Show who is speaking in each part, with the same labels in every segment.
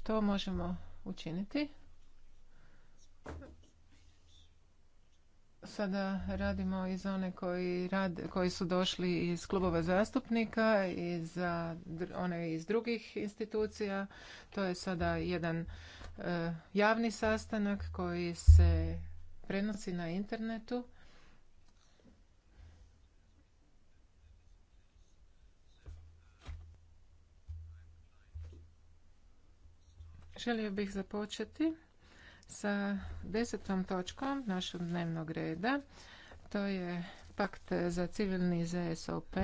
Speaker 1: što možemo učiniti? Sada radimo i za one koji, rad, koji su došli iz klubova zastupnika i za one iz drugih institucija. To je sada jedan e, javni sastanak koji se prenosi na internetu. Želio bih započeti sa desetom točkom našeg dnevnog reda. To je pakt za civilni ZSOP.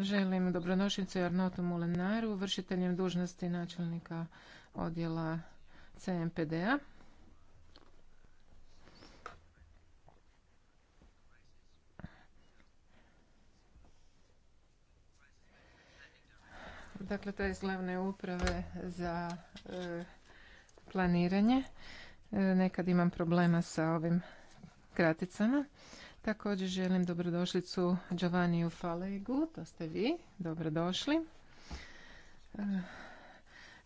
Speaker 1: Želim dobronošnicu Arnotu Mulenaru, vršiteljem dužnosti načelnika odjela CMPD-a. Dakle, to je iz glavne uprave za e, planiranje. E, nekad imam problema sa ovim kraticama. Također želim dobrodošlicu Giovanniju Falegu, to ste vi, dobrodošli. E,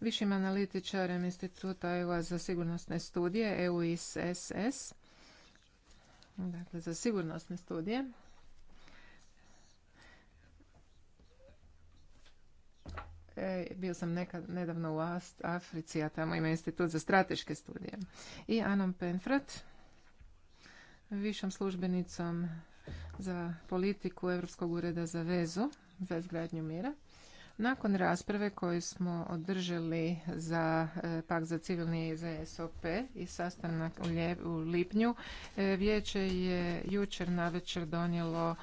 Speaker 1: višim analitičarem instituta EU za sigurnosne studije, EUISSS, dakle za sigurnosne studije. E, bio sam nekad, nedavno u Africi, a tamo ima institut za strateške studije. I Anom Penfrat, višom službenicom za politiku Europskog ureda za vezu, za izgradnju mira. Nakon rasprave koju smo održali za e, pak za civilni za SOP i sastanak u, lipnju, e, vijeće je jučer navečer donijelo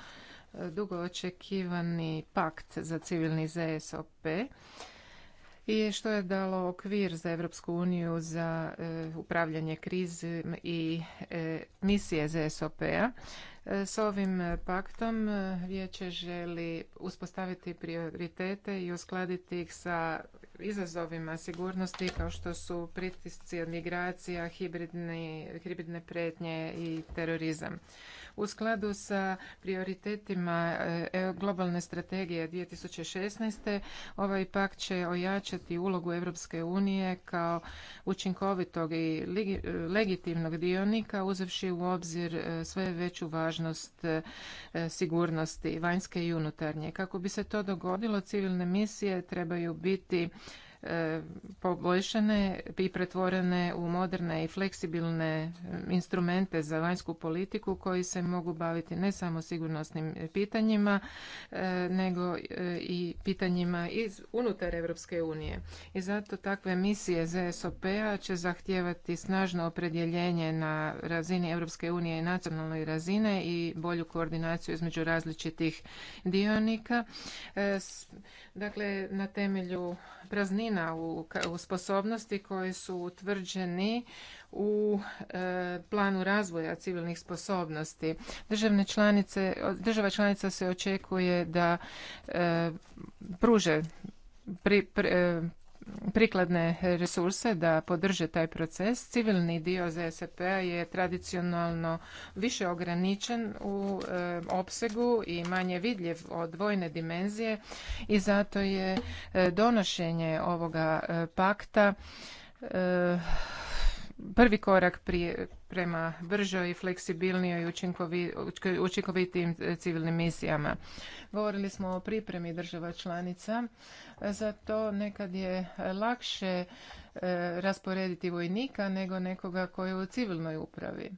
Speaker 1: dugo očekivani pakt za civilni ZSOP i što je dalo okvir za Europsku uniju za e, upravljanje krizi i e, misije ZSOP-a. E, s ovim paktom vijeće želi uspostaviti prioritete i uskladiti ih sa izazovima sigurnosti kao što su pritisci od migracija, hibridne pretnje i terorizam. U skladu sa prioritetima e, e, globalne strategije 2016. ovaj pak će ojačati ulogu Europske unije kao učinkovitog i e, legitimnog dionika uzevši u obzir sve veću važnost sigurnosti vanjske i unutarnje. Kako bi se to dogodilo, civilne misije trebaju biti E, poboljšane i pretvorene u moderne i fleksibilne mm, instrumente za vanjsku politiku koji se mogu baviti ne samo sigurnosnim pitanjima e, nego e, i pitanjima iz unutar Europske unije. I zato takve misije ZSOP-a će zahtijevati snažno opredjeljenje na razini Europske unije i nacionalnoj razine i bolju koordinaciju između različitih dionika. Dakle, na temelju praznina u, sposobnosti koji su utvrđeni u e, planu razvoja civilnih sposobnosti. država članica se očekuje da e, pruže prikladne resurse da podrže taj proces. Civilni dio ZSP-a je tradicionalno više ograničen u eh, opsegu i manje vidljiv od vojne dimenzije i zato je eh, donošenje ovoga eh, pakta prvi korak prema bržoj, fleksibilnijoj i učinkovitijim civilnim misijama. Govorili smo o pripremi država članica, zato nekad je lakše e, rasporediti vojnika nego nekoga koji je u civilnoj upravi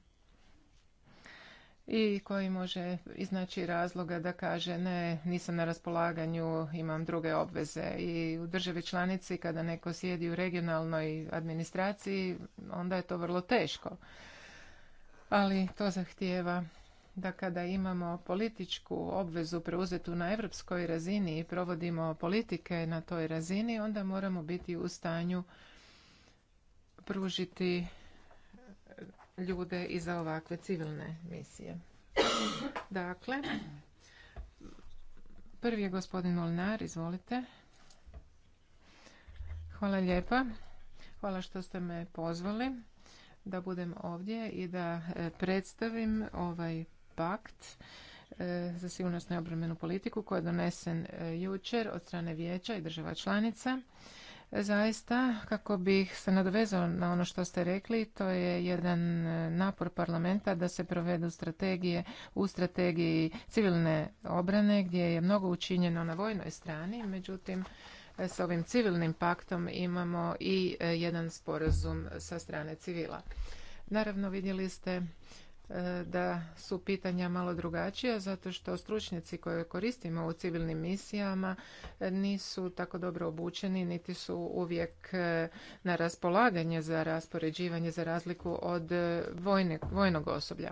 Speaker 1: i koji može iznaći razloga da kaže ne, nisam na raspolaganju, imam druge obveze. I u državi članici kada neko sjedi u regionalnoj administraciji, onda je to vrlo teško. Ali to zahtijeva da kada imamo političku obvezu preuzetu na europskoj razini i provodimo politike na toj razini, onda moramo biti u stanju pružiti ljude i za ovakve civilne misije. Dakle, prvi je gospodin Molnar, izvolite. Hvala lijepa. Hvala što ste me pozvali da budem ovdje i da e, predstavim ovaj pakt e, za sigurnosnu i obrambenu politiku koji je donesen e, jučer od strane vijeća i država članica Zaista, kako bih se nadovezao na ono što ste rekli, to je jedan napor parlamenta da se provedu strategije u strategiji civilne obrane gdje je mnogo učinjeno na vojnoj strani, međutim s ovim civilnim paktom imamo i e, jedan sporazum sa strane civila. Naravno vidjeli ste E, da su pitanja malo drugačija zato što stručnjaci koje koristimo u civilnim misijama nisu tako dobro obučeni niti su uvijek e, na raspolaganje za raspoređivanje za razliku od e, vojnog osoblja.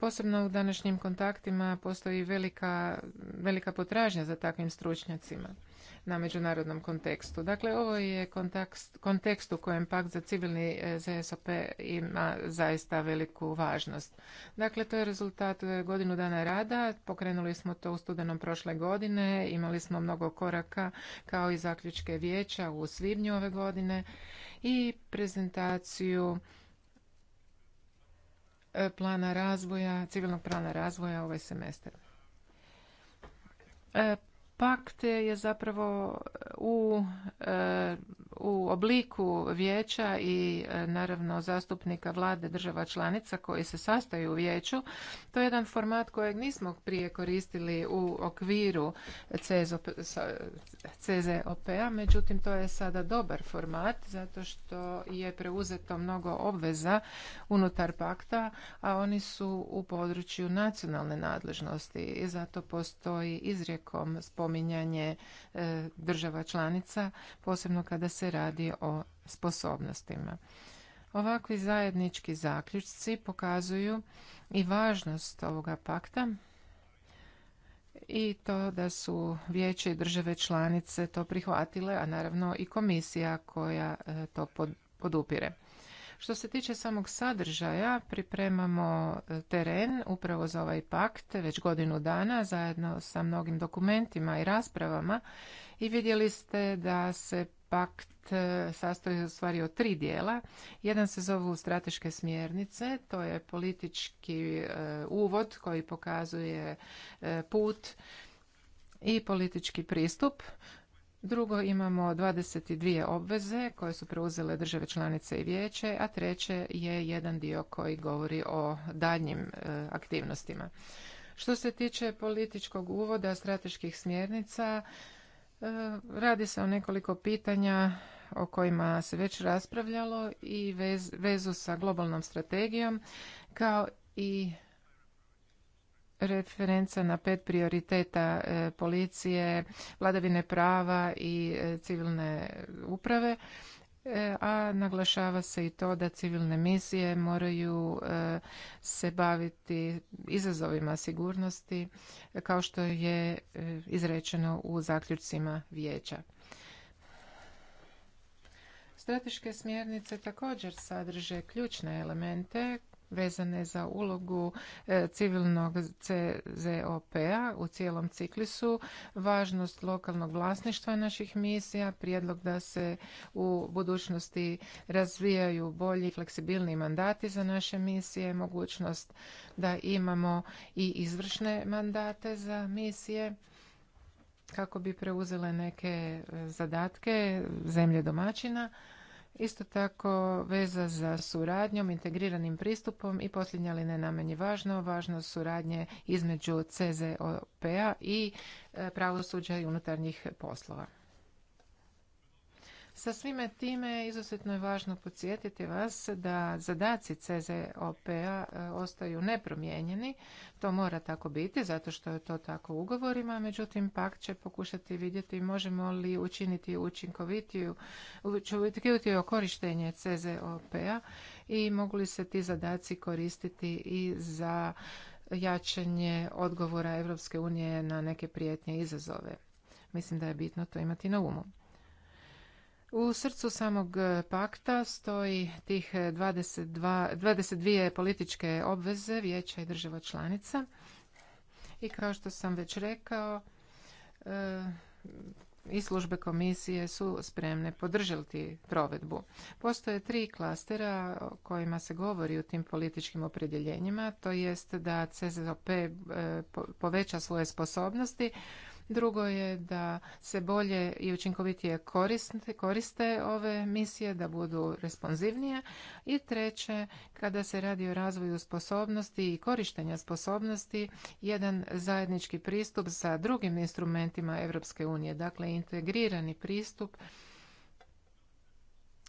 Speaker 1: Posebno u današnjim kontaktima postoji velika, velika potražnja za takvim stručnjacima na međunarodnom kontekstu. Dakle, ovo je kontekst, u kojem pakt za civilni eh, ZSOP ima zaista veliku važnost. Dakle, to je rezultat eh, godinu dana rada. Pokrenuli smo to u studenom prošle godine. Imali smo mnogo koraka kao i zaključke vijeća u svibnju ove godine i prezentaciju eh, plana razvoja, civilnog plana razvoja ovaj semestar. Pakt je zapravo u, e, u obliku vijeća i e, naravno zastupnika vlade država članica koji se sastaju u vijeću. To je jedan format kojeg nismo prije koristili u okviru CZOP-a, međutim to je sada dobar format zato što je preuzeto mnogo obveza unutar pakta, a oni su u području nacionalne nadležnosti i zato postoji izrijekom spominjanje e, država članica, posebno kada se radi o sposobnostima. Ovakvi zajednički zaključci pokazuju i važnost ovoga pakta i to da su vijeće i države članice to prihvatile, a naravno i komisija koja e, to podupire. Što se tiče samog sadržaja, pripremamo e, teren upravo za ovaj pakt već godinu dana zajedno sa mnogim dokumentima i raspravama i vidjeli ste da se pakt e, sastoji u stvari od tri dijela. Jedan se zovu strateške smjernice, to je politički e, uvod koji pokazuje put i politički pristup Drugo imamo 22 obveze koje su preuzele države članice i vijeće, a treće je jedan dio koji govori o daljnjim e, aktivnostima. Što se tiče političkog uvoda, strateških smjernica, e, radi se o nekoliko pitanja o kojima se već raspravljalo i vezu sa globalnom strategijom kao i referenca na pet prioriteta e, policije, vladavine prava i e, civilne uprave e, a naglašava se i to da civilne misije moraju se baviti izazovima sigurnosti kao što je izrečeno u zaključcima vijeća. Strateške smjernice također sadrže ključne elemente vezane za ulogu e, civilnog CZOP-a u cijelom ciklisu, važnost lokalnog vlasništva naših misija, prijedlog da se u budućnosti razvijaju bolji i fleksibilni mandati za naše misije, mogućnost da imamo i izvršne mandate za misije kako bi preuzele neke e, zadatke zemlje domaćina Isto tako veza za suradnjom, integriranim pristupom i posljednja ali ne najmanje važno, važnost suradnje između CZOP-a i e, pravosuđa i unutarnjih poslova. Sa svime time izuzetno je važno podsjetiti vas da zadaci CZOP-a e, ostaju nepromijenjeni. To mora tako biti zato što je to tako u ugovorima, međutim pak će pokušati vidjeti možemo li učiniti učinkovitiju, korištenje CZOP-a i mogu li se ti zadaci koristiti i za jačanje odgovora Europske unije na neke prijetnje izazove. Mislim da je bitno to imati na umu. U srcu samog e, pakta stoji tih 22, e, 22 političke obveze vijeća i država članica. I kao što sam već rekao, e, i službe komisije su spremne podržati provedbu. Postoje tri klastera o kojima se govori u tim političkim opredjeljenjima, to jest da CZOP poveća svoje sposobnosti, Drugo je da se bolje i učinkovitije koriste, koriste ove misije, da budu responsivnije. I treće, kada se radi o razvoju sposobnosti i korištenja sposobnosti, jedan zajednički pristup sa drugim instrumentima Europske unije, dakle integrirani pristup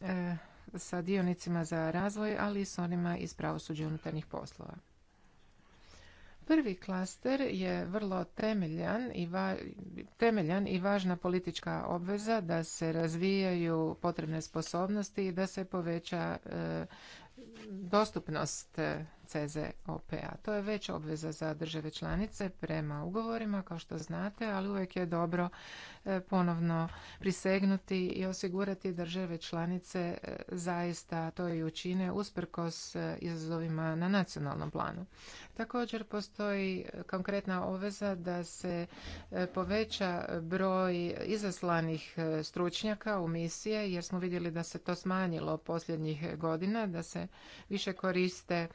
Speaker 1: eh, sa dionicima za razvoj, ali i s onima iz pravosuđa unutarnjih poslova. Prvi klaster je vrlo temeljan i, va, temeljan i važna politička obveza da se razvijaju potrebne sposobnosti i da se poveća e, dostupnost czop To je već obveza za države članice prema ugovorima, kao što znate, ali uvijek je dobro e, ponovno prisegnuti i osigurati države članice e, zaista to i učine usprkos e, izazovima na nacionalnom planu. Također postoji konkretna obveza da se poveća broj izaslanih stručnjaka u misije, jer smo vidjeli da se to smanjilo posljednjih godina, da se više koriste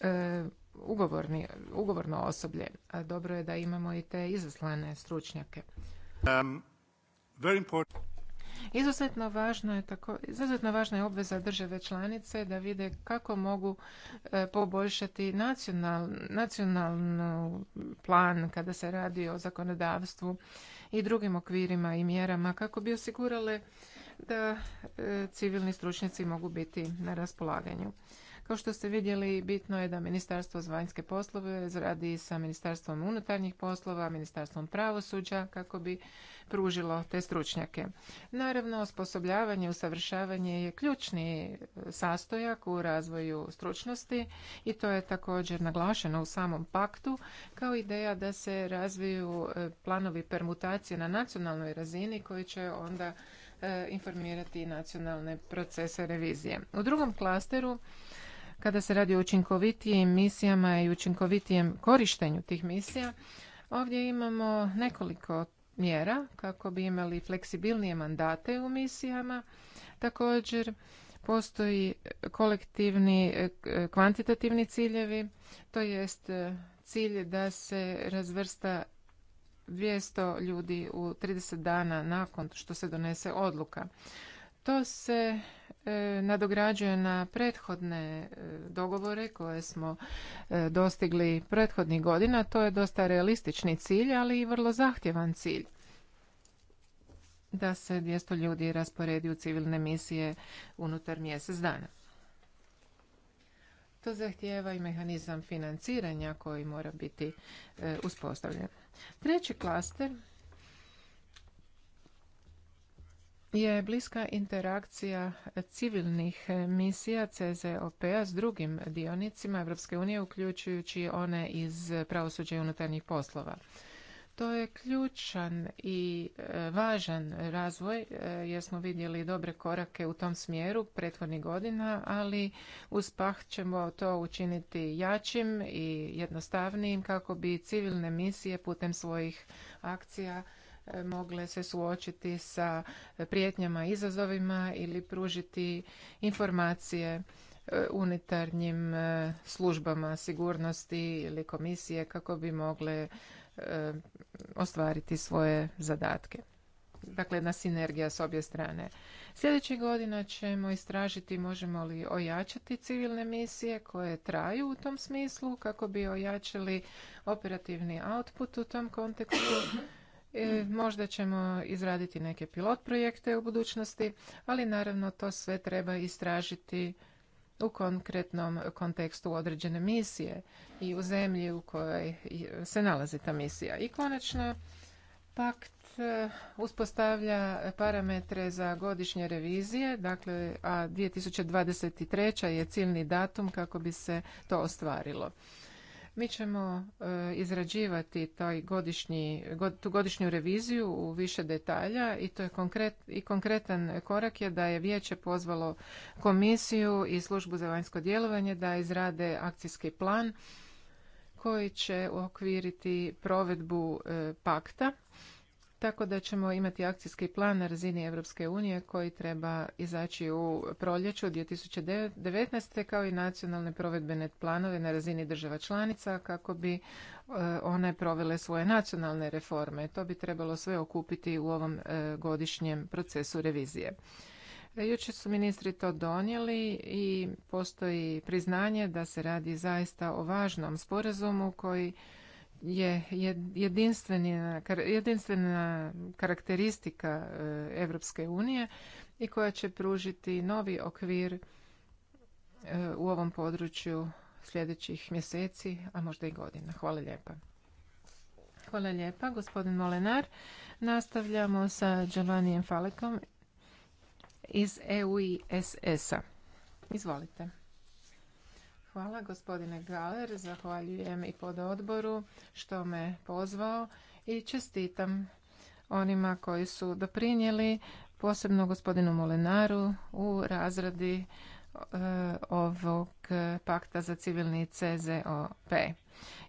Speaker 1: E, ugovorni, ugovorno osoblje. a Dobro je da imamo i te izaslane stručnjake. Um, izuzetno važno je tako, izuzetno važna je obveza države članice da vide kako mogu e, poboljšati nacional, nacionalni plan kada se radi o zakonodavstvu i drugim okvirima i mjerama kako bi osigurale da e, civilni stručnjaci mogu biti na raspolaganju. Kao što ste vidjeli, bitno je da Ministarstvo zvanjske vanjske poslove zradi sa Ministarstvom unutarnjih poslova, Ministarstvom pravosuđa kako bi pružilo te stručnjake. Naravno, osposobljavanje i usavršavanje je ključni e, sastojak u razvoju stručnosti i to je također naglašeno u samom paktu kao ideja da se razviju e, planovi permutacije na nacionalnoj razini koji će onda e, informirati nacionalne procese revizije. U drugom klasteru kada se radi o učinkovitijim misijama i učinkovitijem korištenju tih misija, ovdje imamo nekoliko mjera kako bi imali fleksibilnije mandate u misijama. Također postoji kolektivni kvantitativni ciljevi, to jest e, cilj da se razvrsta 200 ljudi u 30 dana nakon što se donese odluka. To se e, nadograđuje na prethodne e, dogovore koje smo e, dostigli prethodnih godina. To je dosta realistični cilj, ali i vrlo zahtjevan cilj da se 200 ljudi rasporedi u civilne misije unutar mjesec dana. To zahtijeva i mehanizam financiranja koji mora biti uspostavljen. Treći klaster je bliska interakcija civilnih misija CZOP-a s drugim dionicima Europske unije, uključujući one iz pravosuđa i unutarnjih poslova. To je ključan i e, važan razvoj e, jer smo vidjeli dobre korake u tom smjeru prethodnih godina, ali uz PAH ćemo to učiniti jačim i jednostavnijim kako bi civilne misije putem svojih akcija mogle se suočiti sa prijetnjama, i izazovima ili pružiti informacije e, unutarnjim e, službama sigurnosti ili komisije kako bi mogle e, ostvariti svoje zadatke. Dakle, jedna sinergija s obje strane. Sljedećih godina ćemo istražiti možemo li ojačati civilne misije koje traju u tom smislu kako bi ojačali operativni output u tom kontekstu E, možda ćemo izraditi neke pilot projekte u budućnosti, ali naravno to sve treba istražiti u konkretnom kontekstu određene misije i u zemlji u kojoj se nalazi ta misija. I konačno, pakt e, uspostavlja parametre za godišnje revizije, dakle, a 2023. je ciljni datum kako bi se to ostvarilo. Mi ćemo e, izrađivati taj godišnji, tu godišnju reviziju u više detalja i to je konkret, i konkretan korak je da je vijeće pozvalo komisiju i službu za vanjsko djelovanje da izrade akcijski plan koji će okviriti provedbu e, pakta tako da ćemo imati akcijski plan na razini Europske unije koji treba izaći u proljeću 2019. kao i nacionalne provedbene planove na razini država članica kako bi e, one provele svoje nacionalne reforme. To bi trebalo sve okupiti u ovom e, godišnjem procesu revizije. E, jučer su ministri to donijeli i postoji priznanje da se radi zaista o važnom sporazumu koji je jedinstvena, karakteristika Europske unije i koja će pružiti novi okvir e, u ovom području sljedećih mjeseci, a možda i godina. Hvala lijepa. Hvala lijepa, gospodin Molenar. Nastavljamo sa Giovannijem Falekom iz EUISS-a. Izvolite. Hvala gospodine Galer, zahvaljujem i pod odboru što me pozvao i čestitam onima koji su doprinijeli, posebno gospodinu Molenaru u razradi e, ovog pakta za civilni CZOP.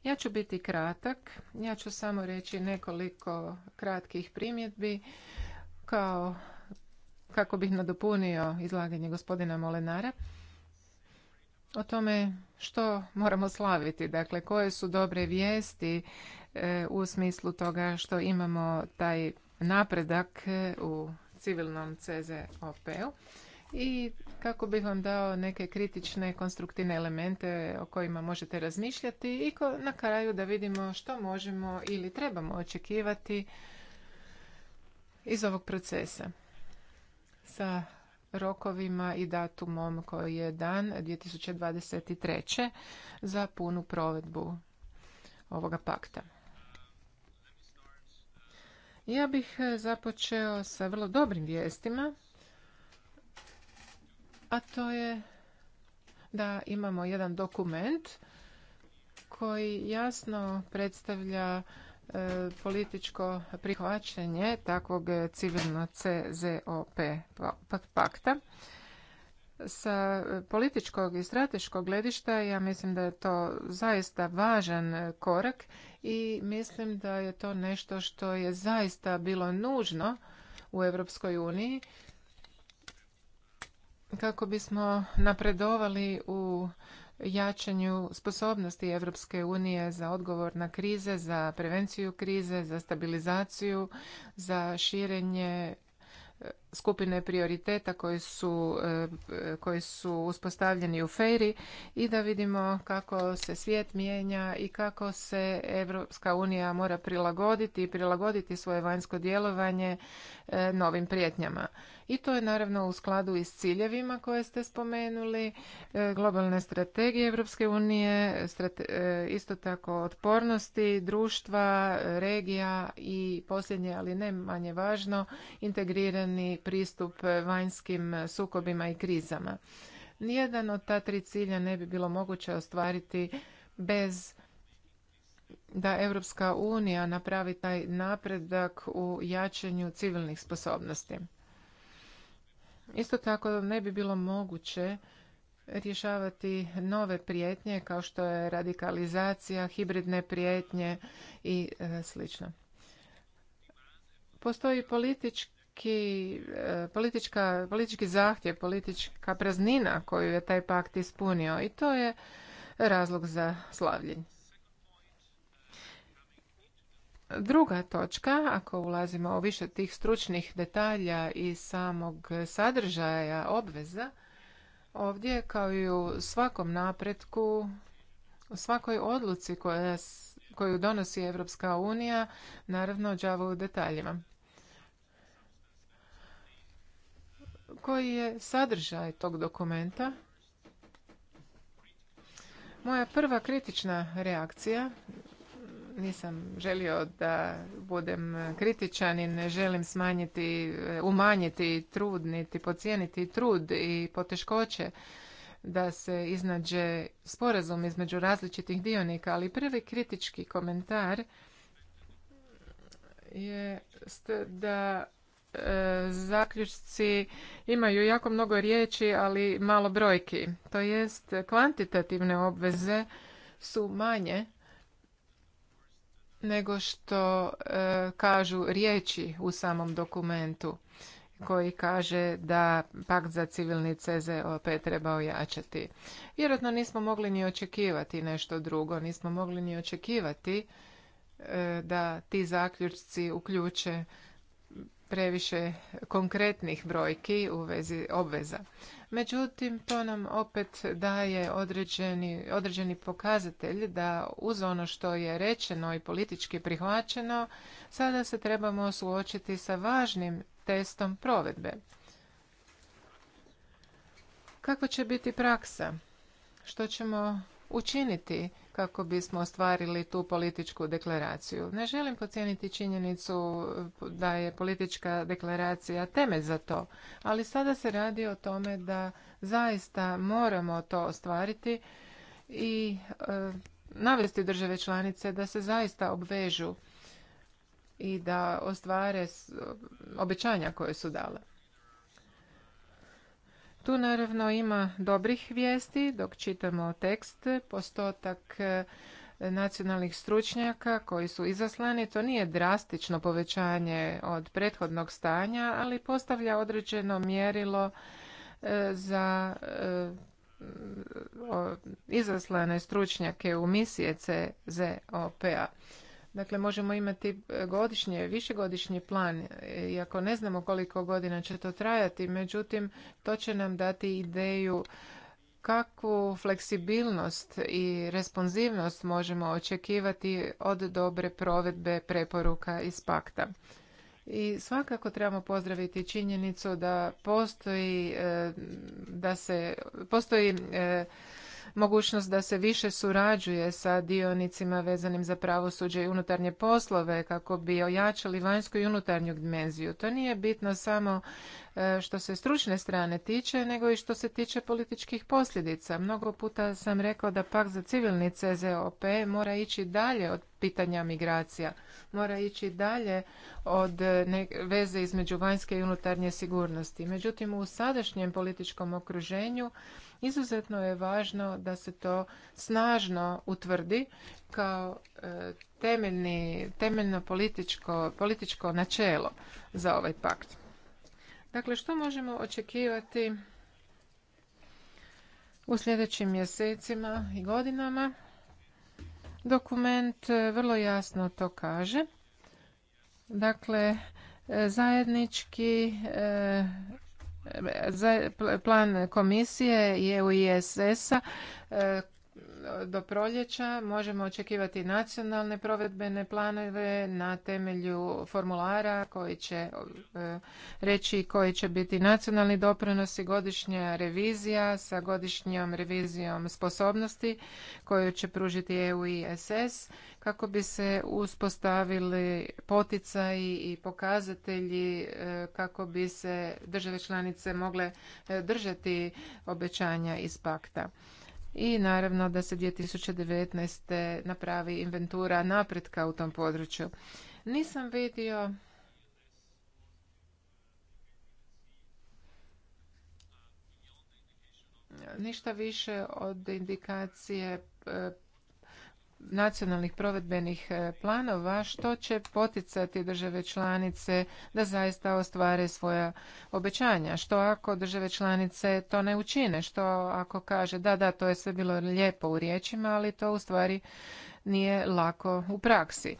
Speaker 1: Ja ću biti kratak, ja ću samo reći nekoliko kratkih primjedbi kao kako bih nadopunio izlaganje gospodina Molenara o tome što moramo slaviti, dakle koje su dobre vijesti e, u smislu toga što imamo taj napredak e, u civilnom CZOP-u i kako bih vam dao neke kritične konstruktivne elemente o kojima možete razmišljati i na kraju da vidimo što možemo ili trebamo očekivati iz ovog procesa. Sa rokovima i datumom koji je dan 2023. za punu provedbu ovoga pakta. Ja bih e, započeo sa vrlo dobrim vijestima, a to je da imamo jedan dokument koji jasno predstavlja E, političko prihvaćanje takvog civilno CZOP pa, pa, pakta. Sa političkog i strateškog gledišta ja mislim da je to zaista važan korak i mislim da je to nešto što je zaista bilo nužno u Europskoj uniji kako bismo napredovali u jačanju sposobnosti Europske unije za odgovor na krize, za prevenciju krize, za stabilizaciju, za širenje e, skupine prioriteta koji su, e, koji su uspostavljeni u Fejri i da vidimo kako se svijet mijenja i kako se Europska unija mora prilagoditi i prilagoditi svoje vanjsko djelovanje e, novim prijetnjama i to je naravno u skladu i s ciljevima koje ste spomenuli, e, globalne strategije Europske unije, e, isto tako otpornosti društva, regija i posljednje, ali ne manje važno, integrirani pristup vanjskim sukobima i krizama. Nijedan od ta tri cilja ne bi bilo moguće ostvariti bez da Europska unija napravi taj napredak u jačanju civilnih sposobnosti. Isto tako ne bi bilo moguće rješavati nove prijetnje kao što je radikalizacija, hibridne prijetnje i e, sl. Postoji politički, e, politička, politički zahtjev, politička praznina koju je taj pakt ispunio i to je razlog za slavljenje. Druga točka, ako ulazimo u više tih stručnih detalja i samog sadržaja obveza, ovdje kao i u svakom napretku, u svakoj odluci koju donosi Evropska unija, naravno đavo u detaljima. Koji je sadržaj tog dokumenta? Moja prva kritična reakcija nisam želio da budem kritičan i ne želim smanjiti, umanjiti trud, niti pocijeniti trud i poteškoće da se iznađe sporazum između različitih dionika, ali prvi kritički komentar je da e, zaključci imaju jako mnogo riječi, ali malo brojki. To jest kvantitativne obveze su manje nego što e, kažu riječi u samom dokumentu koji kaže da pakt za civilni CZOP treba ojačati. Vjerojatno nismo mogli ni očekivati nešto drugo, nismo mogli ni očekivati e, da ti zaključci uključe previše konkretnih brojki u vezi obveza. Međutim, to nam opet daje određeni, određeni pokazatelj da uz ono što je rečeno i politički prihvaćeno, sada se trebamo suočiti sa važnim testom provedbe. Kakva će biti praksa? Što ćemo učiniti kako bismo ostvarili tu političku deklaraciju. Ne želim pocijeniti činjenicu da je politička deklaracija temelj za to, ali sada se radi o tome da zaista moramo to ostvariti i e, navesti države članice da se zaista obvežu i da ostvare obećanja koje su dale. Tu naravno ima dobrih vijesti dok čitamo tekst, postotak e, nacionalnih stručnjaka koji su izaslani. To nije drastično povećanje od prethodnog stanja, ali postavlja određeno mjerilo e, za e, izaslane stručnjake u misije CZOP-a. Dakle, možemo imati e, godišnje, višegodišnji plan, e, iako ne znamo koliko godina će to trajati, međutim, to će nam dati ideju kakvu fleksibilnost i responsivnost možemo očekivati od dobre provedbe preporuka iz pakta. I svakako trebamo pozdraviti činjenicu da postoji e, da se postoji mogućnost da se više surađuje sa dionicima vezanim za pravosuđe i unutarnje poslove kako bi ojačali vanjsku i unutarnju dimenziju. To nije bitno samo e, što se stručne strane tiče, nego i što se tiče političkih posljedica. Mnogo puta sam rekao da pak za civilni CZOP mora ići dalje od pitanja migracija, mora ići dalje od veze između vanjske i unutarnje sigurnosti. Međutim, u sadašnjem političkom okruženju Izuzetno je važno da se to snažno utvrdi kao e, temeljni, temeljno političko, političko načelo za ovaj pakt. Dakle, što možemo očekivati u sljedećim mjesecima i godinama? Dokument e, vrlo jasno to kaže. Dakle, e, zajednički plan komisije je u ISS-a e, do proljeća možemo očekivati nacionalne provedbene planove na temelju formulara koji će e, reći koji će biti nacionalni doprinosi, godišnja revizija sa godišnjom revizijom sposobnosti koju će pružiti EU i SS kako bi se uspostavili poticaji i pokazatelji e, kako bi se države članice mogle e, držati obećanja iz pakta i naravno da se 2019. napravi inventura napretka u tom području. Nisam vidio ništa više od indikacije e, nacionalnih provedbenih e, planova što će poticati države članice da zaista ostvare svoja obećanja. Što ako države članice to ne učine? Što ako kaže da, da, to je sve bilo lijepo u riječima, ali to u stvari nije lako u praksi.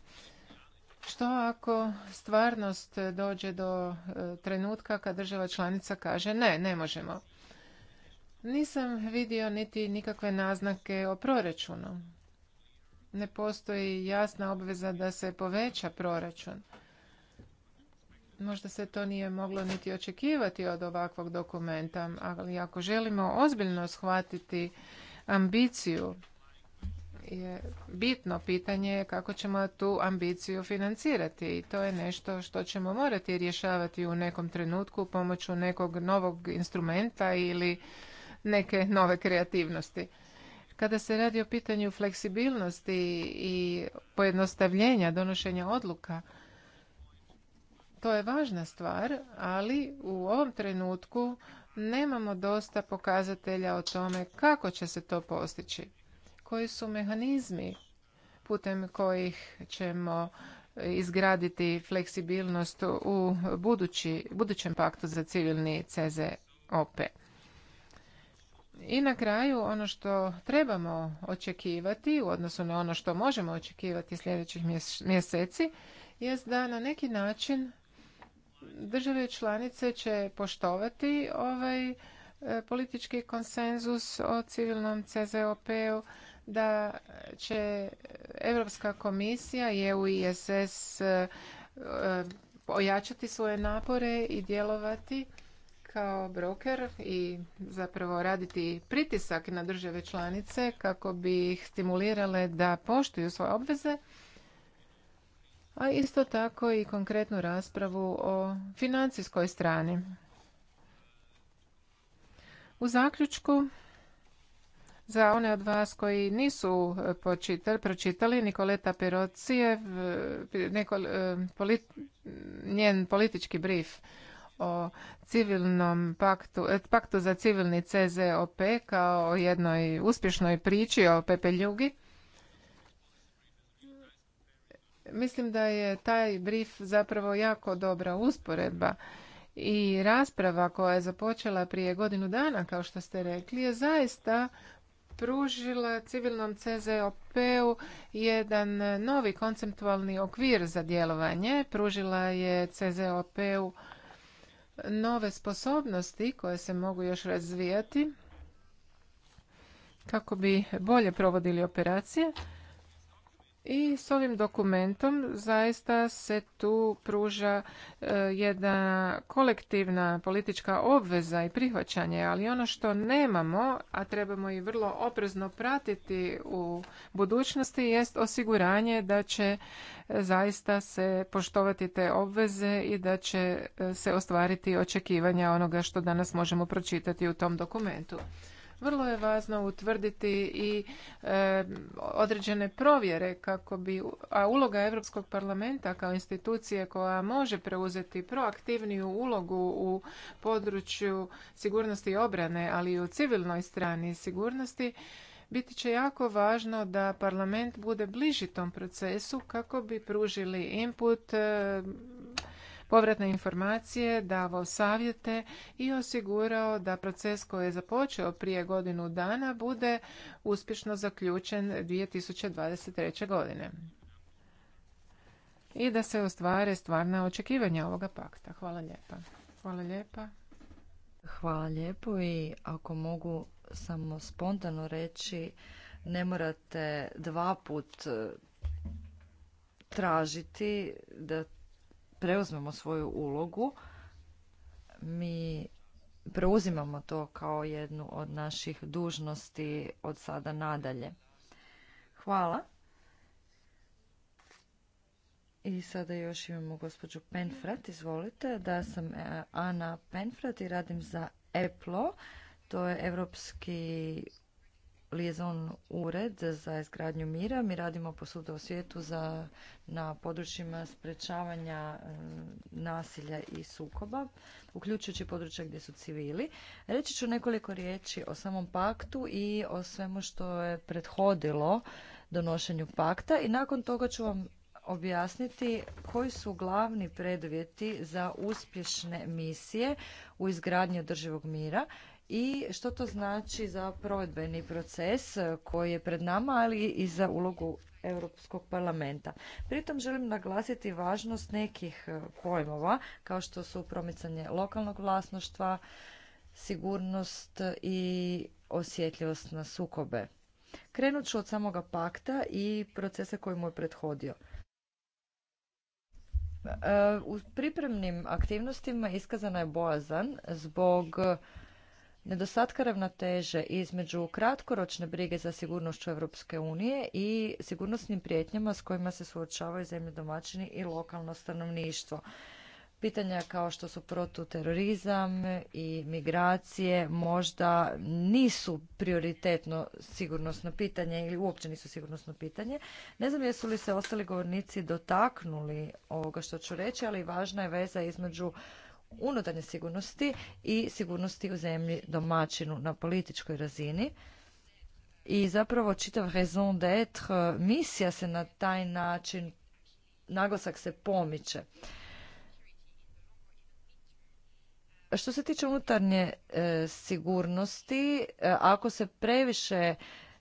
Speaker 1: Što ako stvarnost dođe do e, trenutka kad država članica kaže ne, ne možemo? Nisam vidio niti nikakve naznake o proračunu ne postoji jasna obveza da se poveća proračun. Možda se to nije moglo niti očekivati od ovakvog dokumenta, ali ako želimo ozbiljno shvatiti ambiciju, je bitno pitanje je kako ćemo tu ambiciju financirati i to je nešto što ćemo morati rješavati u nekom trenutku pomoću nekog novog instrumenta ili neke nove kreativnosti. Kada se radi o pitanju fleksibilnosti i pojednostavljenja donošenja odluka, to je važna stvar, ali u ovom trenutku nemamo dosta pokazatelja o tome kako će se to postići. Koji su mehanizmi putem kojih ćemo izgraditi fleksibilnost u budućem paktu za civilni CZOP. I na kraju ono što trebamo očekivati u odnosu na ono što možemo očekivati sljedećih mjeseci jest da na neki način države članice će poštovati ovaj e, politički konsenzus o civilnom CZOP-u, da će Europska komisija i EU ISS e, e, ojačati svoje napore i djelovati kao broker i zapravo raditi pritisak na države članice kako bi ih stimulirale da poštuju svoje obveze, a isto tako i konkretnu raspravu o financijskoj strani. U zaključku, za one od vas koji nisu počitali, pročitali Nikoleta Perocije, eh, njen politički brief o civilnom paktu, e, paktu za civilni CZOP kao o jednoj uspješnoj priči o Pepe Ljugi. Mislim da je taj brief zapravo jako dobra usporedba i rasprava koja je započela prije godinu dana, kao što ste rekli, je zaista pružila civilnom CZOP-u jedan novi konceptualni okvir za djelovanje. Pružila je CZOP-u nove sposobnosti koje se mogu još razvijati kako bi bolje provodili operacije i s ovim dokumentom zaista se tu pruža e, jedna kolektivna politička obveza i prihvaćanje, ali ono što nemamo, a trebamo i vrlo oprezno pratiti u budućnosti, jest osiguranje da će e, zaista se poštovati te obveze i da će e, se ostvariti očekivanja onoga što danas možemo pročitati u tom dokumentu. Vrlo je važno utvrditi i e, određene provjere kako bi, a uloga Europskog parlamenta kao institucije koja može preuzeti proaktivniju ulogu u području sigurnosti i obrane, ali i u civilnoj strani sigurnosti, biti će jako važno da parlament bude bliži tom procesu kako bi pružili input e, povratne informacije, davao savjete i osigurao da proces koji je započeo prije godinu dana bude uspješno zaključen 2023. godine i da se ostvare stvarna
Speaker 2: očekivanja ovoga pakta. Hvala lijepa. Hvala lijepa. Hvala lijepo i ako mogu samo spontano reći, ne morate dva put eh, tražiti da preuzmemo svoju ulogu, mi preuzimamo to kao jednu od naših dužnosti od sada nadalje. Hvala. I sada još imamo gospođu Penfrat, izvolite, da sam e, Ana Penfrat i radim za EPLO, to je Europski Lizon ured za izgradnju mira. Mi radimo posuda u svijetu za, na područjima sprečavanja mm, nasilja i sukoba, uključujući područja gdje su civili. Reći ću nekoliko riječi o samom paktu i o svemu što je prethodilo donošenju pakta i nakon toga ću vam objasniti koji su glavni preduvjeti za uspješne misije u izgradnji održivog mira i što to znači za provedbeni proces koji je pred nama, ali i za ulogu Europskog parlamenta. Pritom želim naglasiti važnost nekih e, pojmova, kao što su promicanje lokalnog vlasništva, sigurnost i osjetljivost na sukobe. Krenut ću od samoga pakta i procesa koji mu je prethodio. E, u pripremnim aktivnostima iskazana je bojazan zbog nedostatka ravnoteže između kratkoročne brige za sigurnošću Europske unije i sigurnosnim prijetnjama s kojima se suočavaju zemlje domaćini i lokalno stanovništvo. Pitanja kao što su protuterorizam i migracije možda nisu prioritetno sigurnosno pitanje ili uopće nisu sigurnosno pitanje. Ne znam jesu li se ostali govornici dotaknuli ovoga što ću reći, ali važna je veza između unutarnje sigurnosti i sigurnosti u zemlji domaćinu na političkoj razini. I zapravo čitav raison d'être, misija se na taj način, naglasak se pomiče. Što se tiče unutarnje e, sigurnosti, e, ako se previše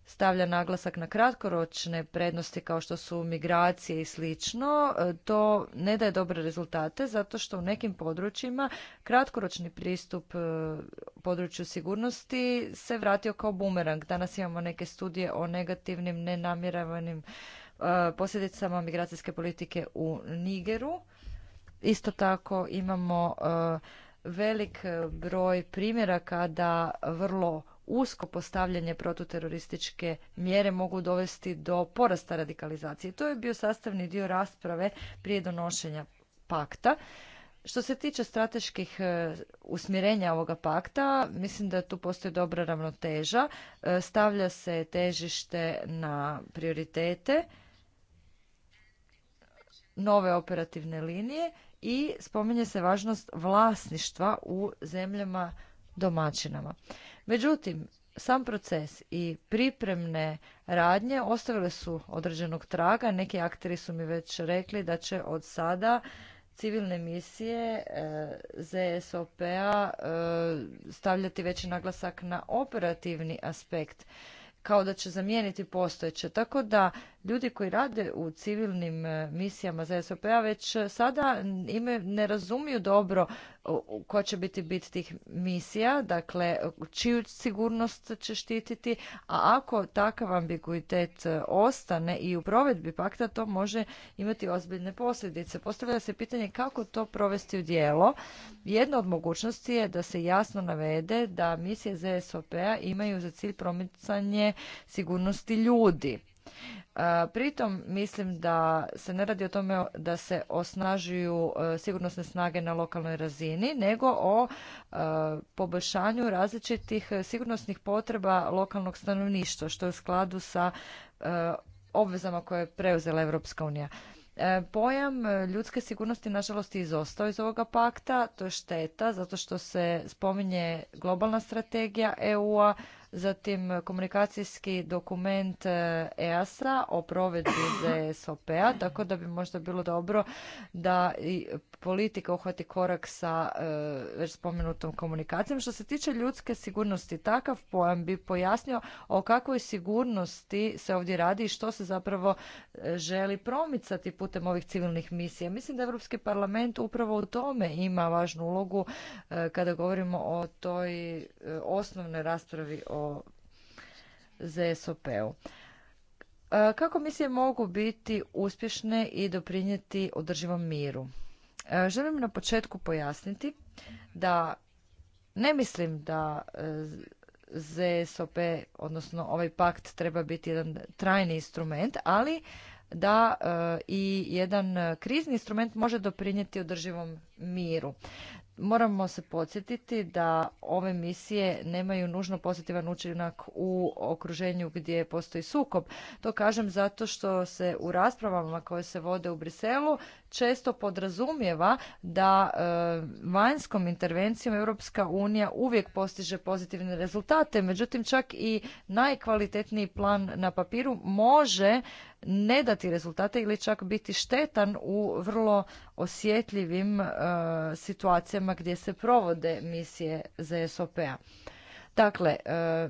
Speaker 2: stavlja naglasak na kratkoročne prednosti kao što su migracije i slično, e, to ne daje dobre rezultate zato što u nekim područjima kratkoročni pristup e, području sigurnosti se vratio kao bumerang. Danas imamo neke studije o negativnim, nenamjeravanim e, posljedicama migracijske politike u Nigeru. Isto tako imamo velik broj primjera kada vrlo usko postavljanje protuterorističke mjere mogu dovesti do porasta radikalizacije. To je bio sastavni dio rasprave prije donošenja pakta. Što se tiče strateških e, usmjerenja ovoga pakta, mislim da tu postoji dobra ravnoteža. E, stavlja se težište na prioritete, nove operativne linije i spominje se važnost vlasništva u zemljama domaćinama. Međutim, sam proces i pripremne radnje ostavile su određenog traga. Neki akteri su mi već rekli da će od sada civilne misije e, ZSOP-a e, stavljati veći naglasak na operativni aspekt kao da će zamijeniti postojeće. Tako da ljudi koji rade u civilnim e, misijama za SOP-a već e, sada ime ne razumiju dobro ko će biti bit tih misija, dakle čiju sigurnost će štititi, a ako takav ambiguitet e, ostane i u provedbi pakta to može imati ozbiljne posljedice. Postavlja se pitanje kako to provesti u djelo. Jedna od mogućnosti je da se jasno navede da misije ZSOP-a imaju za cilj promicanje sigurnosti ljudi Pritom mislim da se ne radi o tome da se osnažuju e, sigurnosne snage na lokalnoj razini, nego o e, poboljšanju različitih sigurnosnih potreba lokalnog stanovništva, što je u skladu sa e, obvezama koje je preuzela Europska unija. Pojam ljudske sigurnosti nažalost je izostao iz ovoga pakta, to je šteta zato što se spominje globalna strategija EU-a zatim komunikacijski dokument EASA e o provedbi ZSOP-a, tako da bi možda bilo dobro da i politika uhvati korak sa e, već spomenutom komunikacijom. Što se tiče ljudske sigurnosti, takav pojam bi pojasnio o kakvoj sigurnosti se ovdje radi i što se zapravo e, želi promicati putem ovih civilnih misija. Mislim da Europski parlament upravo u tome ima važnu ulogu kada govorimo o toj osnovnoj raspravi o o ZSOP-u. E, kako misije mogu biti uspješne i doprinijeti održivom miru? E, želim na početku pojasniti da ne mislim da e, ZSOP, odnosno ovaj pakt treba biti jedan trajni instrument, ali da i jedan krizni instrument može doprinijeti održivom miru. Moramo se podsjetiti da ove misije nemaju nužno pozitivan učinak u okruženju gdje postoji sukob. To kažem zato što se u raspravama koje se vode u Briselu često podrazumijeva da e, vanjskom intervencijom Europska unija uvijek postiže pozitivne rezultate, međutim čak i najkvalitetniji plan na papiru može ne dati rezultate ili čak biti štetan u vrlo osjetljivim e, situacijama gdje se provode misije ZSOP-a. Dakle, e,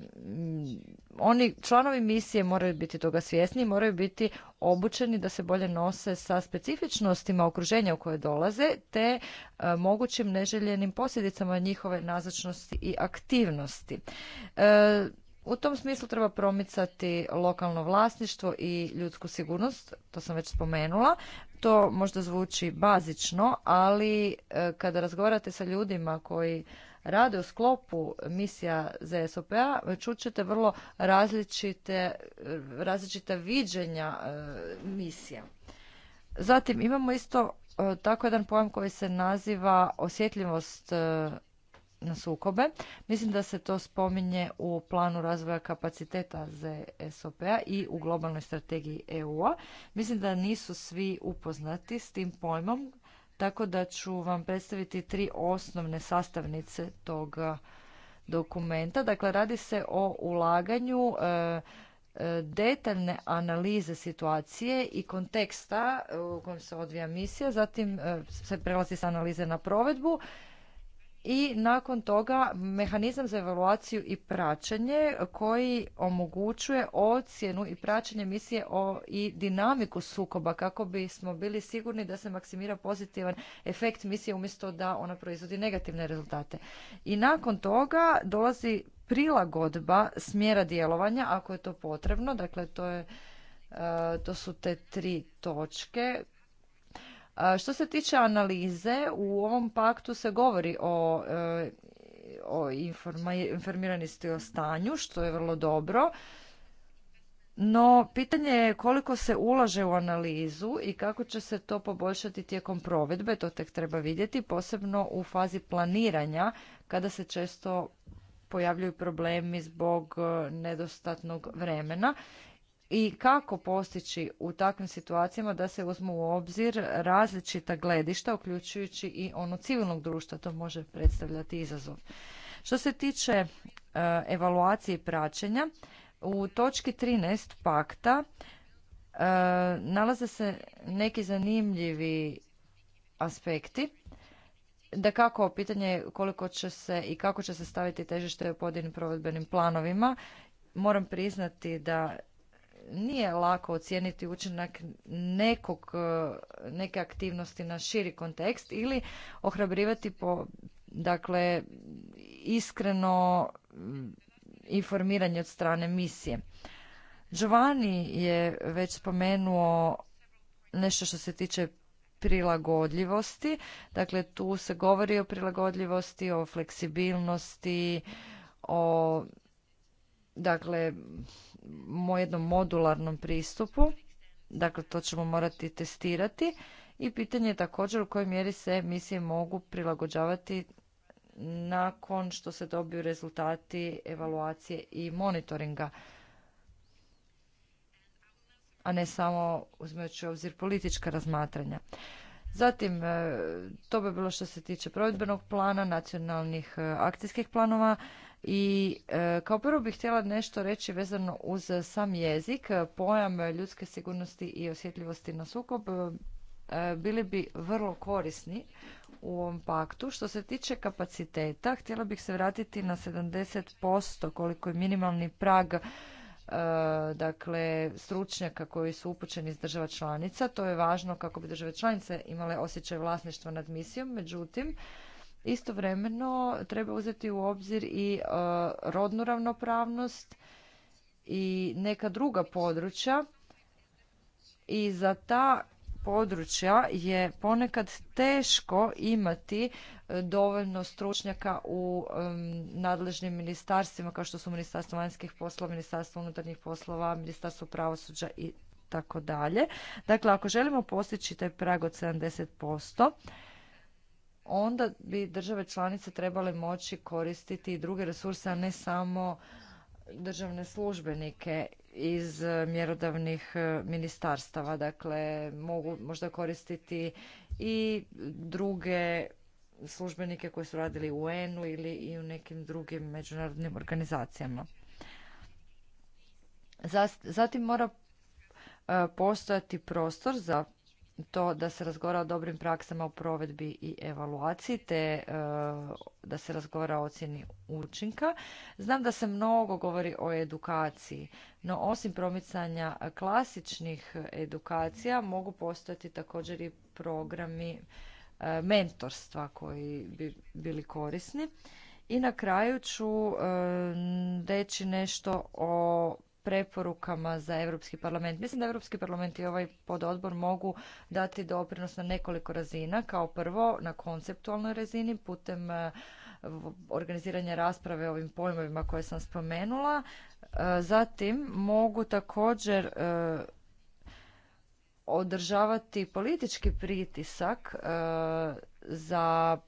Speaker 2: oni članovi misije moraju biti toga svjesni, moraju biti obučeni da se bolje nose sa specifičnostima okruženja u koje dolaze, te e, mogućim neželjenim posljedicama njihove nazočnosti i aktivnosti. E, u tom smislu treba promicati lokalno vlasništvo i ljudsku sigurnost, to sam već spomenula. To možda zvuči bazično, ali kada razgovarate sa ljudima koji rade u sklopu misija ZSOP-a, čućete vrlo različite, različita viđenja e, misija. Zatim imamo isto e, tako jedan pojam koji se naziva osjetljivost e, na sukobe. Mislim da se to spominje u planu razvoja kapaciteta ZSOP-a i u globalnoj strategiji EU-a. Mislim da nisu svi upoznati s tim pojmom tako da ću vam predstaviti tri osnovne sastavnice tog eh, dokumenta. Dakle, radi se o ulaganju eh, eh, detaljne analize situacije i konteksta u kojem se odvija misija, zatim se prelazi sa analize na provedbu, i nakon toga mehanizam za evaluaciju i praćenje koji omogućuje ocjenu i praćenje misije o, i dinamiku sukoba kako bismo bili sigurni da se maksimira pozitivan efekt misije umjesto da ona proizvodi negativne rezultate. I nakon toga dolazi prilagodba smjera djelovanja ako je to potrebno, dakle to je e, to su te tri točke što se tiče analize, u ovom paktu se govori o, e, o informiranosti o stanju, što je vrlo dobro. No, pitanje je koliko se ulaže u analizu i kako će se to poboljšati tijekom provedbe, to tek treba vidjeti, posebno u fazi planiranja, kada se često pojavljuju problemi zbog e, nedostatnog vremena i kako postići u takvim situacijama da se uzmu u obzir različita gledišta, uključujući i ono civilnog društva, to može predstavljati izazov. Što se tiče e, evaluacije i praćenja, u točki 13 pakta e, nalaze se neki zanimljivi aspekti. Da kako, pitanje je koliko će se i kako će se staviti težište u pojedinim provedbenim planovima. Moram priznati da nije lako ocijeniti učinak nekog, e, neke aktivnosti na širi kontekst ili ohrabrivati po dakle iskreno informiranje od strane misije. Giovanni je već spomenuo nešto što se tiče prilagodljivosti. Dakle, tu se govori o prilagodljivosti, o fleksibilnosti, o dakle, jednom modularnom pristupu, dakle to ćemo morati testirati i pitanje je također u kojoj mjeri se misije mogu prilagođavati nakon što se dobiju rezultati evaluacije i monitoringa a ne samo uzmeći u obzir politička razmatranja. Zatim, e, to bi bilo što se tiče provedbenog plana, nacionalnih e, akcijskih planova. I e, kao prvo bih htjela nešto reći vezano uz sam jezik, pojam ljudske sigurnosti i osjetljivosti na sukob e, bili bi vrlo korisni u ovom paktu. Što se tiče kapaciteta, htjela bih se vratiti na 70% koliko je minimalni prag e, dakle stručnjaka koji su upućeni iz država članica. To je važno kako bi države članice imale osjećaj vlasništva nad misijom. Međutim, Istovremeno treba uzeti u obzir i e, rodnu ravnopravnost i neka druga područja i za ta područja je ponekad teško imati e, dovoljno stručnjaka u e, nadležnim ministarstvima kao što su Ministarstvo vanjskih poslova, Ministarstvo unutarnjih poslova, Ministarstvo pravosuđa i tako dalje. Dakle, ako želimo postići taj prag od 70%, onda bi države članice trebale moći koristiti i druge resurse, a ne samo državne službenike iz mjerodavnih e, ministarstava. Dakle, mogu možda koristiti i druge službenike koji su radili u UN-u ili i u nekim drugim međunarodnim organizacijama. Zatim mora e, postojati prostor za to da se razgovara o dobrim praksama u provedbi i evaluaciji te e, da se razgovara o ocjeni učinka. Znam da se mnogo govori o edukaciji, no osim promicanja klasičnih edukacija mogu postojati također i programi e, mentorstva koji bi bili korisni. I na kraju ću e, reći nešto o preporukama za Europski parlament. Mislim da Europski parlament i ovaj pododbor mogu dati doprinos na nekoliko razina. Kao prvo na konceptualnoj razini putem eh, organiziranja rasprave o ovim pojmovima koje sam spomenula. Eh, zatim mogu također eh, održavati politički pritisak za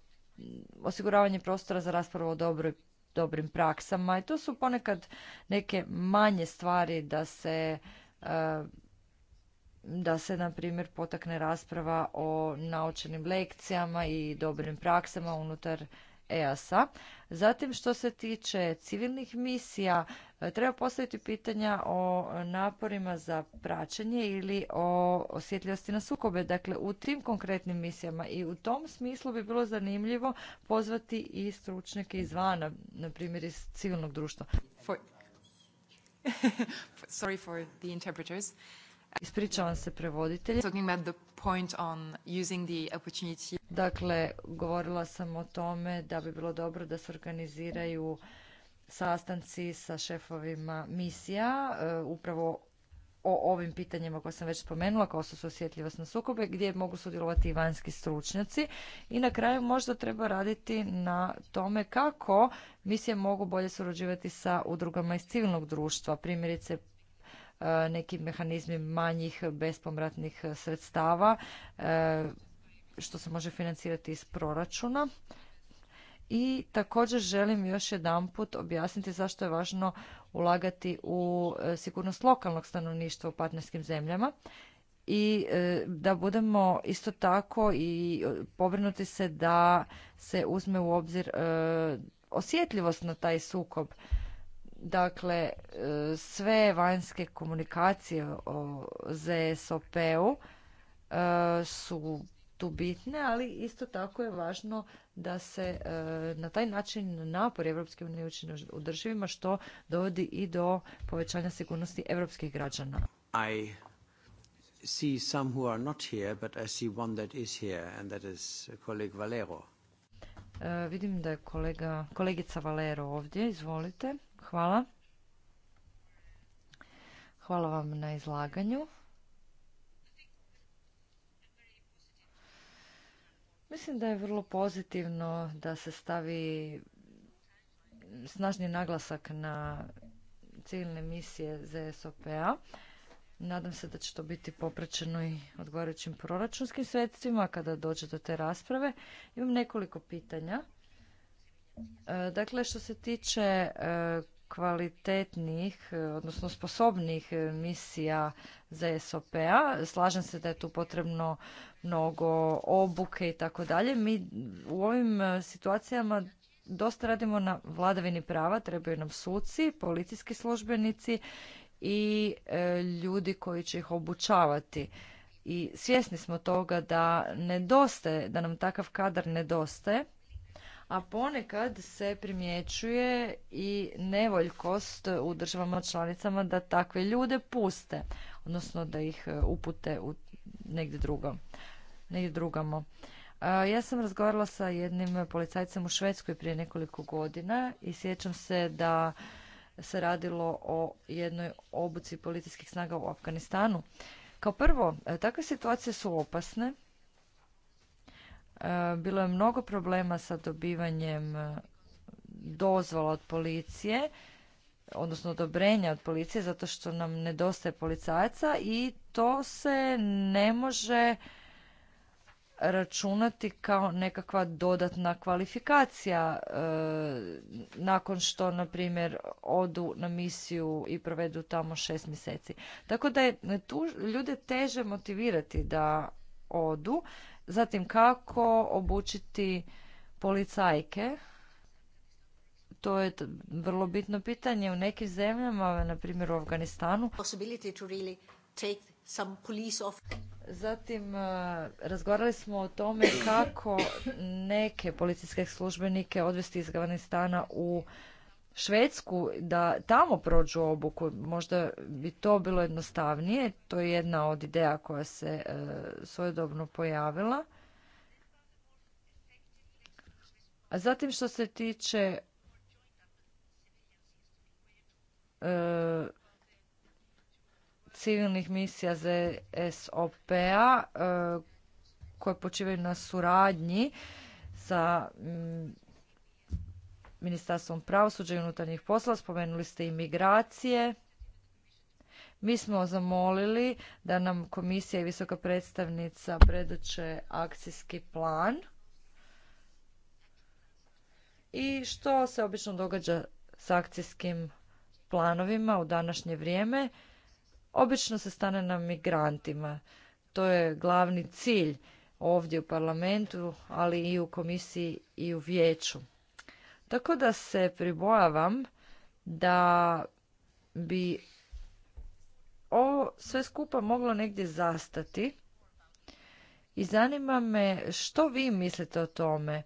Speaker 2: osiguravanje prostora za raspravu o dobroj dobrim praksama i to su ponekad neke manje stvari da se e, da se na primjer potakne rasprava o naučenim lekcijama i dobrim praksama unutar EASA. Zatim što se tiče civilnih misija, e, treba postaviti pitanja o naporima za praćenje ili o osjetljivosti na sukobe. Dakle, u tim konkretnim misijama i u tom smislu bi bilo zanimljivo pozvati i stručnjake izvana, na primjer iz civilnog društva. Sorry for the interpreters. Ispričavam se opportunity. Dakle, govorila sam o tome da bi bilo dobro da se organiziraju sastanci sa šefovima misija, e, upravo o ovim pitanjima koje sam već spomenula, kao su osjetljivost na sukobe, gdje mogu sudjelovati i vanjski stručnjaci. I na kraju možda treba raditi na tome kako misije mogu bolje surađivati sa udrugama iz civilnog društva, primjerice E, neki mehanizmi manjih bespovratnih sredstava e, što se može financirati iz proračuna. I također želim još jedanput objasniti zašto je važno ulagati u e, sigurnost lokalnog stanovništva u partnerskim zemljama i da budemo isto tako i pobrinuti se da se uzme u obzir osjetljivost na taj sukob dakle e, sve vanjske komunikacije o ZSOP-u e, su tu bitne, ali isto tako je važno da se e, na taj način napor evropske unije učine državima, što dovodi i do povećanja sigurnosti europskih građana.
Speaker 3: I see some who are not here, but I see one that is here and that is Valero.
Speaker 2: vidim da je kolega, kolegica Valero ovdje, izvolite. Hvala. Hvala vam na izlaganju. Mislim da je vrlo pozitivno da se stavi snažni naglasak na ciljne misije ZSOP-a. Nadam se da će to biti popraćeno i odgovarajućim proračunskim sredstvima kada dođe do te rasprave. Imam nekoliko pitanja. E, dakle, što se tiče e, kvalitetnih, e, odnosno sposobnih misija za SOP-a. Slažem se da je tu potrebno mnogo obuke i tako dalje. Mi u ovim situacijama dosta radimo na vladavini prava, trebaju nam suci, policijski službenici i ljudi koji će ih obučavati. I svjesni smo toga da nedostaje, da nam takav kadar nedostaje a ponekad se primjećuje i nevoljkost u državama članicama da takve ljude puste, odnosno da ih e, upute u negdje drugo, negdje drugamo. E, ja sam razgovarala sa jednim policajcem u Švedskoj prije nekoliko godina i sjećam se da se radilo o jednoj obuci policijskih snaga u Afganistanu. Kao prvo, e, takve situacije su opasne E, bilo je mnogo problema sa dobivanjem e, dozvola od policije, odnosno odobrenja od policije, zato što nam nedostaje policajca i to se ne može računati kao nekakva dodatna kvalifikacija e, nakon što, na primjer, odu na misiju i provedu tamo šest mjeseci. Tako da je tu ljude teže motivirati da odu Zatim kako obučiti policajke? To je vrlo bitno pitanje u nekim zemljama, na primjer u Afganistanu. Zatim eh, razgovarali smo o tome kako neke policijske službenike odvesti iz Afganistana u Švedsku da tamo prođu obuku. Možda bi to bilo jednostavnije. To je jedna od ideja koja se e, svojedobno pojavila. A zatim što se tiče e, civilnih misija sop a p-a, e, koje počivaju na suradnji sa Ministarstvom pravosuđa i unutarnjih poslova spomenuli ste i migracije. Mi smo zamolili da nam komisija i visoka predstavnica predoče akcijski plan. I što se obično događa s akcijskim planovima u današnje vrijeme? Obično se stane na migrantima. To je glavni cilj ovdje u parlamentu, ali i u komisiji i u vijeću. Tako da se pribojavam da bi ovo sve skupa moglo negdje zastati. I zanima me što vi mislite o tome.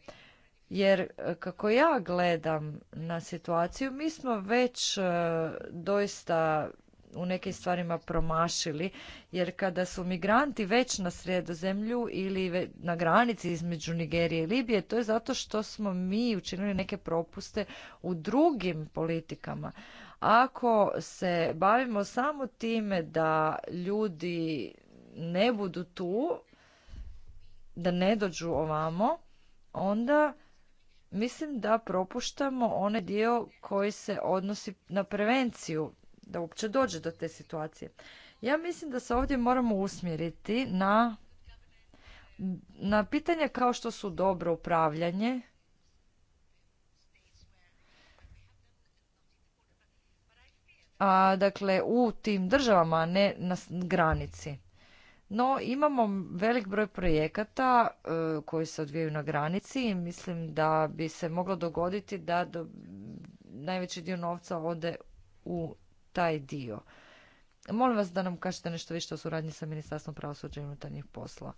Speaker 2: Jer e, kako ja gledam na situaciju, mi smo već e, doista u nekim stvarima promašili jer kada su migranti već na sredozemlju ili na granici između Nigerije i Libije to je zato što smo mi učinili neke propuste u drugim politikama ako se bavimo samo time da ljudi ne budu tu da ne dođu ovamo onda mislim da propuštamo onaj dio koji se odnosi na prevenciju da uopće dođe do te situacije. Ja mislim da se ovdje moramo usmjeriti na, na pitanje kao što su dobro upravljanje, a, dakle u tim državama, a ne na granici. No, imamo velik broj projekata e, koji se odvijaju na granici i mislim da bi se moglo dogoditi da do, najveći dio novca ode u taj dio. Molim vas da nam kažete nešto više o suradnji sa Ministarstvom pravosuđa i unutarnjih poslova.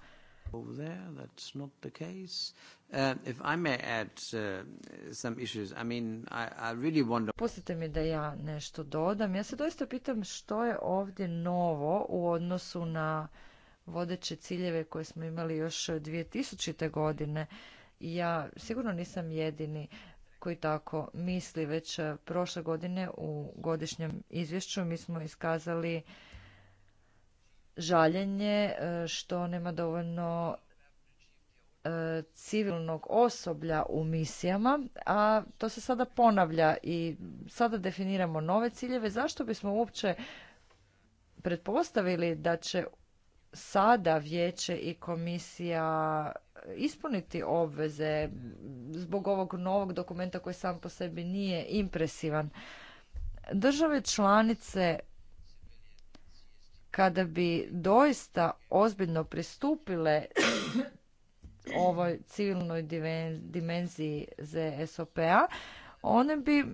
Speaker 3: Pustite mi da
Speaker 2: ja nešto dodam. Ja se doista pitam što je ovdje novo u odnosu na vodeće ciljeve koje smo imali još 2000. godine. Ja sigurno nisam jedini koji tako misli. Već e, prošle godine u godišnjem izvješću mi smo iskazali žaljenje e, što nema dovoljno e, civilnog osoblja u misijama, a to se sada ponavlja i sada definiramo nove ciljeve. Zašto bismo uopće pretpostavili da će sada vijeće i komisija ispuniti obveze zbog ovog novog dokumenta koji sam po sebi nije impresivan. Države članice kada bi doista ozbiljno pristupile ovoj civilnoj dimenziji ZSOP-a, one bi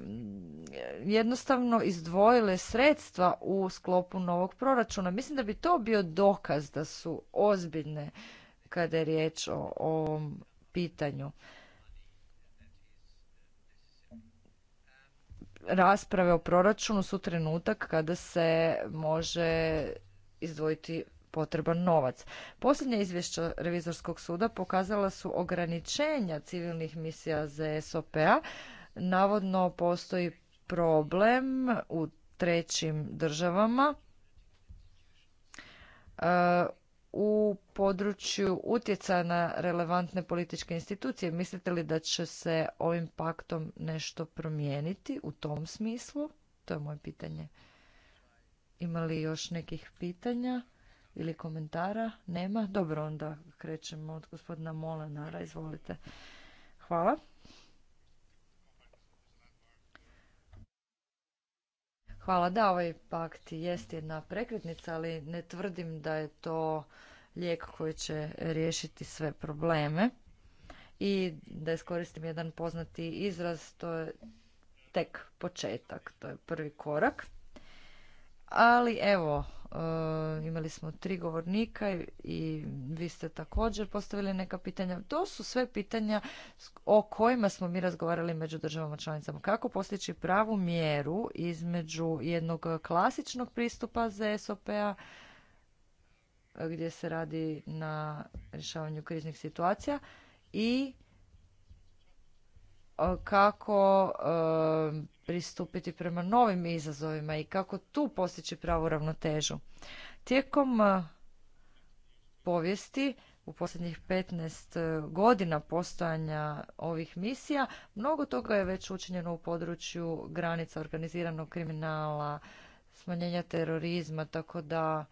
Speaker 2: jednostavno izdvojile sredstva u sklopu novog proračuna. Mislim da bi to bio dokaz da su ozbiljne kada je riječ o ovom pitanju. Rasprave o proračunu su trenutak kada se može izdvojiti potreban novac. Posljednja izvješća Revizorskog suda pokazala su ograničenja civilnih misija sop a Navodno postoji problem u trećim državama e, u području utjecaja na relevantne političke institucije. Mislite li da će se ovim paktom nešto promijeniti u tom smislu? To je moje pitanje. Ima li još nekih pitanja ili komentara? Nema? Dobro, onda krećemo od gospodina Molenara. Izvolite. Hvala. Hvala, da, ovaj pakt jest jedna prekretnica, ali ne tvrdim da je to lijek koji će riješiti sve probleme. I da iskoristim jedan poznati izraz, to je tek početak, to je prvi korak. Ali evo, eh, imali smo tri govornika i vi ste također postavili neka pitanja. To su sve pitanja o kojima smo mi razgovarali među državama članicama. Kako postići pravu mjeru između jednog klasičnog pristupa sop a gdje se radi na rješavanju kriznih situacija i eh, kako eh, pristupiti prema novim izazovima i kako tu postići pravu ravnotežu. Tijekom e, povijesti u posljednjih 15 e, godina postojanja ovih misija, mnogo toga je već učinjeno u području granica organiziranog kriminala, smanjenja terorizma, tako da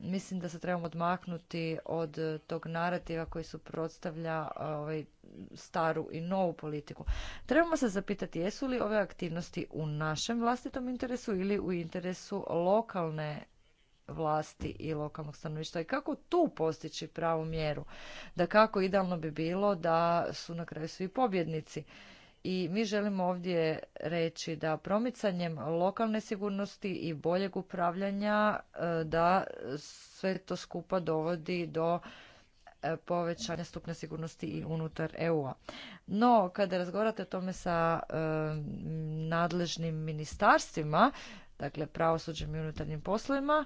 Speaker 2: mislim da se trebamo odmaknuti od tog narativa koji suprotstavlja ovaj, staru i novu politiku. Trebamo se zapitati jesu li ove aktivnosti u našem vlastitom interesu ili u interesu lokalne vlasti i lokalnog stanovništva i kako tu postići pravu mjeru. Da kako idealno bi bilo da su na kraju svi pobjednici i mi želimo ovdje reći da promicanjem lokalne sigurnosti i boljeg upravljanja e, da sve to skupa dovodi do e, povećanja stupnja sigurnosti i unutar EU-a. No, kada razgovarate o tome sa e, nadležnim ministarstvima, dakle pravosuđem i unutarnjim poslovima,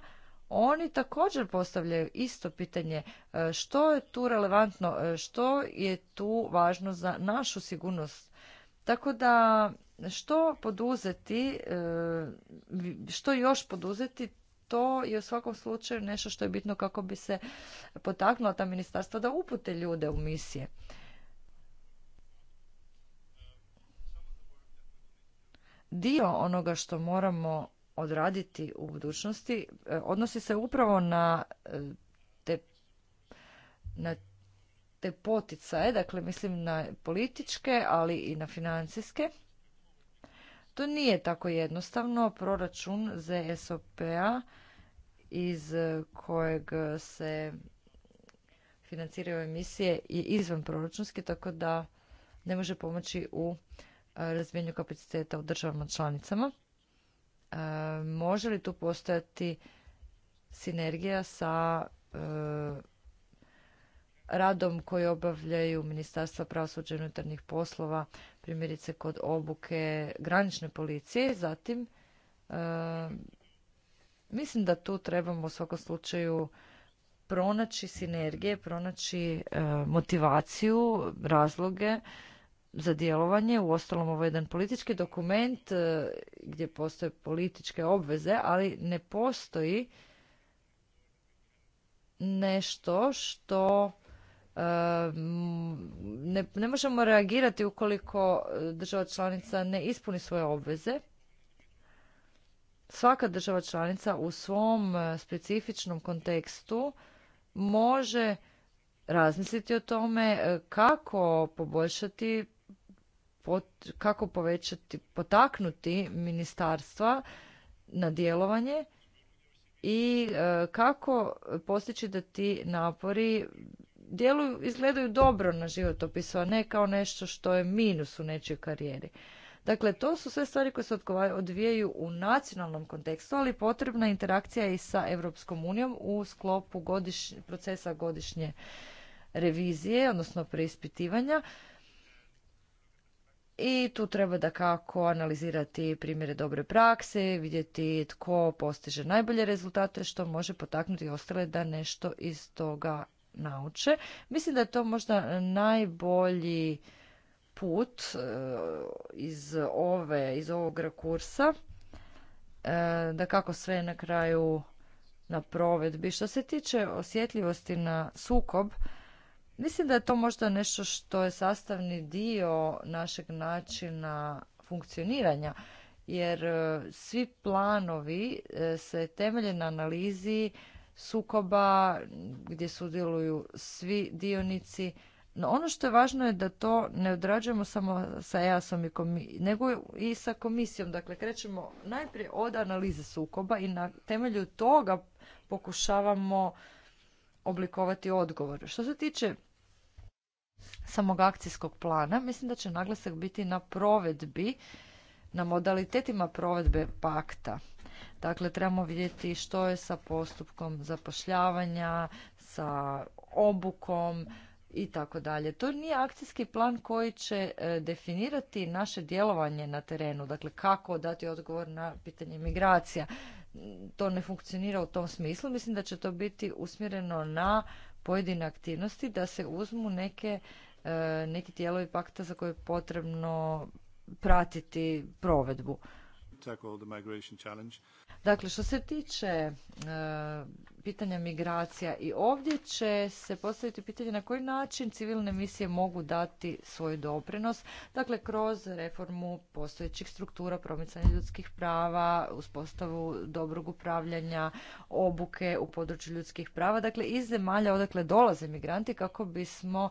Speaker 2: oni također postavljaju isto pitanje što je tu relevantno, što je tu važno za našu sigurnost tako da što poduzeti, e, što još poduzeti, to je u svakom slučaju nešto što je bitno kako bi se potaknula ta ministarstva da upute ljude u misije. Dio onoga što moramo odraditi u budućnosti e, odnosi se upravo na e, te na te poticaje, dakle mislim na političke, ali i na financijske. To nije tako jednostavno. Proračun ZSOP-a iz kojeg se financiraju emisije je izvan proračunski, tako da ne može pomoći u e, razvijenju kapaciteta u državama članicama. E, može li tu postojati sinergija sa e, radom koji obavljaju Ministarstva pravosuđa i unutarnjih poslova, primjerice kod obuke granične policije. Zatim, mislim da tu trebamo u svakom slučaju pronaći sinergije, pronaći motivaciju, razloge za djelovanje. U ostalom, ovo je jedan politički dokument e, gdje postoje političke obveze, ali ne postoji nešto što ne, ne možemo reagirati ukoliko država članica ne ispuni svoje obveze. Svaka država članica u svom e, specifičnom kontekstu može razmisliti o tome e, kako poboljšati kako povećati, potaknuti ministarstva na djelovanje i e, kako postići da ti napori djeluju, izgledaju dobro na životopisu, a ne kao nešto što je minus u nečijoj karijeri. Dakle, to su sve stvari koje se odvijaju u nacionalnom kontekstu, ali potrebna interakcija i sa Europskom unijom u sklopu procesa godišnje revizije, odnosno preispitivanja. I tu treba da kako analizirati primjere dobre prakse, vidjeti tko postiže najbolje rezultate, što može potaknuti ostale da nešto iz toga nauče. Mislim da je to možda najbolji put e, iz, ove, iz ovog rekursa, e, da kako sve na kraju na provedbi. Što se tiče osjetljivosti na sukob, mislim da je to možda nešto što je sastavni dio našeg načina funkcioniranja, jer e, svi planovi se temelje na analizi sukoba gdje sudjeluju svi dionici. No ono što je važno je da to ne odrađujemo samo sa EAS-om i nego i sa komisijom. Dakle, krećemo najprije od analize sukoba i na temelju toga pokušavamo oblikovati odgovor. Što se tiče samog akcijskog plana, mislim da će naglasak biti na provedbi, na modalitetima provedbe pakta. Dakle, trebamo vidjeti što je sa postupkom zapošljavanja, sa obukom i tako dalje. To nije akcijski plan koji će e, definirati naše djelovanje na terenu, dakle kako dati odgovor na pitanje migracija. To ne funkcionira u tom smislu. Mislim da će to biti usmjereno na pojedine aktivnosti da se uzmu neke, e, neki dijelovi pakta za koje je potrebno pratiti provedbu. Dakle, što se tiče e, pitanja migracija i ovdje će se postaviti pitanje na koji način civilne misije mogu dati svoj doprinos, dakle kroz reformu postojećih struktura, promicanje ljudskih prava, uspostavu dobrog upravljanja, obuke u području ljudskih prava, dakle iz zemalja odakle dolaze migranti kako bismo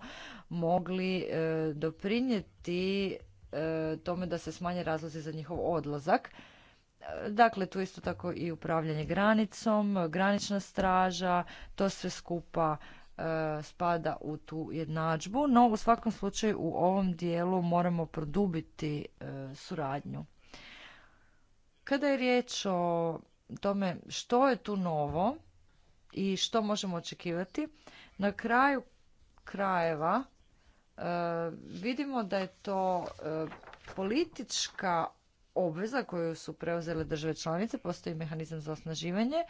Speaker 2: mogli e, doprinijeti E, tome da se smanje razlozi za njihov odlazak. E, dakle, tu isto tako i upravljanje granicom, granična straža, to sve skupa e, spada u tu jednadžbu, no u svakom slučaju u ovom dijelu moramo produbiti suradnju. Kada je riječ o tome što je tu novo i što možemo očekivati, na kraju krajeva vidimo da je to e, politička obveza koju su preuzele države članice, postoji mehanizam za osnaživanje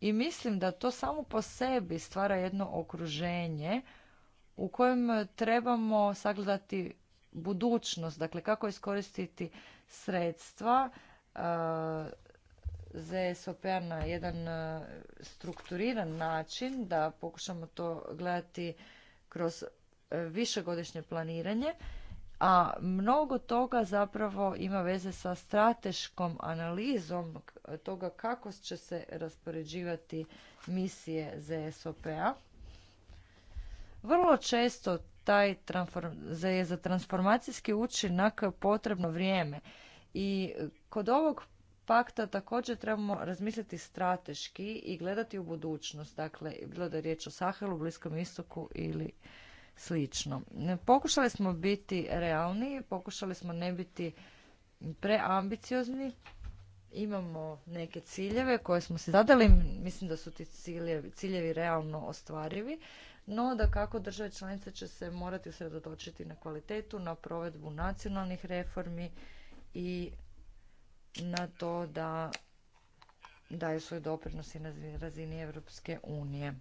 Speaker 2: i mislim da to samo po sebi stvara jedno okruženje u kojem trebamo sagledati budućnost, dakle kako iskoristiti sredstva e, za p-a a na jedan e, strukturiran način, da pokušamo to gledati kroz e, višegodišnje planiranje, a mnogo toga zapravo ima veze sa strateškom analizom toga kako će se raspoređivati misije ZSOP-a. Vrlo često taj je za transformacijski učinak potrebno vrijeme i kod ovog pakta također trebamo razmisliti strateški i gledati u budućnost, dakle bilo da je riječ o Sahelu, Bliskom istoku ili slično. Pokušali smo biti realni, pokušali smo ne biti preambiciozni, imamo neke ciljeve koje smo si zadali, mislim da su ti ciljevi, ciljevi realno ostvarivi, no da kako države članice će se morati usredotočiti na kvalitetu, na provedbu nacionalnih reformi i na to da daju svoj doprinos na razini Evropske unije.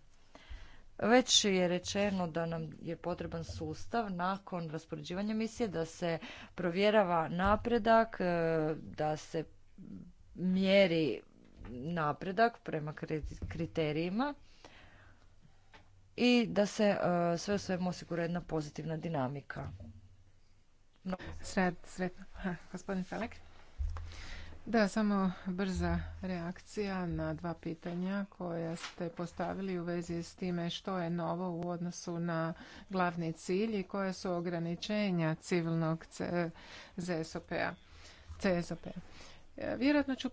Speaker 2: Već je rečeno da nam je potreban sustav nakon raspoređivanja misije, da se provjerava napredak, e, da se mjeri napredak prema kriterijima i da se e, sve u svemu osigura jedna pozitivna dinamika. Sretno. Gospodin Felek.
Speaker 1: Da, samo brza reakcija na dva pitanja koja ste postavili u vezi s time što je novo u odnosu na glavni cilj i koje su ograničenja civilnog CSOP-a. CSOP p-a. Vjerojatno ću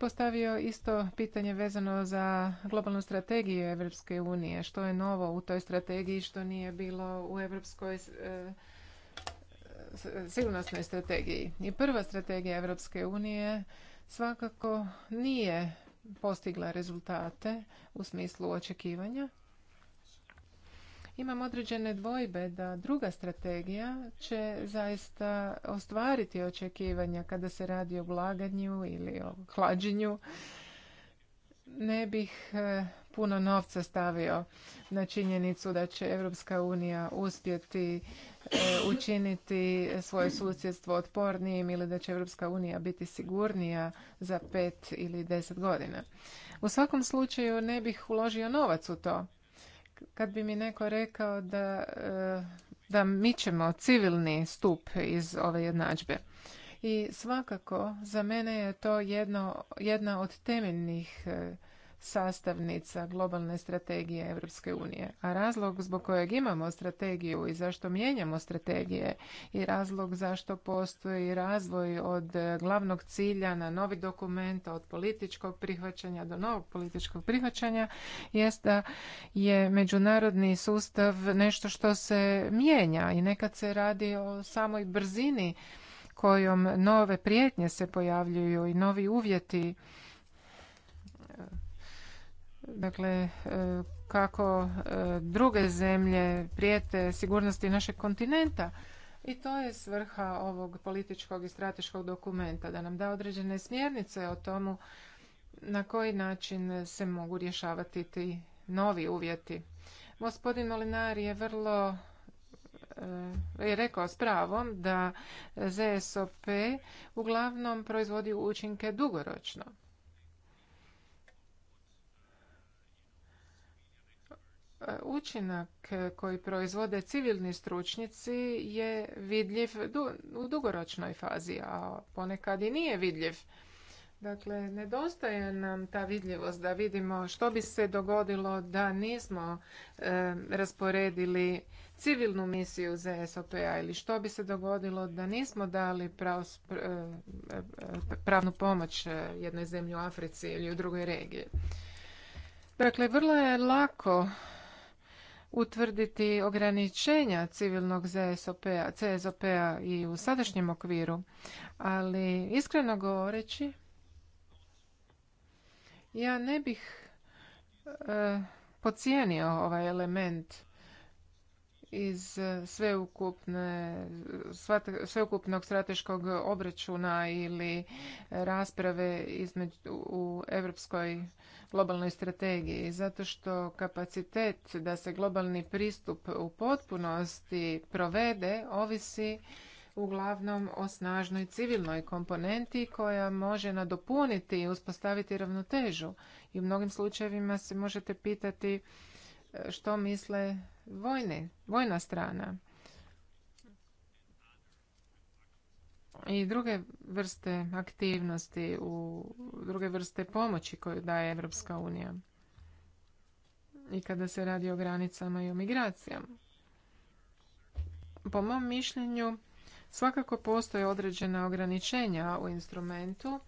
Speaker 1: postavio isto pitanje vezano za globalnu strategiju Europske unije. Što je novo u toj strategiji što nije bilo u Europskoj e, sigurnosnoj strategiji. I prva strategija Europske unije svakako nije postigla rezultate u smislu očekivanja. Imam određene dvojbe da druga strategija će zaista ostvariti očekivanja kada se radi o vlaganju ili o hlađenju ne bih e, puno novca stavio na činjenicu da će Europska unija uspjeti e, učiniti svoje susjedstvo otpornijim ili da će Europska unija biti sigurnija za pet ili deset godina. U svakom slučaju ne bih uložio novac u to. Kad bi mi neko rekao da, e, da ćemo civilni stup iz ove jednadžbe. I svakako za mene je to jedno, jedna od temeljnih e, sastavnica globalne strategije Europske unije. A razlog zbog kojeg imamo strategiju i zašto mijenjamo strategije i razlog zašto postoji razvoj od e, glavnog cilja na novi dokument, od političkog prihvaćanja do novog političkog prihvaćanja, jest da je međunarodni sustav nešto što se mijenja i nekad se radi o samoj brzini kojom nove prijetnje se pojavljuju i novi uvjeti dakle e, kako e, druge zemlje prijete sigurnosti našeg kontinenta i to je svrha ovog političkog i strateškog dokumenta da nam da određene smjernice o tomu na koji način se mogu rješavati ti novi uvjeti. Gospodin Molinari je vrlo je rekao s pravom da ZSOP uglavnom proizvodi učinke dugoročno. Učinak koji proizvode civilni stručnici je vidljiv u dugoročnoj fazi, a ponekad i nije vidljiv. Dakle, nedostaje nam ta vidljivost da vidimo što bi se dogodilo da nismo eh, rasporedili civilnu misiju ZSOP-a ili što bi se dogodilo da nismo dali e, e, e, pravnu pomoć jednoj zemlji u Africi ili u drugoj regiji. Dakle, vrlo je lako utvrditi ograničenja civilnog ZSOP-a, CSOP-a i u sadašnjem okviru, ali iskreno govoreći, ja ne bih e, pocijenio ovaj element iz e, sveukupnog strateškog obračuna ili rasprave u europskoj globalnoj strategiji zato što kapacitet da se globalni pristup u potpunosti provede ovisi uglavnom o snažnoj civilnoj komponenti koja može nadopuniti i uspostaviti ravnotežu i u mnogim slučajevima se možete pitati što misle vojne, vojna strana i druge vrste aktivnosti, u druge vrste pomoći koju daje Evropska unija i kada se radi o granicama i o migracijama. Po mom mišljenju, svakako postoje određena ograničenja u instrumentu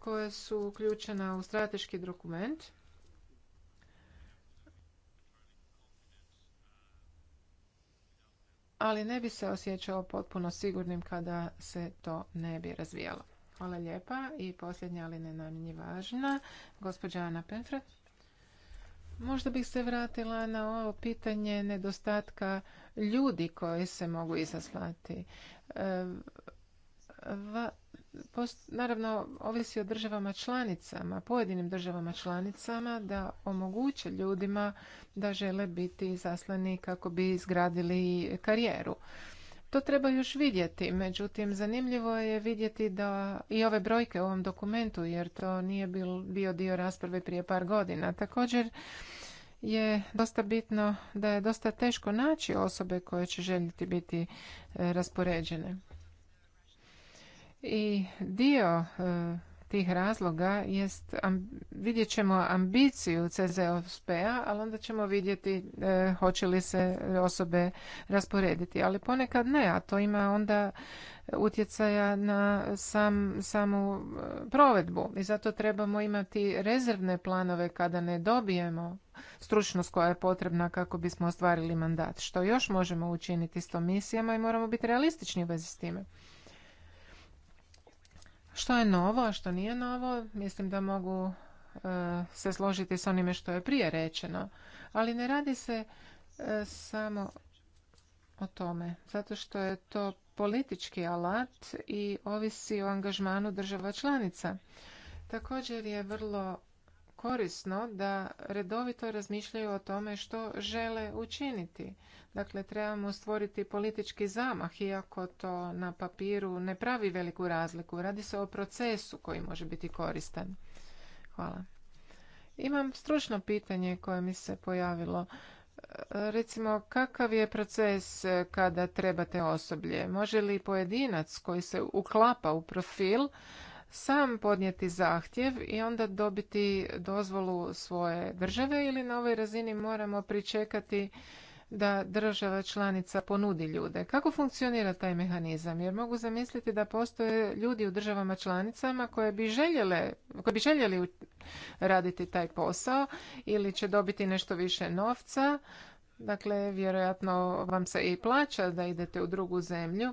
Speaker 1: koje su uključena u strateški dokument ali ne bi se osjećao potpuno sigurnim kada se to ne bi razvijalo. Hvala lijepa i posljednja, ali ne najmanje važna, gospođa Ana Penfret. Možda bih se vratila na ovo pitanje nedostatka ljudi koji se mogu izaslati. E, naravno ovisi o državama članicama, pojedinim državama članicama da omoguće ljudima da žele biti zaslani kako bi izgradili karijeru. To treba još vidjeti, međutim zanimljivo je vidjeti da i ove brojke u ovom dokumentu, jer to nije bio dio rasprave prije par godina. Također je dosta bitno da je dosta teško naći osobe koje će željeti biti e, raspoređene. I dio e, tih razloga jest vidjet ćemo ambiciju CZOSP-a, ali onda ćemo vidjeti e, hoće li se osobe rasporediti. Ali ponekad ne, a to ima onda utjecaja na sam, samu e, provedbu. I zato trebamo imati rezervne planove kada ne dobijemo stručnost koja je potrebna kako bismo ostvarili mandat. Što još možemo učiniti s tom misijama i moramo biti realistični u vezi s time. Što je novo, a što nije novo, mislim da mogu e, se složiti s onime što je prije rečeno. Ali ne radi se e, samo o tome, zato što je to politički alat i ovisi o angažmanu država članica. Također je vrlo korisno da redovito razmišljaju o tome što žele učiniti. Dakle, trebamo stvoriti politički zamah, iako to na papiru ne pravi veliku razliku. Radi se o procesu koji može biti koristan. Hvala. Imam stručno pitanje koje mi se pojavilo. Recimo, kakav je proces kada trebate osoblje? Može li pojedinac koji se uklapa u profil sam podnijeti zahtjev i onda dobiti dozvolu svoje države ili na ovoj razini moramo pričekati da država članica ponudi ljude. Kako funkcionira taj mehanizam? Jer mogu zamisliti da postoje ljudi u državama članicama koje bi željele, koji bi željeli raditi taj posao ili će dobiti nešto više novca. Dakle, vjerojatno vam se i plaća da idete u drugu zemlju,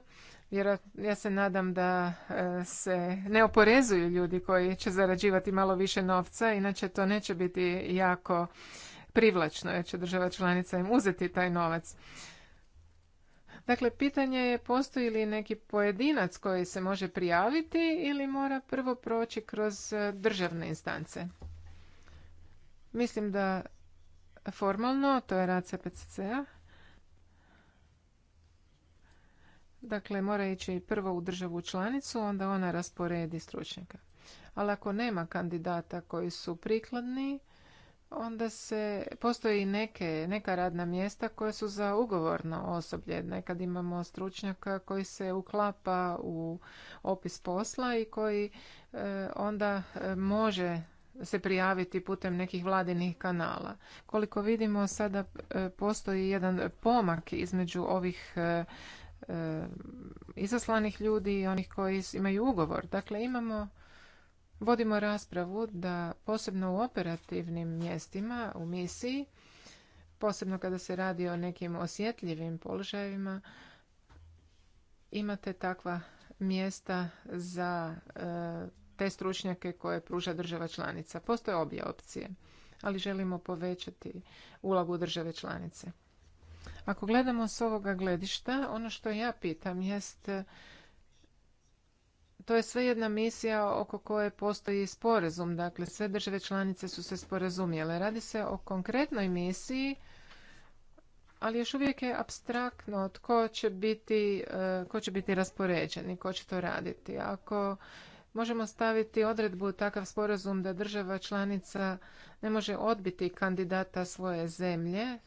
Speaker 1: ja se nadam da e, se ne oporezuju ljudi koji će zarađivati malo više novca, inače to neće biti jako privlačno jer će država članica im uzeti taj novac. Dakle, pitanje je postoji li neki pojedinac koji se može prijaviti ili mora prvo proći kroz e, državne instance. Mislim da formalno to je rad CPCC-a. Dakle, mora ići prvo u državu članicu, onda ona rasporedi stručnjaka. Ali ako nema kandidata koji su prikladni, onda se postoji neke, neka radna mjesta koja su za ugovorno osoblje. Nekad imamo stručnjaka koji se uklapa u opis posla i koji e, onda e, može se prijaviti putem nekih vladinih kanala. Koliko vidimo sada e, postoji jedan pomak između ovih Eh, izaslanih ljudi i onih koji imaju ugovor. Dakle, imamo vodimo raspravu da posebno u operativnim mjestima u misiji, posebno kada se radi o nekim osjetljivim položajima, imate takva mjesta za eh, te stručnjake koje pruža država članica. Postoje obje opcije, ali želimo povećati ulogu države članice. Ako gledamo s ovoga gledišta, ono što ja pitam jest to je sve jedna misija oko koje postoji sporazum. Dakle, sve države članice su se sporazumjele. Radi se o konkretnoj misiji, ali još uvijek je abstraktno tko će biti, ko će biti e, raspoređen i ko će to raditi. Ako možemo staviti odredbu takav sporazum da država članica ne može odbiti kandidata svoje zemlje,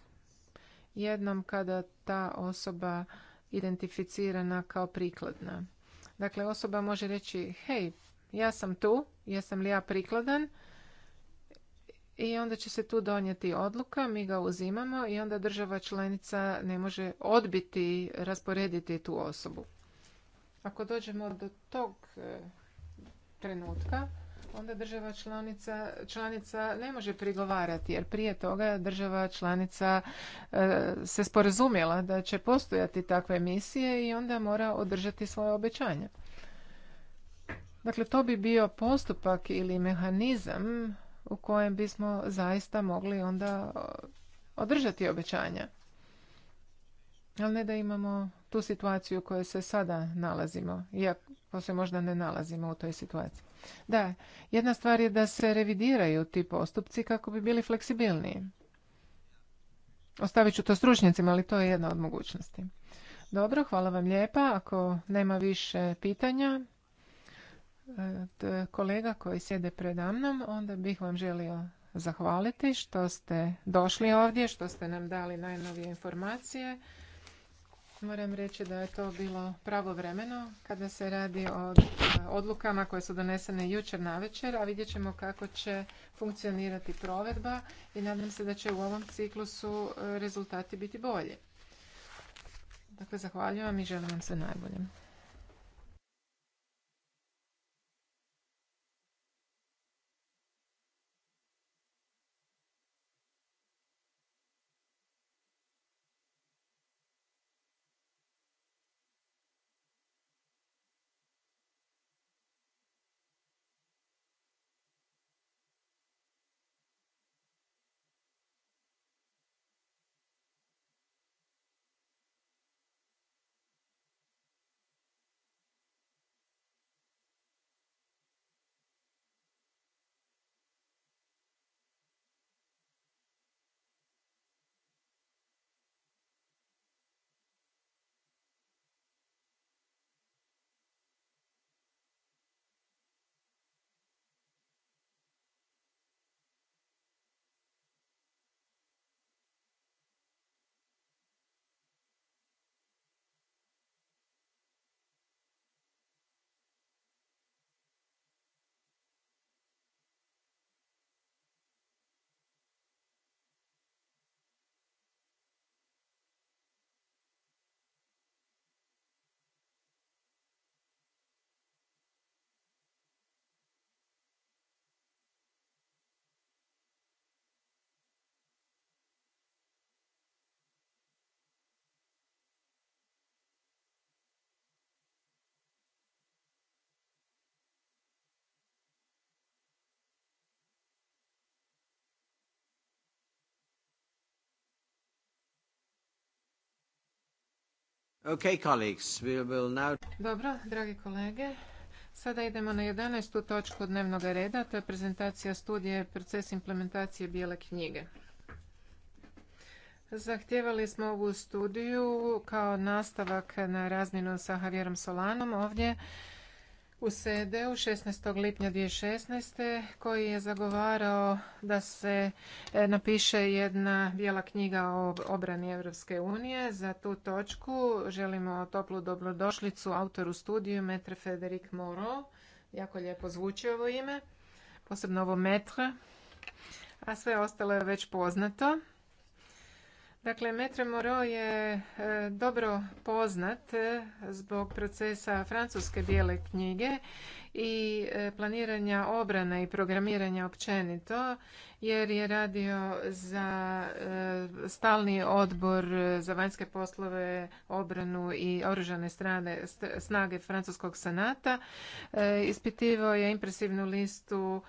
Speaker 1: jednom kada ta osoba identificirana kao prikladna. Dakle, osoba može reći, hej, ja sam tu, jesam li ja prikladan? I onda će se tu donijeti odluka, mi ga uzimamo i onda država članica ne može odbiti, rasporediti tu osobu. Ako dođemo do tog e, trenutka, onda država članica, članica ne može prigovarati jer prije toga država članica e, se sporazumjela da će postojati takve misije i onda mora održati svoje obećanje. Dakle, to bi bio postupak ili mehanizam u kojem bismo zaista mogli onda e, održati obećanja. Ali ne da imamo tu situaciju u kojoj se sada nalazimo, iako se možda ne nalazimo u toj situaciji. Da, jedna stvar je da se revidiraju ti postupci kako bi bili fleksibilniji. Ostavit ću to stručnjacima, ali to je jedna od mogućnosti. Dobro, hvala vam lijepa. Ako nema više pitanja e, kolega koji sjede predamnom, onda bih vam želio zahvaliti što ste došli ovdje, što ste nam dali najnovije informacije. Moram reći da je to bilo pravo vremeno kada se radi o e, odlukama koje su donesene jučer večer, a vidjet ćemo kako će funkcionirati provedba i nadam se da će u ovom ciklusu e, rezultati biti bolji. Dakle, zahvaljujem i želim vam sve najbolje.
Speaker 3: Okay, colleagues, we will now...
Speaker 1: Dobro, dragi kolege, sada idemo na 11. točku dnevnog reda, to je prezentacija studije proces implementacije bijele knjige. Zahtjevali smo ovu studiju kao nastavak na razminu sa Javierom Solanom ovdje u u 16. lipnja 2016. koji je zagovarao da se e, napiše jedna bijela knjiga o obrani Europske unije. Za tu točku želimo toplu dobrodošlicu autoru studiju Metre Federic Moro. Jako lijepo zvuči ovo ime, posebno ovo Metre. A sve ostalo je već poznato. Dakle, Metre Moreau je e, dobro poznat e, zbog procesa francuske bijele knjige i e, planiranja obrane i programiranja općenito jer je radio za e, stalni odbor za vanjske poslove, obranu i oružane strane snage francuskog senata. E, ispitivao je impresivnu listu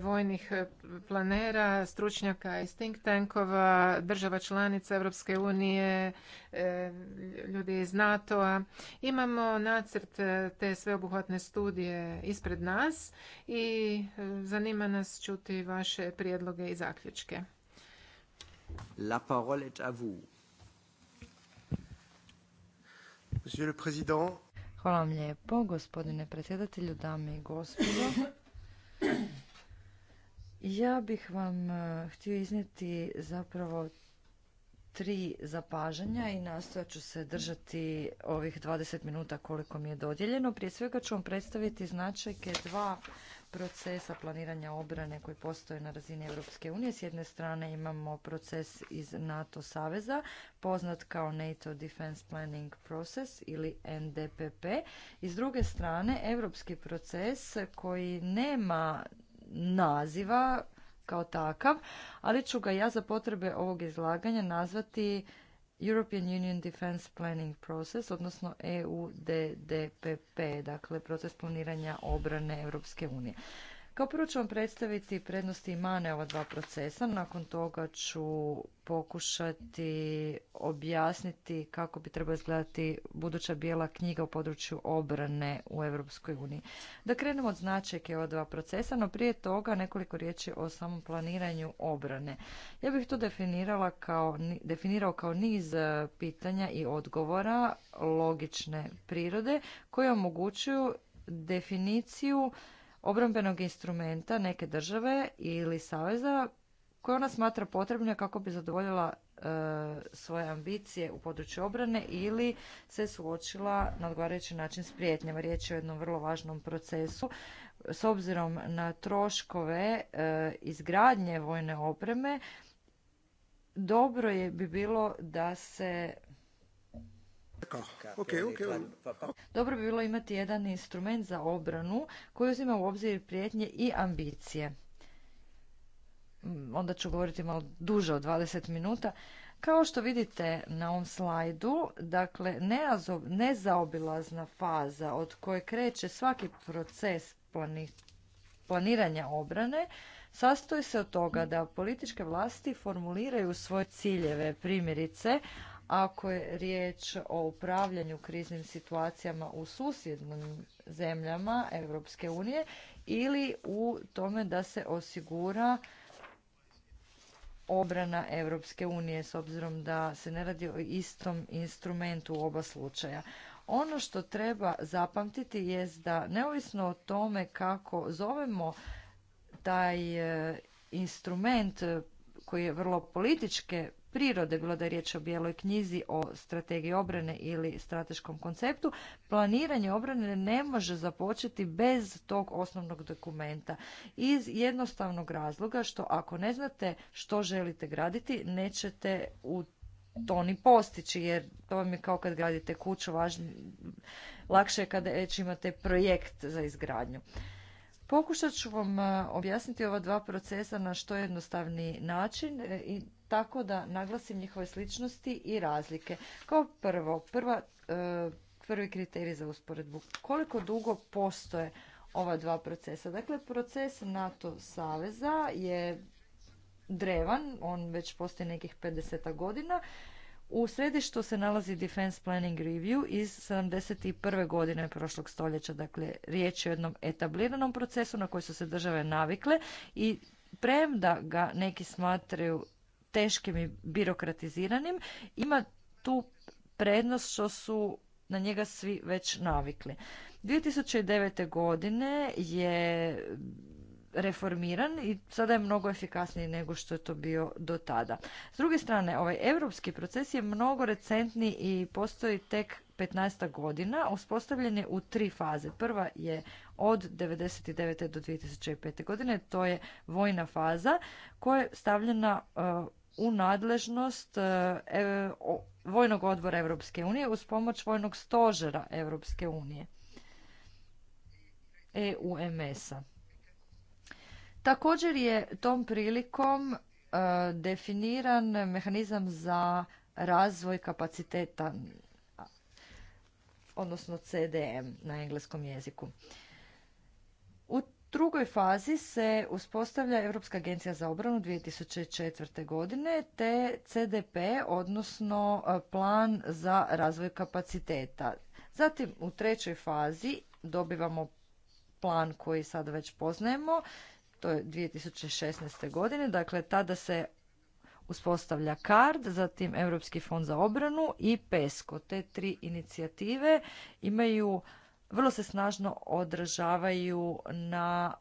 Speaker 1: vojnih planera, stručnjaka iz think tankova, država članica Europske unije, ljudi iz NATO-a. Imamo nacrt te sveobuhvatne studije ispred nas i e, zanima nas čuti vaše prijedloge i zaključke.
Speaker 3: La parole est à vous. le Président.
Speaker 2: Hvala vam lijepo, gospodine predsjedatelju, dame i gospodo. Ja bih vam e, htio iznijeti zapravo tri zapažanja i nastojat ću se držati ovih 20 minuta koliko mi je dodijeljeno. Prije svega ću vam predstaviti značajke dva procesa planiranja obrane koji postoje na razini Europske unije. S jedne strane imamo proces iz NATO saveza, poznat kao NATO Defense Planning Process ili NDPP. I s druge strane, europski proces koji nema naziva kao takav, ali ću ga ja za potrebe ovog izlaganja nazvati European Union Defense Planning Process, odnosno EUDDPP, dakle proces planiranja obrane Europske unije. Kao prvo ću vam predstaviti prednosti i mane ova dva procesa, nakon toga ću pokušati objasniti kako bi trebala izgledati buduća bijela knjiga u području obrane u Europskoj uniji. Da krenemo od značajke ova dva procesa, no prije toga nekoliko riječi o samom planiranju obrane. Ja bih to definirala kao, definirao kao niz e, pitanja i odgovora logične prirode koje omogućuju definiciju obrambenog instrumenta neke države ili saveza koje ona smatra potrebne kako bi zadovoljila e, svoje ambicije u području obrane ili se suočila na odgovarajući način s prijetnjama. Riječ je o jednom vrlo važnom procesu. S obzirom na troškove e, izgradnje vojne opreme, dobro je bi bilo da se pa, pa. Dobro bi bilo imati jedan instrument za obranu koji uzima u obzir prijetnje i ambicije. Mm, onda ću govoriti malo duže od 20 minuta. Kao što vidite na ovom slajdu, dakle, nezaobilazna faza od koje kreće svaki proces planiranja obrane sastoji se od toga da političke vlasti formuliraju svoje ciljeve, primjerice, ako je riječ o upravljanju kriznim situacijama u susjednim zemljama Europske unije ili u tome da se osigura obrana Europske unije s obzirom da se ne radi o istom instrumentu u oba slučaja. Ono što treba zapamtiti je da neovisno o tome kako zovemo taj eh, instrument eh, koji je vrlo političke prirode, bilo da je riječ o bijeloj knjizi, o strategiji obrane ili strateškom konceptu, planiranje obrane ne može započeti bez tog osnovnog dokumenta. Iz jednostavnog razloga što ako ne znate što želite graditi, nećete u to ni postići, jer to vam je kao kad gradite kuću, lakše je kada već imate projekt za izgradnju. Pokušat ću vam e, objasniti ova dva procesa na što jednostavni način e, i tako da naglasim njihove sličnosti i razlike. Kao prvo, prva, e, prvi kriterij za usporedbu. Koliko dugo postoje ova dva procesa? Dakle, proces NATO saveza je drevan, on već postoji nekih 50 godina. U središtu se nalazi Defense Planning Review iz 71. godine prošlog stoljeća. Dakle, riječ je o jednom etabliranom procesu na koji su se države navikle i premda ga neki smatraju teškim i birokratiziranim, ima tu prednost što su na njega svi već navikli. 2009. godine je reformiran i sada je mnogo efikasniji nego što je to bio do tada. S druge strane, ovaj europski proces je mnogo recentni i postoji tek 15 godina, uspostavljen je u tri faze. Prva je od 1999. do 2005. godine, to je vojna faza koja je stavljena u nadležnost e, e, Vojnog odbora Europske unije uz pomoć Vojnog stožera Europske unije, EUMS-a. Također je tom prilikom e, definiran mehanizam za razvoj kapaciteta, odnosno CDM na engleskom jeziku. U drugoj fazi se uspostavlja Europska agencija za obranu 2004. godine te CDP, odnosno e, plan za razvoj kapaciteta. Zatim u trećoj fazi dobivamo plan koji sada već poznajemo, to je 2016. godine, dakle tada se uspostavlja CARD, zatim Europski fond za obranu i PESCO. Te tri inicijative imaju vrlo se snažno odražavaju na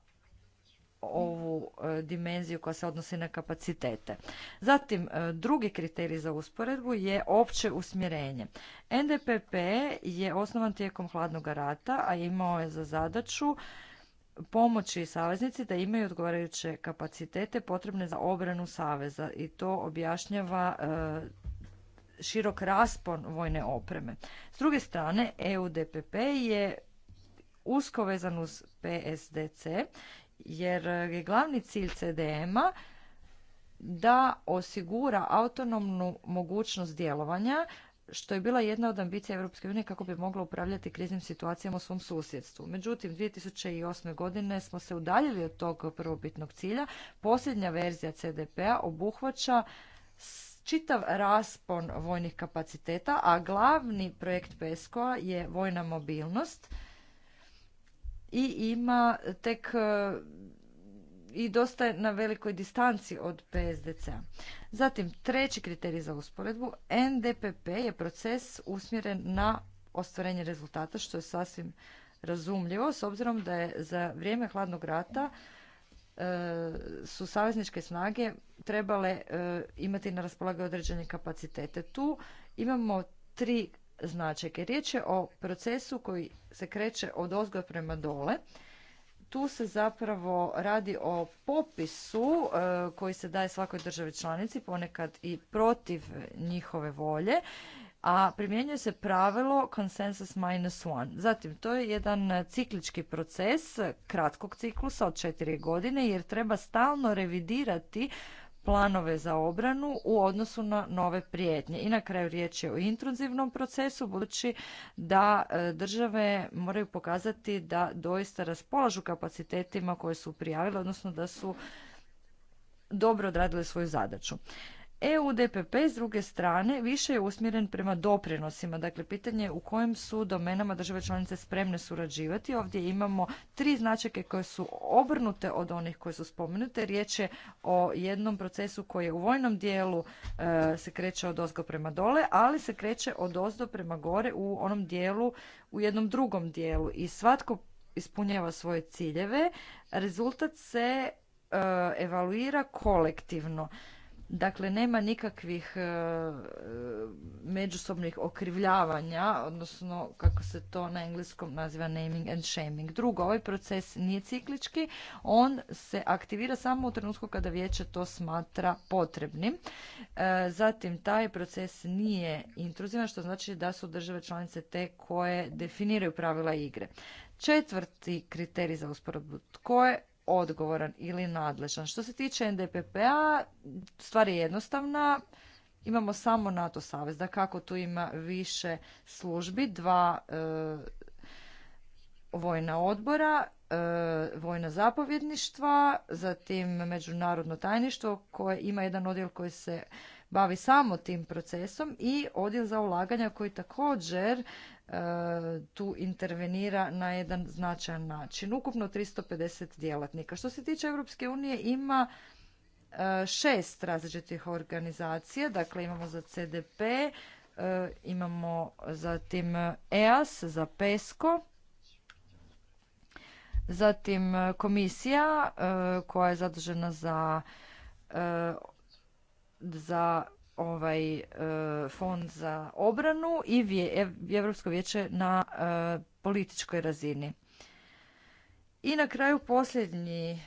Speaker 2: ovu e, dimenziju koja se odnosi na kapacitete. Zatim, e, drugi kriterij za usporedbu je opće usmjerenje. NDPP je osnovan tijekom hladnog rata, a imao je za zadaću pomoći saveznici da imaju odgovarajuće kapacitete potrebne za obranu saveza i to objašnjava e, širok raspon vojne opreme. S druge strane, EUDPP je usko vezan uz PSDC, jer je glavni cilj CDM-a da osigura autonomnu mogućnost djelovanja, što je bila jedna od ambicija Europske unije kako bi mogla upravljati kriznim situacijama u svom susjedstvu. Međutim, 2008. godine smo se udaljili od tog prvobitnog cilja. Posljednja verzija CDP-a obuhvaća čitav raspon vojnih kapaciteta, a glavni projekt PESCO je vojna mobilnost i ima tek e, i dosta na velikoj distanci od PSDC-a. Zatim, treći kriterij za usporedbu, NDPP je proces usmjeren na ostvarenje rezultata, što je sasvim razumljivo, s obzirom da je za vrijeme hladnog rata E, su savezničke snage trebale e, imati na raspolaganju određene kapacitete. Tu imamo tri značajke. Riječ je o procesu koji se kreće od ozgo prema dole. Tu se zapravo radi o popisu e, koji se daje svakoj državi članici, ponekad i protiv njihove volje a primjenjuje se pravilo consensus minus one. Zatim, to je jedan ciklički proces kratkog ciklusa od četiri godine jer treba stalno revidirati planove za obranu u odnosu na nove prijetnje. I na kraju riječ je o intruzivnom procesu, budući da e, države moraju pokazati da doista raspolažu kapacitetima koje su prijavile, odnosno da su dobro odradile svoju zadaću. EUDPP s druge strane više je usmjeren prema doprinosima. Dakle, pitanje je u kojim su domenama države članice spremne surađivati. Ovdje imamo tri značajke koje su obrnute od onih koje su spomenute. Riječ je o jednom procesu koji je u vojnom dijelu e, se kreće od ozgo prema dole, ali se kreće od ozdo prema gore u onom dijelu, u jednom drugom dijelu. I svatko ispunjava svoje ciljeve. Rezultat se e, evaluira kolektivno. Dakle, nema nikakvih e, međusobnih okrivljavanja, odnosno kako se to na engleskom naziva naming and shaming. Drugo, ovaj proces nije ciklički, on se aktivira samo u trenutku kada vijeće to smatra potrebnim. E, zatim, taj proces nije intruzivan, što znači da su države članice te koje definiraju pravila igre. Četvrti kriterij za usporedbu, tko je odgovoran ili nadležan. Što se tiče NDPP-a, stvar je jednostavna. Imamo samo NATO savez, da kako tu ima više službi, dva e, vojna odbora, e, vojna zapovjedništva, zatim međunarodno tajništvo koje ima jedan odjel koji se bavi samo tim procesom i odjel za ulaganja koji također e, tu intervenira na jedan značajan način. Ukupno 350 djelatnika. Što se tiče Europske unije ima e, šest različitih organizacija, dakle imamo za CDP, e, imamo zatim EAS za PESCO, zatim komisija koja je zadužena za za ovaj e, fond za obranu i vje, Europsko vijeće na e, političkoj razini. I na kraju posljednji e,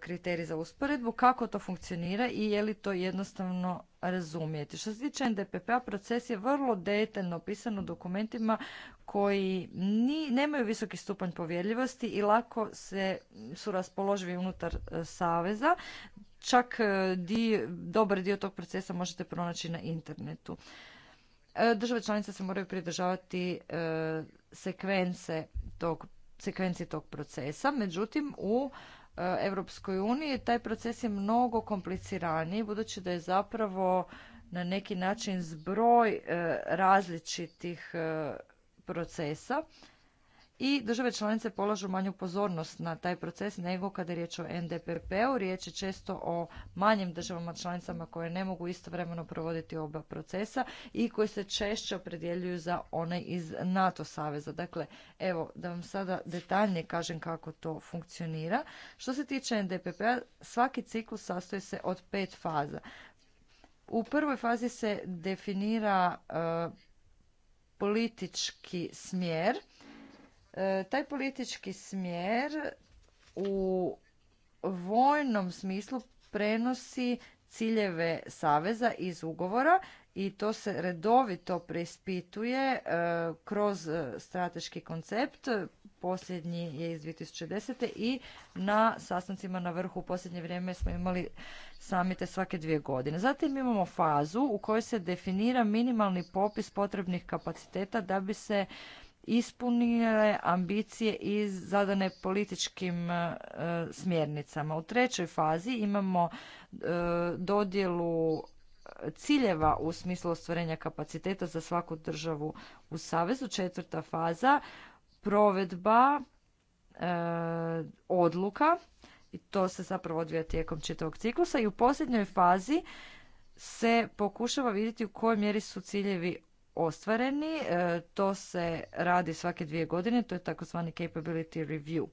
Speaker 2: kriterij za usporedbu, kako to funkcionira i je li to jednostavno razumijeti. Što se tiče ndpp p-a, proces je vrlo detaljno opisan u dokumentima koji ni, nemaju visoki stupanj povjerljivosti i lako se su raspoloživi unutar saveza čak e, di, dobar dio tog procesa možete pronaći na internetu. E, države članice se moraju pridržavati e, sekvence tog, sekvenci tog procesa, međutim u Europskoj uniji taj proces je mnogo kompliciraniji budući da je zapravo na neki način zbroj različitih procesa i države članice polažu manju pozornost na taj proces nego kada je riječ o NDPP-u. Riječ je često o manjim državama članicama koje ne mogu istovremeno provoditi oba procesa i koji se češće opredjeljuju za one iz NATO saveza. Dakle, evo da vam sada detaljnije kažem kako to funkcionira. Što se tiče NDPP-a, svaki ciklus sastoji se od pet faza. U prvoj fazi se definira e, politički smjer taj politički smjer u vojnom smislu prenosi ciljeve saveza iz ugovora i to se redovito preispituje e, kroz e, strateški koncept. Posljednji je iz 2010. i na sastancima na vrhu u posljednje vrijeme smo imali samite svake dvije godine. Zatim imamo fazu u kojoj se definira minimalni popis potrebnih kapaciteta da bi se ispunile ambicije i zadane političkim e, smjernicama. U trećoj fazi imamo e, dodjelu ciljeva u smislu ostvarenja kapaciteta za svaku državu u Savezu. Četvrta faza, provedba e, odluka i to se zapravo odvija tijekom čitavog ciklusa i u posljednjoj fazi se pokušava vidjeti u kojoj mjeri su ciljevi ostvareni. E, to se radi svake dvije godine, to je takozvani capability review.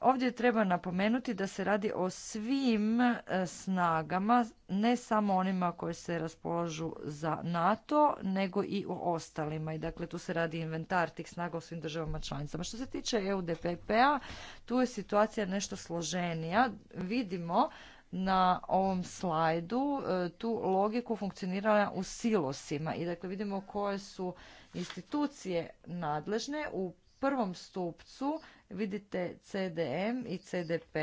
Speaker 2: Ovdje treba napomenuti da se radi o svim e, snagama, ne samo onima koje se raspolažu za NATO, nego i o ostalima. I dakle, tu se radi inventar tih snaga u svim državama članicama. Što se tiče EUDPP-a, tu je situacija nešto složenija. Vidimo na ovom slajdu e, tu logiku funkcionirala u silosima i dakle vidimo koje su institucije nadležne u prvom stupcu vidite CDM i CDP,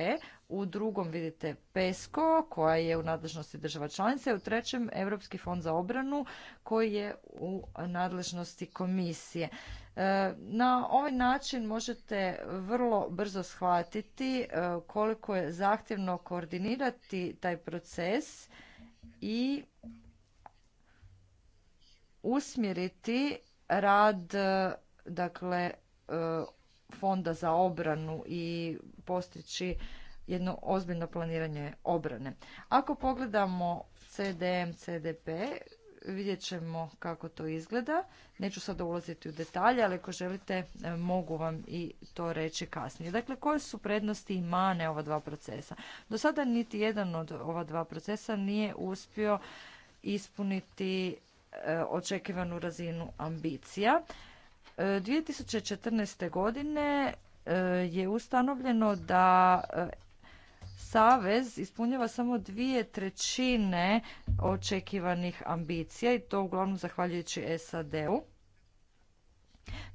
Speaker 2: u drugom vidite PESCO koja je u nadležnosti država članica, u trećem Europski fond za obranu koji je u nadležnosti komisije. E, na ovaj način možete vrlo brzo shvatiti e, koliko je zahtjevno koordinirati taj proces i usmjeriti rad e, dakle fonda za obranu i postići jedno ozbiljno planiranje obrane. Ako pogledamo CDM, CDP, vidjet ćemo kako to izgleda. Neću sada ulaziti u detalje, ali ako želite e, mogu vam i to reći kasnije. Dakle, koje su prednosti i mane ova dva procesa? Do sada niti jedan od ova dva procesa nije uspio ispuniti e, očekivanu razinu ambicija. 2014. E, godine je ustanovljeno da Savez ispunjava samo dvije trećine očekivanih ambicija i to uglavnom zahvaljujući SAD-u.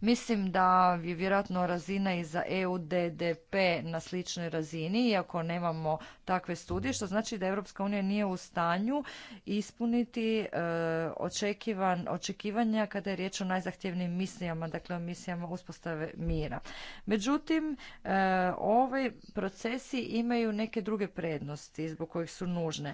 Speaker 2: Mislim da je vjerojatno razina i za EU-DDP na sličnoj razini, iako nemamo takve studije, što znači da Europska unija nije u stanju ispuniti e, očekivan, očekivanja kada je riječ o najzahtjevnijim misijama, dakle o misijama uspostave mira. Međutim, e, ovi procesi imaju neke druge prednosti zbog kojih su nužne.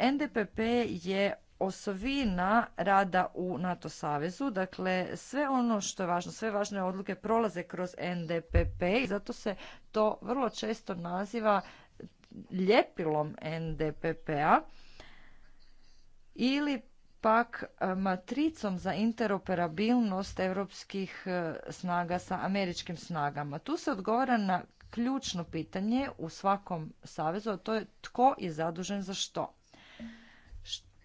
Speaker 2: E, NDPP je osovina rada u NATO savezu. Dakle, sve ono što je važno, sve važne odluke prolaze kroz NDPP i zato se to vrlo često naziva ljepilom NDPP-a ili pak e, matricom za interoperabilnost europskih e, snaga sa američkim snagama. Tu se odgovara na ključno pitanje u svakom savezu, a to je tko je zadužen za što.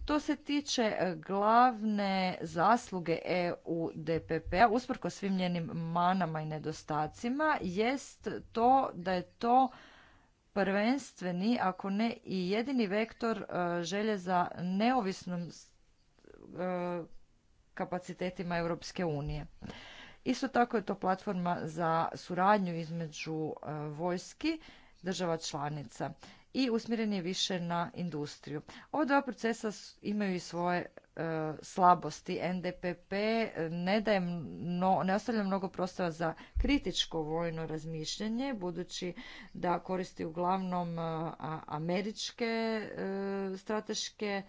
Speaker 2: To se tiče e, glavne zasluge EU DPP-a, usprko svim njenim manama i nedostacima, jest to da je to prvenstveni, ako ne i jedini vektor e, želje za neovisnom e, kapacitetima Europske unije. Isto tako je to platforma za suradnju između vojski država članica i usmjeren je više na industriju. Ova dva procesa imaju i svoje e, slabosti. NDPP ne, daje ne ostavlja mnogo prostora za kritičko vojno razmišljanje, budući da koristi uglavnom e, američke e, strateške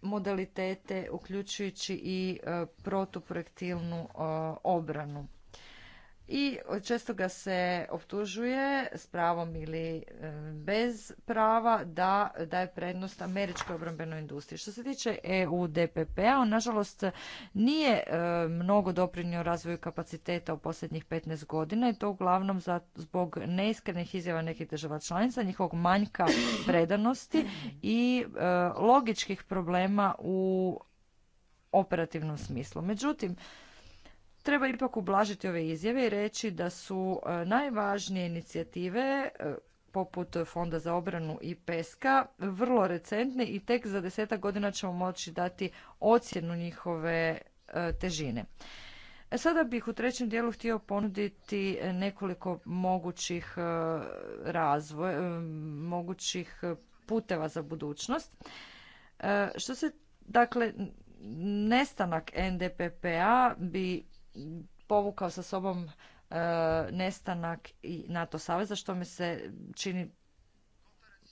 Speaker 2: modalitete, uključujući i e, protuprojektilnu obranu i često ga se optužuje s pravom ili e, bez prava da daje prednost američkoj obrambenoj industriji. Što se tiče EU DPP-a, on nažalost nije e, mnogo doprinio razvoju kapaciteta u posljednjih 15 godina i to uglavnom zbog neiskrenih izjava nekih država članica, njihovog manjka predanosti i e, logičkih problema u operativnom smislu. Međutim, Treba ipak ublažiti ove izjave i reći da su e, najvažnije inicijative e, poput Fonda za obranu i Peska vrlo recentne i tek za desetak godina ćemo moći dati ocjenu njihove e, težine. Sada bih u trećem dijelu htio ponuditi nekoliko mogućih razvoj, mogućih puteva za budućnost. Što se, dakle, nestanak NDPPA bi povukao sa sobom e, nestanak i NATO saveza što mi se čini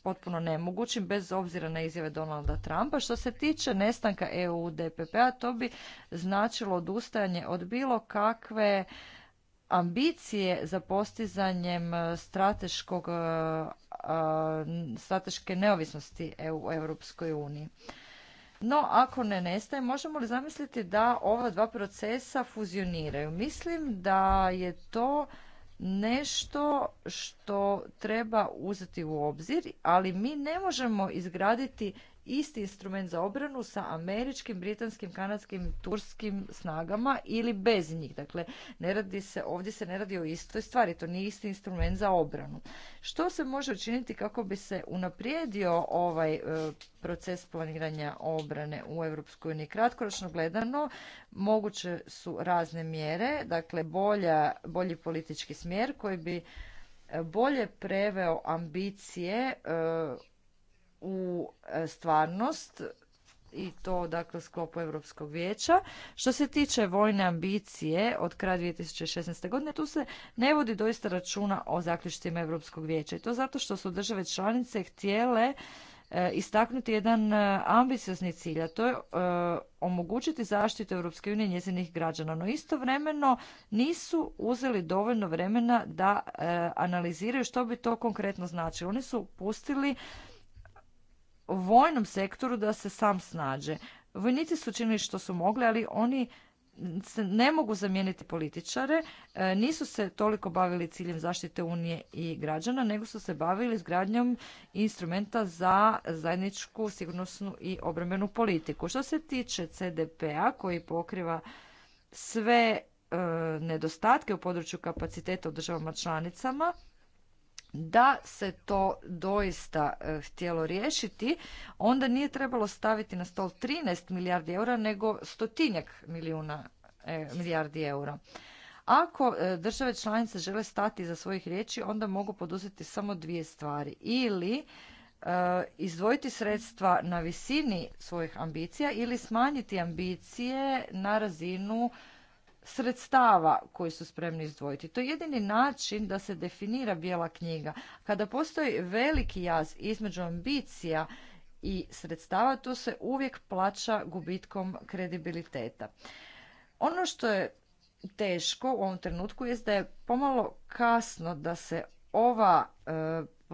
Speaker 2: potpuno nemogućim bez obzira na izjave Donalda Trumpa. Što se tiče nestanka EU DPP-a, to bi značilo odustajanje od bilo kakve ambicije za postizanjem e, strateškog, e, strateške neovisnosti u Europskoj uniji. No, ako ne nestaje, možemo li zamisliti da ova dva procesa fuzioniraju? Mislim da je to nešto što treba uzeti u obzir, ali mi ne možemo izgraditi isti instrument za obranu sa američkim, britanskim, kanadskim, turskim snagama ili bez njih. Dakle, ne radi se, ovdje se ne radi o istoj stvari, to nije isti instrument za obranu. Što se može učiniti kako bi se unaprijedio ovaj e, proces planiranja obrane u EU? Kratkoročno gledano, moguće su razne mjere, dakle bolja, bolji politički smjer koji bi e, bolje preveo ambicije e, u e, stvarnost i to dakle sklopu Europskog vijeća. Što se tiče vojne ambicije od kraja 2016. godine, tu se ne vodi doista računa o zaključcima Europskog vijeća. I to zato što su države članice htjele e, istaknuti jedan e, ambiciozni cilj, a to je omogućiti zaštitu Europske unije i njezinih građana. No istovremeno nisu uzeli dovoljno vremena da analiziraju što bi to konkretno značilo. Oni su pustili vojnom sektoru da se sam snađe. Vojnici su činili što su mogli, ali oni ne mogu zamijeniti političare, e, nisu se toliko bavili ciljem zaštite Unije i građana, nego su se bavili izgradnjom instrumenta za zajedničku sigurnosnu i obrambenu politiku. Što se tiče CDP-a koji pokriva sve e, nedostatke u području kapaciteta u državama članicama, da se to doista e, htjelo riješiti, onda nije trebalo staviti na stol 13 milijardi eura, nego stotinjak milijuna e, milijardi eura. Ako e, države članice žele stati za svojih riječi, onda mogu poduzeti samo dvije stvari. Ili izdvojiti sredstva na visini svojih ambicija ili smanjiti ambicije na razinu sredstava koji su spremni izdvojiti. To je jedini način da se definira bijela knjiga. Kada postoji veliki jaz između ambicija i sredstava, to se uvijek plaća gubitkom kredibiliteta. Ono što je teško u ovom trenutku je da je pomalo kasno da se ova e,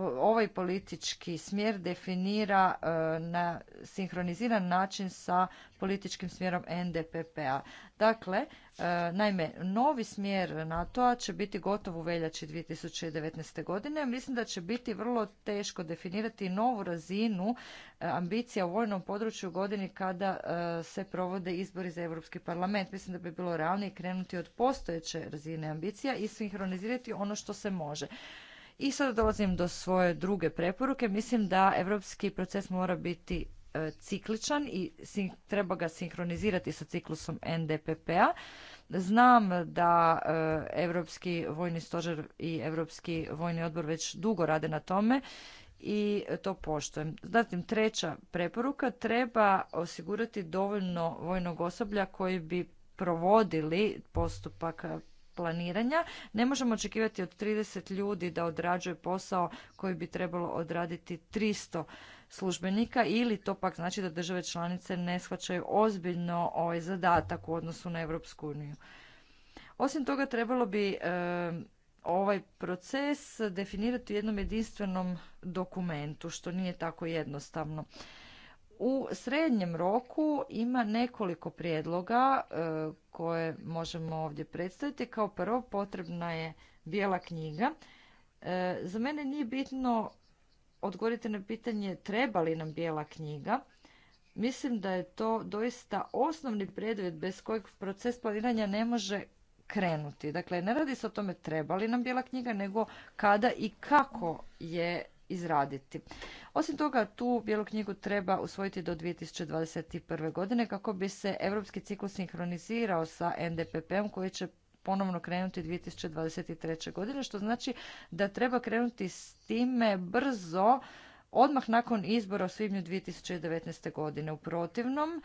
Speaker 2: ovaj politički smjer definira e, na sinhroniziran način sa političkim smjerom NDPP-a. Dakle, e, naime, novi smjer NATO-a će biti gotov u veljači 2019. godine. Mislim da će biti vrlo teško definirati novu razinu e, ambicija u vojnom području godini kada se provode izbori za Europski parlament. Mislim da bi bilo realnije krenuti od postojeće razine ambicija i sinhronizirati ono što se može. I sada dolazim do svoje druge preporuke. Mislim da evropski proces mora biti e, cikličan i treba ga sinkronizirati sa ciklusom NDPP-a. Znam da Europski vojni stožer i Europski vojni odbor već dugo rade na tome i to poštujem. Zatim treća preporuka treba osigurati dovoljno vojnog osoblja koji bi provodili postupak planiranja. Ne možemo očekivati od 30 ljudi da odrađuje posao koji bi trebalo odraditi 300 službenika ili to pak znači da države članice ne shvaćaju ozbiljno ovaj zadatak u odnosu na Europsku uniju. Osim toga trebalo bi ovaj proces definirati u jednom jedinstvenom dokumentu što nije tako jednostavno u srednjem roku ima nekoliko prijedloga e, koje možemo ovdje predstaviti. Kao prvo potrebna je bijela knjiga. E, za mene nije bitno odgovoriti na pitanje treba li nam bijela knjiga. Mislim da je to doista osnovni preduvjet bez kojeg proces planiranja ne može krenuti. Dakle, ne radi se o tome treba li nam bijela knjiga, nego kada i kako je izraditi. Osim toga, tu bijelu knjigu treba usvojiti do 2021. godine kako bi se europski ciklus sinhronizirao sa NDPP-om koji će ponovno krenuti 2023. godine, što znači da treba krenuti s time brzo, odmah nakon izbora u svibnju 2019. godine. U protivnom,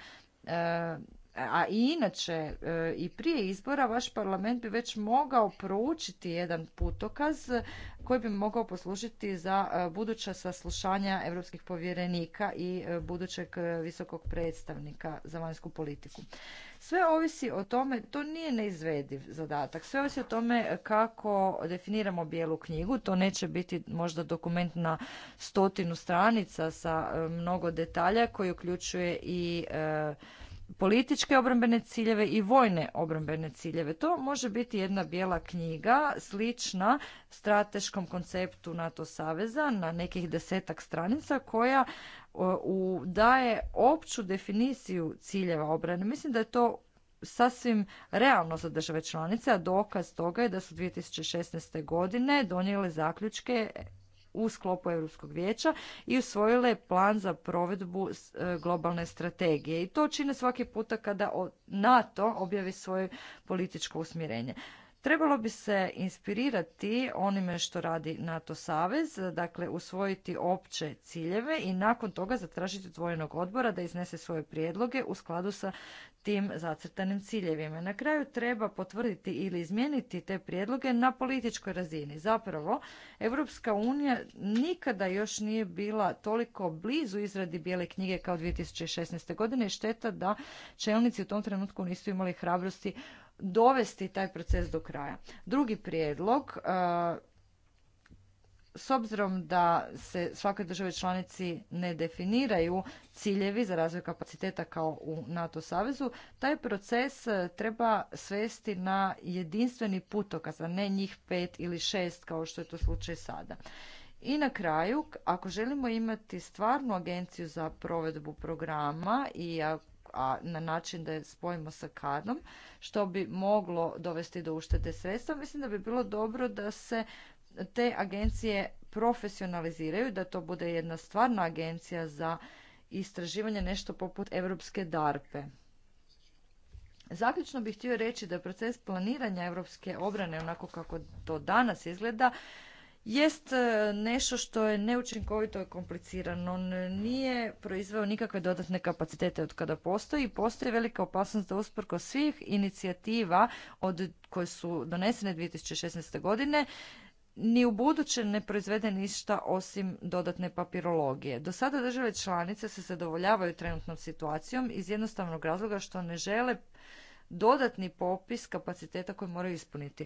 Speaker 2: e, a i inače e, i prije izbora vaš parlament bi već mogao proučiti jedan putokaz koji bi mogao poslužiti za e, buduća saslušanja europskih povjerenika i e, budućeg visokog predstavnika za vanjsku politiku. Sve ovisi o tome, to nije neizvediv zadatak, sve ovisi o tome kako definiramo bijelu knjigu, to neće biti možda dokument na stotinu stranica sa mnogo detalja koji uključuje i političke obrambene ciljeve i vojne obrambene ciljeve. To može biti jedna bijela knjiga slična strateškom konceptu NATO saveza na nekih desetak stranica koja u, daje opću definiciju ciljeva obrane. Mislim da je to sasvim realno za države članice, a dokaz toga je da su 2016. godine donijele zaključke u sklopu Europskog vijeća i usvojile plan za provedbu e, globalne strategije. I to čine svaki puta kada NATO objavi svoje političko usmjerenje. Trebalo bi se inspirirati onime što radi NATO savez, dakle usvojiti opće ciljeve i nakon toga zatražiti odvojenog odbora da iznese svoje prijedloge u skladu sa tim zacrtanim ciljevima. Na kraju treba potvrditi ili izmijeniti te prijedloge na političkoj razini. Zapravo, Europska unija nikada još nije bila toliko blizu izradi bijele knjige kao 2016. godine. Šteta da čelnici u tom trenutku nisu imali hrabrosti dovesti taj proces do kraja. Drugi prijedlog s obzirom da se svakoj državi članici ne definiraju ciljevi za razvoj kapaciteta kao u NATO savezu, taj proces e, treba svesti na jedinstveni putokaz, a ne njih pet ili šest kao što je to slučaj sada. I na kraju, ako želimo imati stvarnu agenciju za provedbu programa i na način da je spojimo sa kadom, što bi moglo dovesti do uštede sredstva, mislim da bi bilo dobro da se te agencije profesionaliziraju, da to bude jedna stvarna agencija za istraživanje, nešto poput Europske DARPE. Zaključno bih htio reći da proces planiranja europske obrane, onako kako to danas izgleda, jest e, nešto što je neučinkovito i komplicirano. On nije proizveo nikakve dodatne kapacitete od kada postoji. Postoji velika opasnost da usprko svih inicijativa od koje su donesene 2016. godine ni u buduće ne proizvede ništa osim dodatne papirologije. Do sada države članice se zadovoljavaju trenutnom situacijom iz jednostavnog razloga što ne žele dodatni popis kapaciteta koje moraju ispuniti.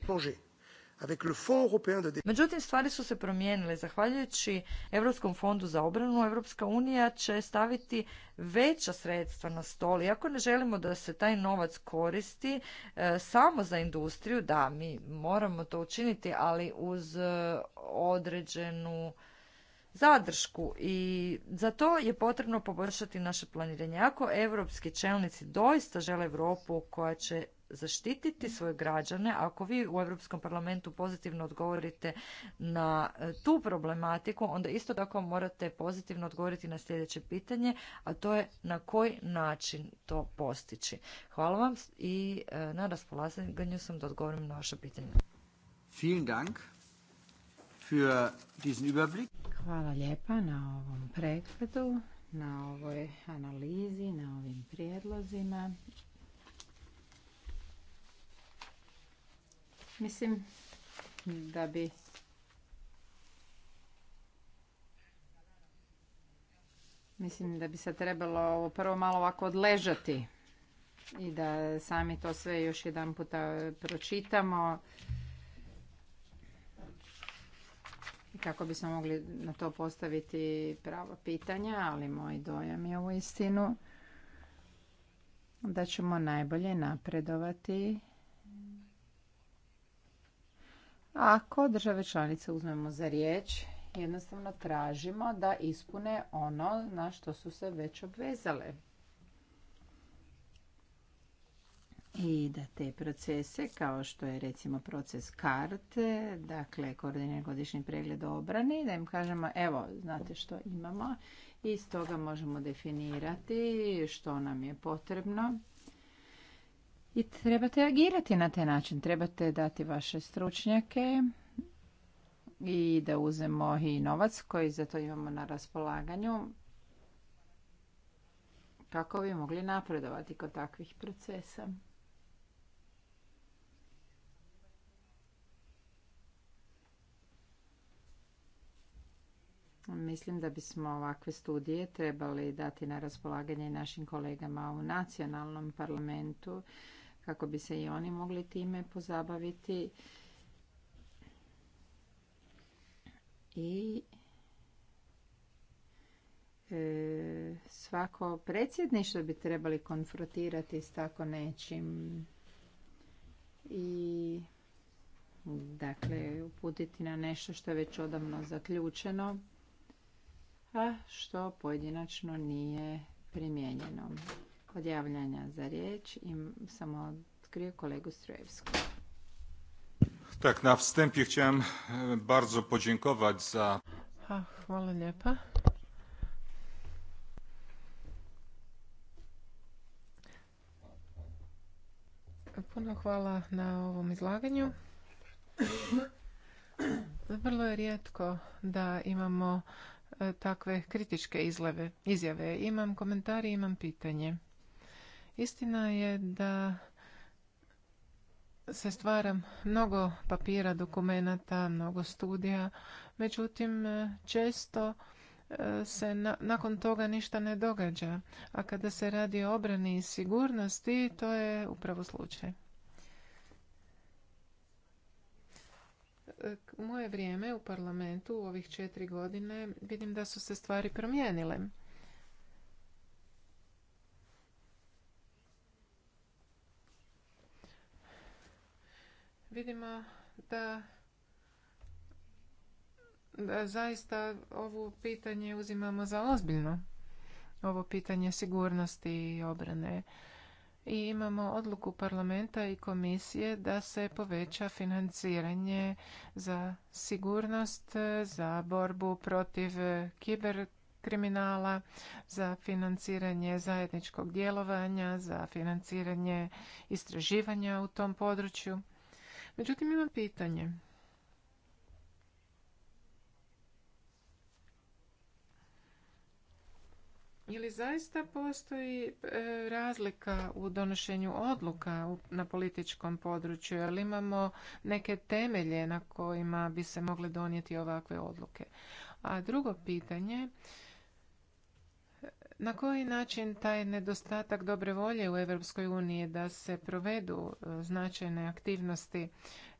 Speaker 2: Međutim, stvari su se promijenile. Zahvaljujući Europskom fondu za obranu, Europska unija će staviti veća sredstva na stol. Ako ne želimo da se taj novac koristi e, samo za industriju, da, mi moramo to učiniti, ali uz e, određenu zadršku i za to je potrebno poboljšati naše planiranje. Ako evropski čelnici doista žele Europu koja će zaštititi svoje građane, ako vi u Europskom parlamentu pozitivno odgovorite na e, tu problematiku, onda isto tako morate pozitivno odgovoriti na sljedeće pitanje, a to je na koji način to postići. Hvala vam i e, na raspolaganju sam da odgovorim na vaše pitanje.
Speaker 3: Vielen Dank diesen Überblick.
Speaker 2: Hvala lijepa na ovom pregledu, na
Speaker 4: ovoj analizi, na ovim prijedlozima. Mislim da bi Mislim da bi se trebalo ovo prvo malo ovako odležati i da sami to sve još jedan puta pročitamo. kako bismo mogli na to postaviti prava pitanja, ali moj dojam je u istinu da ćemo najbolje napredovati ako države članice uzmemo za riječ, jednostavno tražimo da ispune ono na što su se već obvezale. i da te procese, kao što je recimo proces karte, dakle koordinirani godišnji pregled obrani, da im kažemo evo, znate što imamo i stoga možemo definirati što nam je potrebno. I trebate agirati na taj način, trebate dati vaše stručnjake i da uzemo i novac koji za to imamo na raspolaganju kako bi mogli napredovati kod takvih procesa. Mislim da bismo ovakve studije trebali dati na raspolaganje našim kolegama u nacionalnom parlamentu kako bi se i oni mogli time pozabaviti. I e, svako predsjedništvo bi trebali konfrontirati s tako nečim i dakle uputiti na nešto što je već odavno zaključeno a što pojedinačno nije primjenjeno. Od javljanja za riječ im samo otkrio
Speaker 1: kolegu Strojevsku.
Speaker 3: Tak, na wstępie chciałem e, bardzo podziękować za...
Speaker 1: A, hvala lijepa. Puno hvala na ovom izlaganju. Vrlo je rijetko da imamo E, takve kritičke izlave izjave. Imam komentari, imam pitanje. Istina je da se stvara mnogo papira, dokumenata, mnogo studija, međutim e, često e, se nakon toga ništa ne događa. A kada se radi o obrani i sigurnosti, to je upravo slučaj. moje vrijeme u parlamentu u ovih četiri godine vidim da su se stvari promijenile. Vidimo da, da zaista ovo pitanje uzimamo za ozbiljno. Ovo pitanje sigurnosti i obrane i imamo odluku parlamenta i komisije da se poveća financiranje za sigurnost, za borbu protiv kiberkriminala, za financiranje zajedničkog djelovanja, za financiranje istraživanja u tom području. Međutim, imam pitanje. Ili zaista postoji e, razlika u donošenju odluka na političkom području, li imamo neke temelje na kojima bi se mogle donijeti ovakve odluke. A drugo pitanje, na koji način taj nedostatak dobre volje u EU uniji da se provedu e, značajne aktivnosti,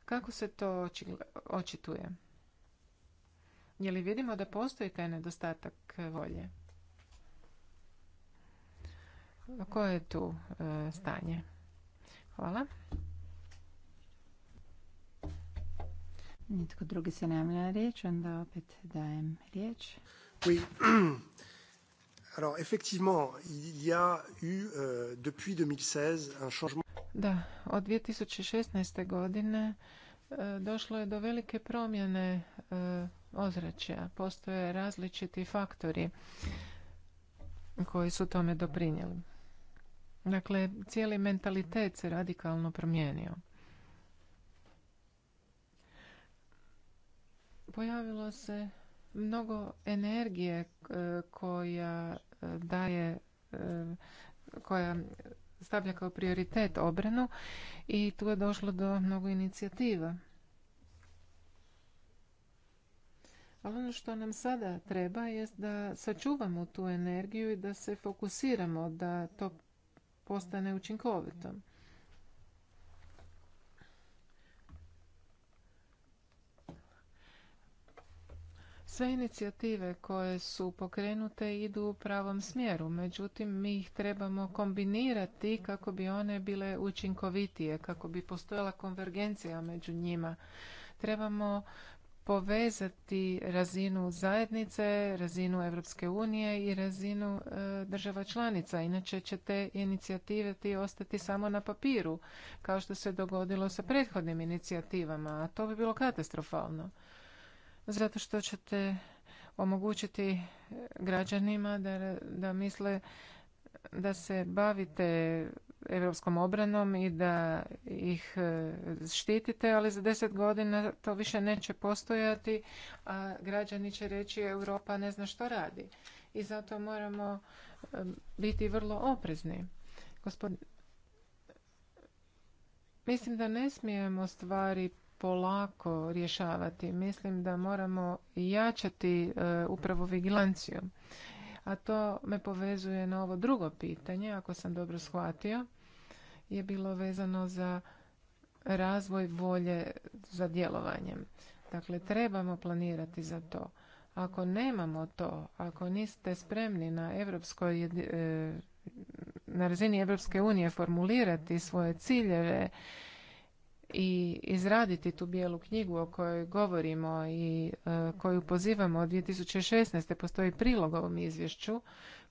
Speaker 1: kako se to očituje? Je li vidimo da postoji taj nedostatak volje? koje je tu e, stanje? Hvala.
Speaker 4: Nitko drugi se ne javlja riječ, onda opet dajem riječ.
Speaker 3: Oui. Alors effectivement, il y a eu euh, depuis 2016 un changement.
Speaker 1: Da, od 2016. godine e, došlo je do velike promjene e, ozračja. Postoje različiti faktori koji su tome doprinijeli. Dakle, cijeli mentalitet se radikalno promijenio. Pojavilo se mnogo energije e, koja e, daje, e, koja stavlja kao prioritet obranu i tu je došlo do mnogo inicijativa. Ali ono što nam sada treba jest da sačuvamo tu energiju i da se fokusiramo, da to postane učinkovito. Sve inicijative koje su pokrenute idu u pravom smjeru, međutim mi ih trebamo kombinirati kako bi one bile učinkovitije, kako bi postojala konvergencija među njima. Trebamo povezati razinu zajednice, razinu Europske unije i razinu e, država članica. Inače će te inicijative ti ostati samo na papiru, kao što se dogodilo sa prethodnim inicijativama, a to bi bilo katastrofalno. Zato što ćete omogućiti e, građanima da misle da se bavite europskom obranom i da ih e, štitite, ali za deset godina to više neće postojati, a građani će reći Europa ne zna što radi. I zato moramo e, biti vrlo oprezni. Mislim da ne smijemo stvari polako rješavati. Mislim da moramo jačati e, upravo vigilanciju a to me povezuje na ovo drugo pitanje, ako sam dobro shvatio, je bilo vezano za razvoj volje za djelovanjem. Dakle, trebamo planirati za to. Ako nemamo to, ako niste spremni na Europskoj e, na razini Europske unije formulirati svoje ciljeve i izraditi tu bijelu knjigu o kojoj govorimo i e, koju pozivamo od 2016. postoji prilog ovom izvješću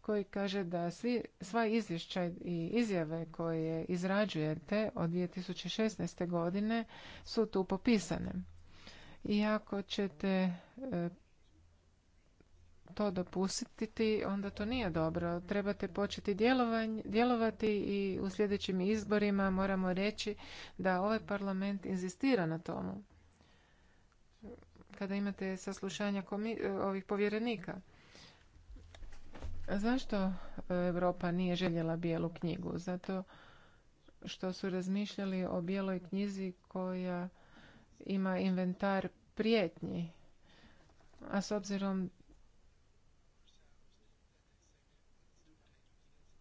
Speaker 1: koji kaže da svi, sva izvješća i izjave koje izrađujete od 2016. godine su tu popisane. I ako ćete e, to dopustiti, onda to nije dobro. Trebate početi djelovati i u sljedećim izborima moramo reći da ovaj parlament inzistira na tomu. Kada imate saslušanja ovih povjerenika. Zašto Europa nije željela bijelu knjigu? Zato što su razmišljali o bijeloj knjizi koja ima inventar prijetnji. A s obzirom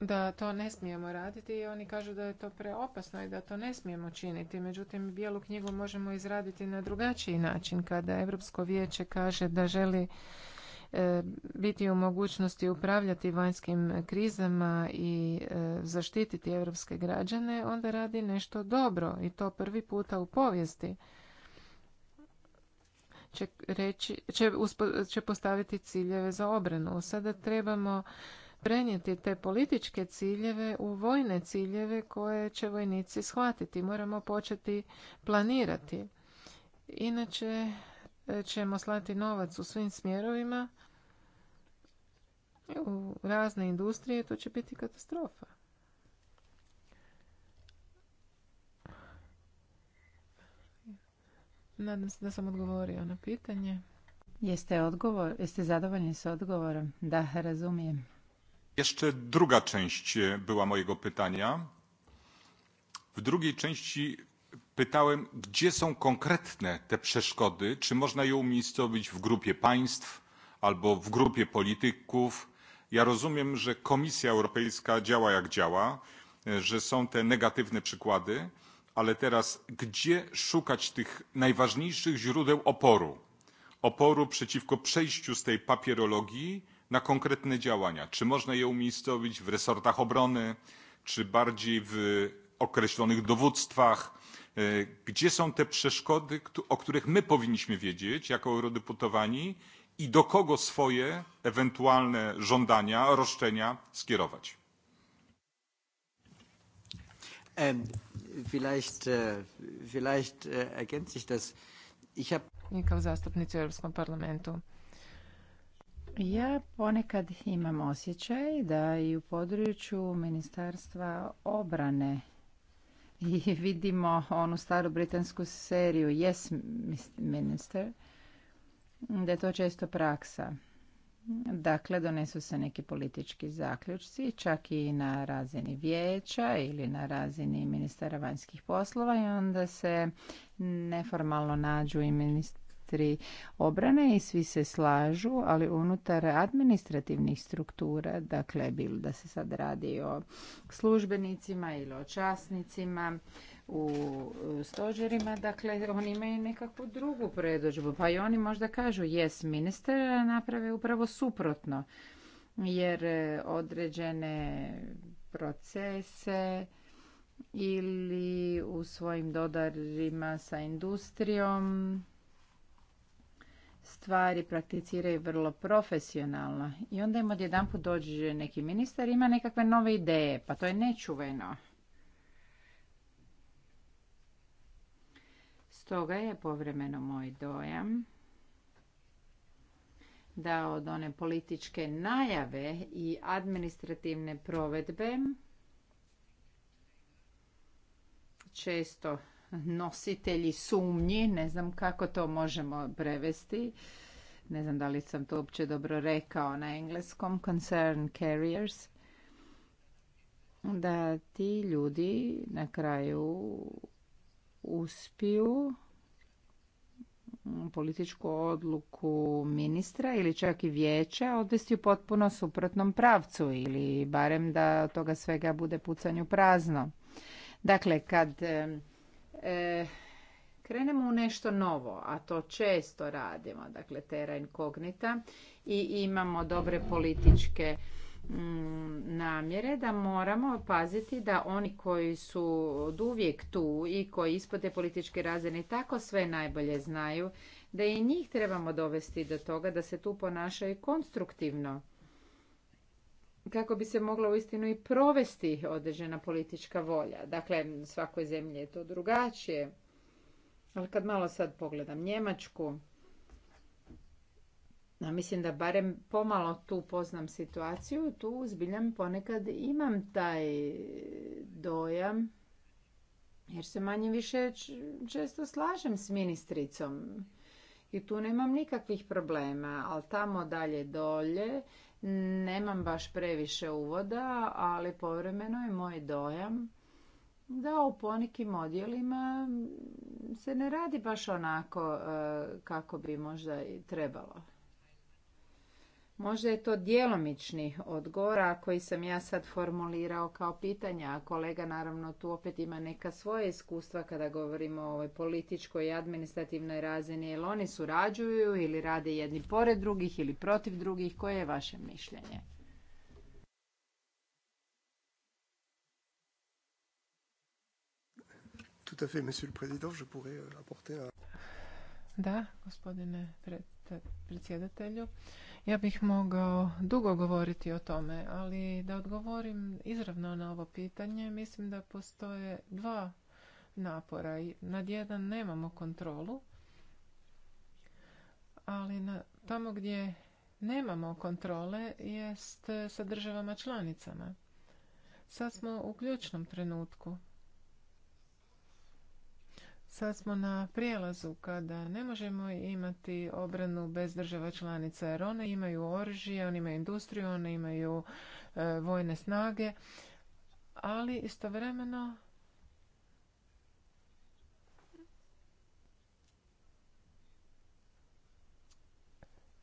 Speaker 1: da to ne smijemo raditi i oni kažu da je to preopasno i da to ne smijemo činiti. Međutim, bijelu knjigu možemo izraditi na drugačiji način kada Europsko vijeće kaže da želi e, biti u mogućnosti upravljati vanjskim krizama i e, zaštititi europske građane, onda radi nešto dobro i to prvi puta u povijesti. Će, reći, će, će postaviti ciljeve za obranu. Sada trebamo prenijeti te političke ciljeve u vojne ciljeve koje će vojnici shvatiti. Moramo početi planirati. Inače e, ćemo slati novac u svim smjerovima u razne industrije, to će biti katastrofa. Nadam se da sam odgovorio na pitanje.
Speaker 4: Jeste jeste zadovoljni s odgovorom? Da, razumijem.
Speaker 3: Jeszcze druga część e, była mojego pytania. W drugiej części pytałem, gdzie są konkretne te przeszkody, czy można je umiejscowić w grupie państw albo w grupie polityków. Ja rozumiem, że Komisja Europejska działa jak działa, e, że są te negatywne przykłady, ale teraz gdzie szukać tych najważniejszych źródeł oporu? Oporu przeciwko przejściu z tej papierologii na konkretne działania. Czy można je umiejscowić w resortach obrony, czy bardziej w określonych dowództwach? E, gdzie są te przeszkody, o których my powinniśmy wiedzieć jako eurodeputowani i do kogo swoje ewentualne żądania, roszczenia skierować? Um. vielleicht, äh, vielleicht äh, ich das. Ich habe...
Speaker 4: parlamentu ja ponekad imam osjećaj da i u području Ministarstva obrane i vidimo onu staru britansku seriju Yes Minister, da je to često praksa. Dakle, donesu se neki politički zaključci, čak i na razini vijeća ili na razini ministara vanjskih poslova i onda se neformalno nađu i ministri ministri obrane i svi se slažu, ali unutar administrativnih struktura, dakle bilo da se sad radi o službenicima ili o časnicima, u stožerima, dakle oni imaju nekakvu drugu predođbu, pa i oni možda kažu jes ministar, naprave upravo suprotno, jer e, određene procese ili u svojim dodarima sa industrijom stvari prakticiraju vrlo profesionalno i onda im odjedanput dođe neki ministar ima nekakve nove ideje, pa to je nečuveno. Stoga je povremeno moj dojam da od one političke najave i administrativne provedbe često nositelji sumnji, ne znam kako to možemo prevesti. Ne znam da li sam to uopće dobro rekao na engleskom, concern carriers. Da ti ljudi na kraju uspiju političku odluku ministra ili čak i vijeća odvesti u potpuno suprotnom pravcu ili barem da toga svega bude pucanju prazno. Dakle, kad e, krenemo u nešto novo, a to često radimo, dakle tera inkognita i imamo dobre političke mm, namjere da moramo paziti da oni koji su od uvijek tu i koji ispod te političke razine tako sve najbolje znaju, da i njih trebamo dovesti do toga da se tu ponašaju konstruktivno kako bi se mogla uistinu i provesti određena politička volja. Dakle, svakoj zemlji je to drugačije. Ali kad malo sad pogledam Njemačku, a mislim da barem pomalo tu poznam situaciju, tu zbiljam ponekad imam taj dojam, jer se manje više često slažem s ministricom. I tu nemam nikakvih problema, ali tamo dalje dolje Nemam baš previše uvoda, ali povremeno je moj dojam da u ponekim odjelima se ne radi baš onako e, kako bi možda i trebalo. Možda je to djelomični odgovor koji sam ja sad formulirao kao pitanja, a kolega naravno tu opet ima neka svoja iskustva kada govorimo o ovoj političkoj i administrativnoj razini, jer oni surađuju ili rade jedni pored drugih ili protiv drugih. Koje je vaše mišljenje?
Speaker 1: Da, gospodine predsjedatelju. Ja bih mogao dugo govoriti o tome, ali da odgovorim izravno na ovo pitanje, mislim da postoje dva napora. Nad jedan nemamo kontrolu, ali na, tamo gdje nemamo kontrole jest sa državama članicama. Sad smo u ključnom trenutku. Sad smo na prijelazu kada ne možemo imati obranu bez država članica jer one imaju oružje, one imaju industriju, one imaju e, vojne snage, ali istovremeno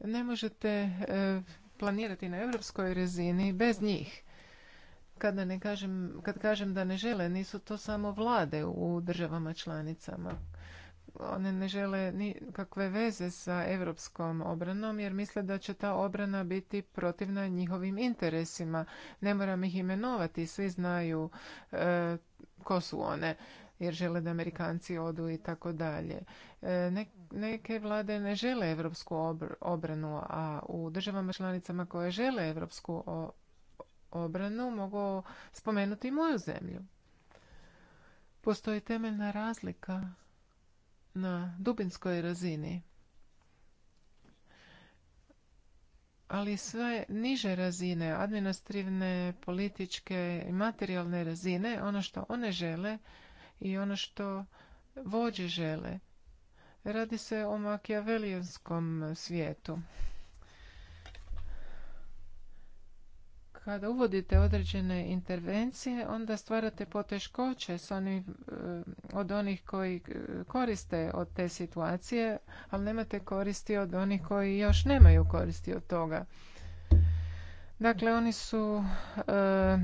Speaker 1: ne možete e, planirati na europskoj razini bez njih. Kada ne kažem, kad kažem da ne žele, nisu to samo vlade u državama članicama. One ne žele nikakve veze sa europskom obranom jer misle da će ta obrana biti protivna njihovim interesima. Ne moram ih imenovati, svi znaju e, ko su one jer žele da Amerikanci odu i tako dalje. E, neke vlade ne žele evropsku obranu, a u državama članicama koje žele evropsku obranu, mogu spomenuti i moju zemlju. Postoji temeljna razlika na dubinskoj razini. Ali sve niže razine, administrativne, političke i materijalne razine, ono što one žele i ono što vođe žele. Radi se o makijavelijanskom svijetu. kada uvodite određene intervencije, onda stvarate poteškoće s onim, e, od onih koji e, koriste od te situacije, ali nemate koristi od onih koji još nemaju koristi od toga. Dakle, oni su e,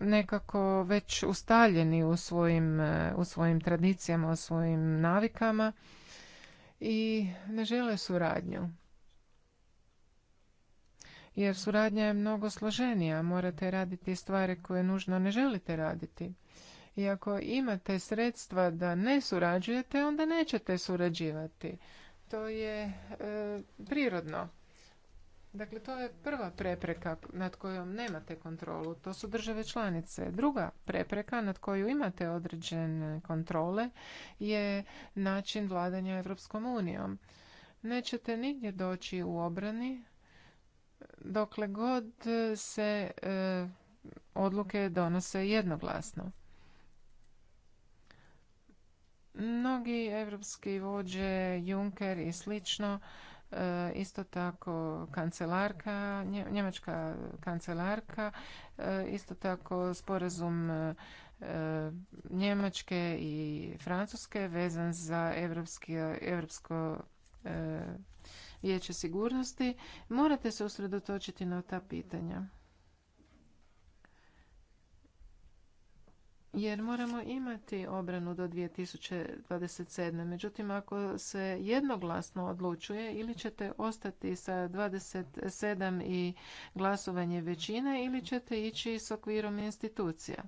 Speaker 1: nekako već ustaljeni u svojim, u svojim tradicijama, u svojim navikama i ne žele suradnju jer suradnja je mnogo složenija, morate raditi stvari koje nužno ne želite raditi. I ako imate sredstva da ne surađujete, onda nećete surađivati. To je e, prirodno. Dakle, to je prva prepreka nad kojom nemate kontrolu. To su države članice. Druga prepreka nad koju imate određene kontrole je način vladanja Europskom unijom. Nećete nigdje doći u obrani dokle god se e, odluke donose jednoglasno. Mnogi evropski vođe, Juncker i slično, e, isto tako kancelarka, njemačka kancelarka, e, isto tako sporazum Njemačke i Francuske vezan za evropski, evropsko vijeće sigurnosti, morate se usredotočiti na ta pitanja. jer moramo imati obranu do 2027. Međutim, ako se jednoglasno odlučuje ili ćete ostati sa 27 i glasovanje većine ili ćete ići s okvirom institucija.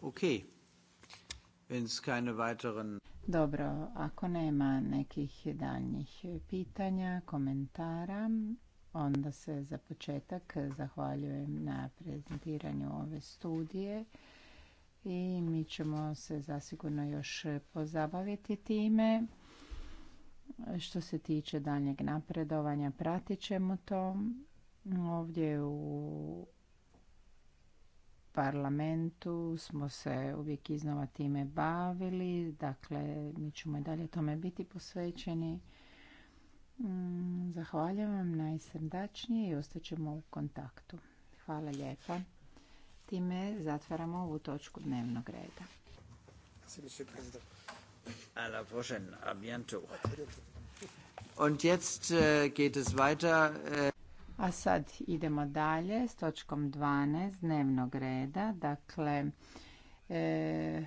Speaker 3: Okay.
Speaker 4: Dobro, ako nema nekih daljnjih pitanja, komentara, onda se za početak zahvaljujem na prezentiranju ove studije i mi ćemo se zasigurno još pozabaviti time. Što se tiče daljnjeg napredovanja, pratit ćemo to. Ovdje u parlamentu smo se uvijek iznova time bavili, dakle mi ćemo i dalje tome biti posvećeni. Mm, zahvaljujem vam najsrdačnije i ostaćemo u kontaktu. Hvala lijepa. Time zatvaramo ovu točku dnevnog reda. Und
Speaker 3: jetzt äh, geht es weiter. Äh,
Speaker 4: a sad idemo dalje s točkom 12 dnevnog reda. Dakle, e,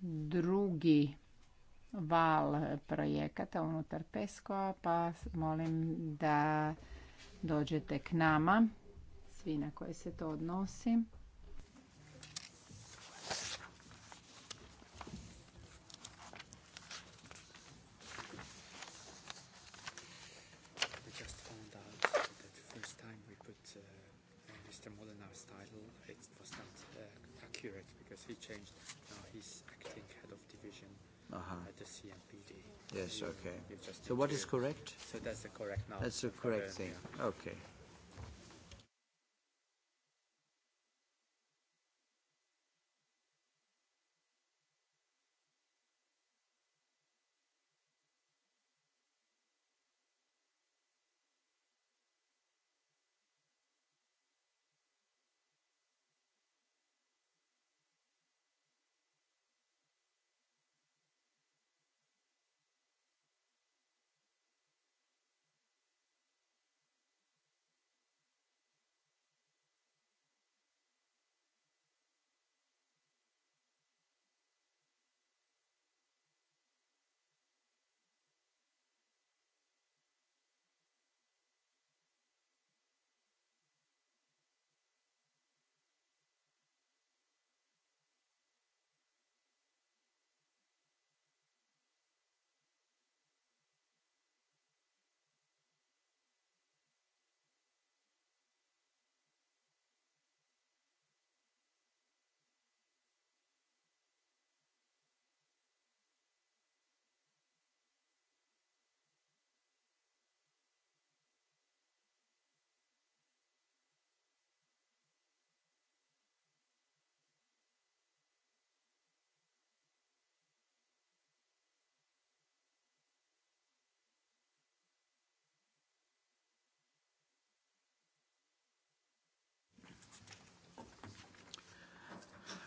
Speaker 4: drugi val projekata unutar Pesko-a, pa molim da dođete k nama, svi na koje se to odnosi. what is correct?
Speaker 3: So that's the correct now. That's the correct thing. Okay.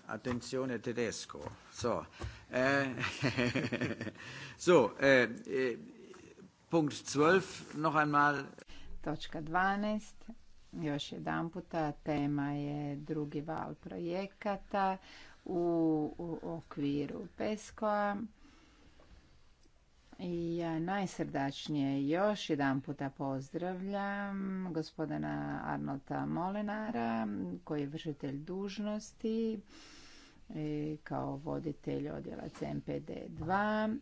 Speaker 3: Attenzione tedesco. So, eh, so eh, eh Punkt
Speaker 4: 12 noch einmal. Točka 12. Još jedan puta tema je drugi val projekata u, u okviru pesco I ja najsrdačnije još jedan puta pozdravljam gospodina Arnota Molenara koji je vršitelj dužnosti kao voditelj odjela CMPD2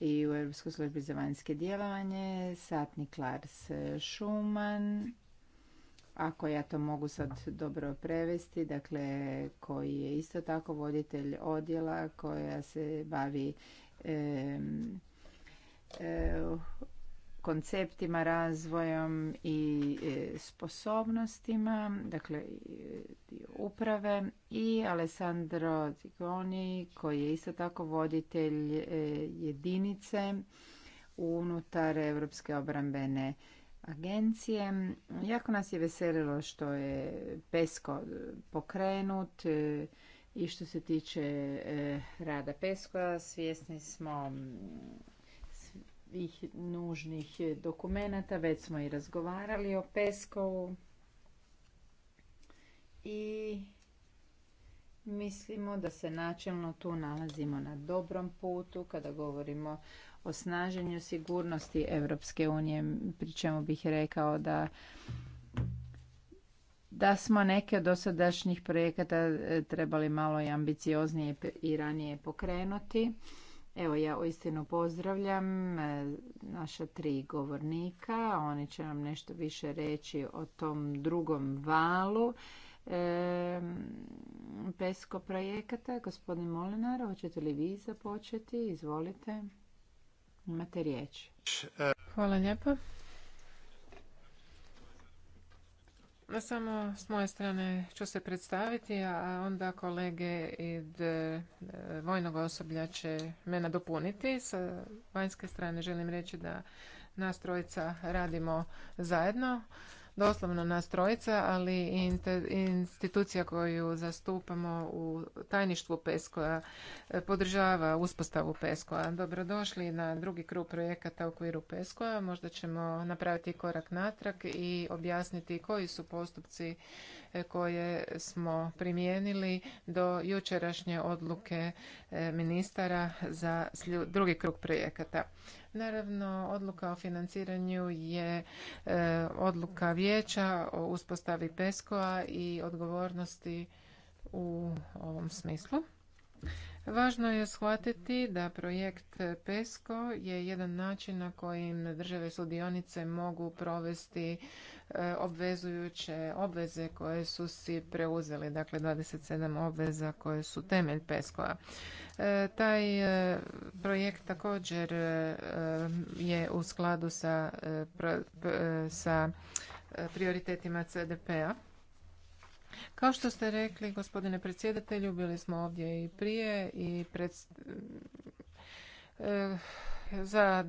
Speaker 4: i u Europskoj službi za vanjske djelovanje, satnik Lars Schumann, ako ja to mogu sad dobro prevesti, dakle koji je isto tako voditelj odjela koja se bavi konceptima, razvojom i e, sposobnostima, dakle uprave i Alessandro Zigoni koji je isto tako voditelj e, jedinice unutar Europske obrambene agencije. Jako nas je veselilo što je PESCO pokrenut e, i što se tiče rada PESCO-a svjesni smo ovih nužnih dokumenata, već smo i razgovarali o Peskovu i mislimo da se načelno tu nalazimo na dobrom putu kada govorimo o snaženju sigurnosti Evropske unije, pri čemu bih rekao da da smo neke od dosadašnjih projekata e, trebali malo i ambicioznije i ranije pokrenuti. Evo ja uistinu pozdravljam e, naša tri govornika. Oni će nam nešto više reći o tom drugom valu e, PESCO projekata. Gospodin Molinar, hoćete li vi
Speaker 1: započeti? Izvolite. Imate riječ. Hvala lijepa. Samo s moje strane ću se predstaviti, a onda kolege iz e, vojnog osoblja će me nadopuniti. Sa vanjske strane želim reći da nas trojica radimo zajedno doslovno nas trojica, ali i institucija koju zastupamo u tajništvu Peskoja e, podržava uspostavu PESCO-a. Dobrodošli na drugi krug projekata u okviru PESCO-a Možda ćemo napraviti korak natrag i objasniti koji su postupci koje smo primijenili do jučerašnje odluke e, ministara za drugi krug projekata. Naravno, odluka o financiranju je e, odluka vijeća o uspostavi PESCO-a i odgovornosti u ovom smislu. Važno je shvatiti da projekt PESCO je jedan način na kojim države sudionice mogu provesti E, obvezujuće obveze koje su si preuzeli, dakle 27 obveza koje su temelj PESCO-a. E, taj e, projekt također je u skladu sa, prioritetima CDP-a. Kao što ste rekli, gospodine predsjedatelju, bili smo ovdje i prije i pred za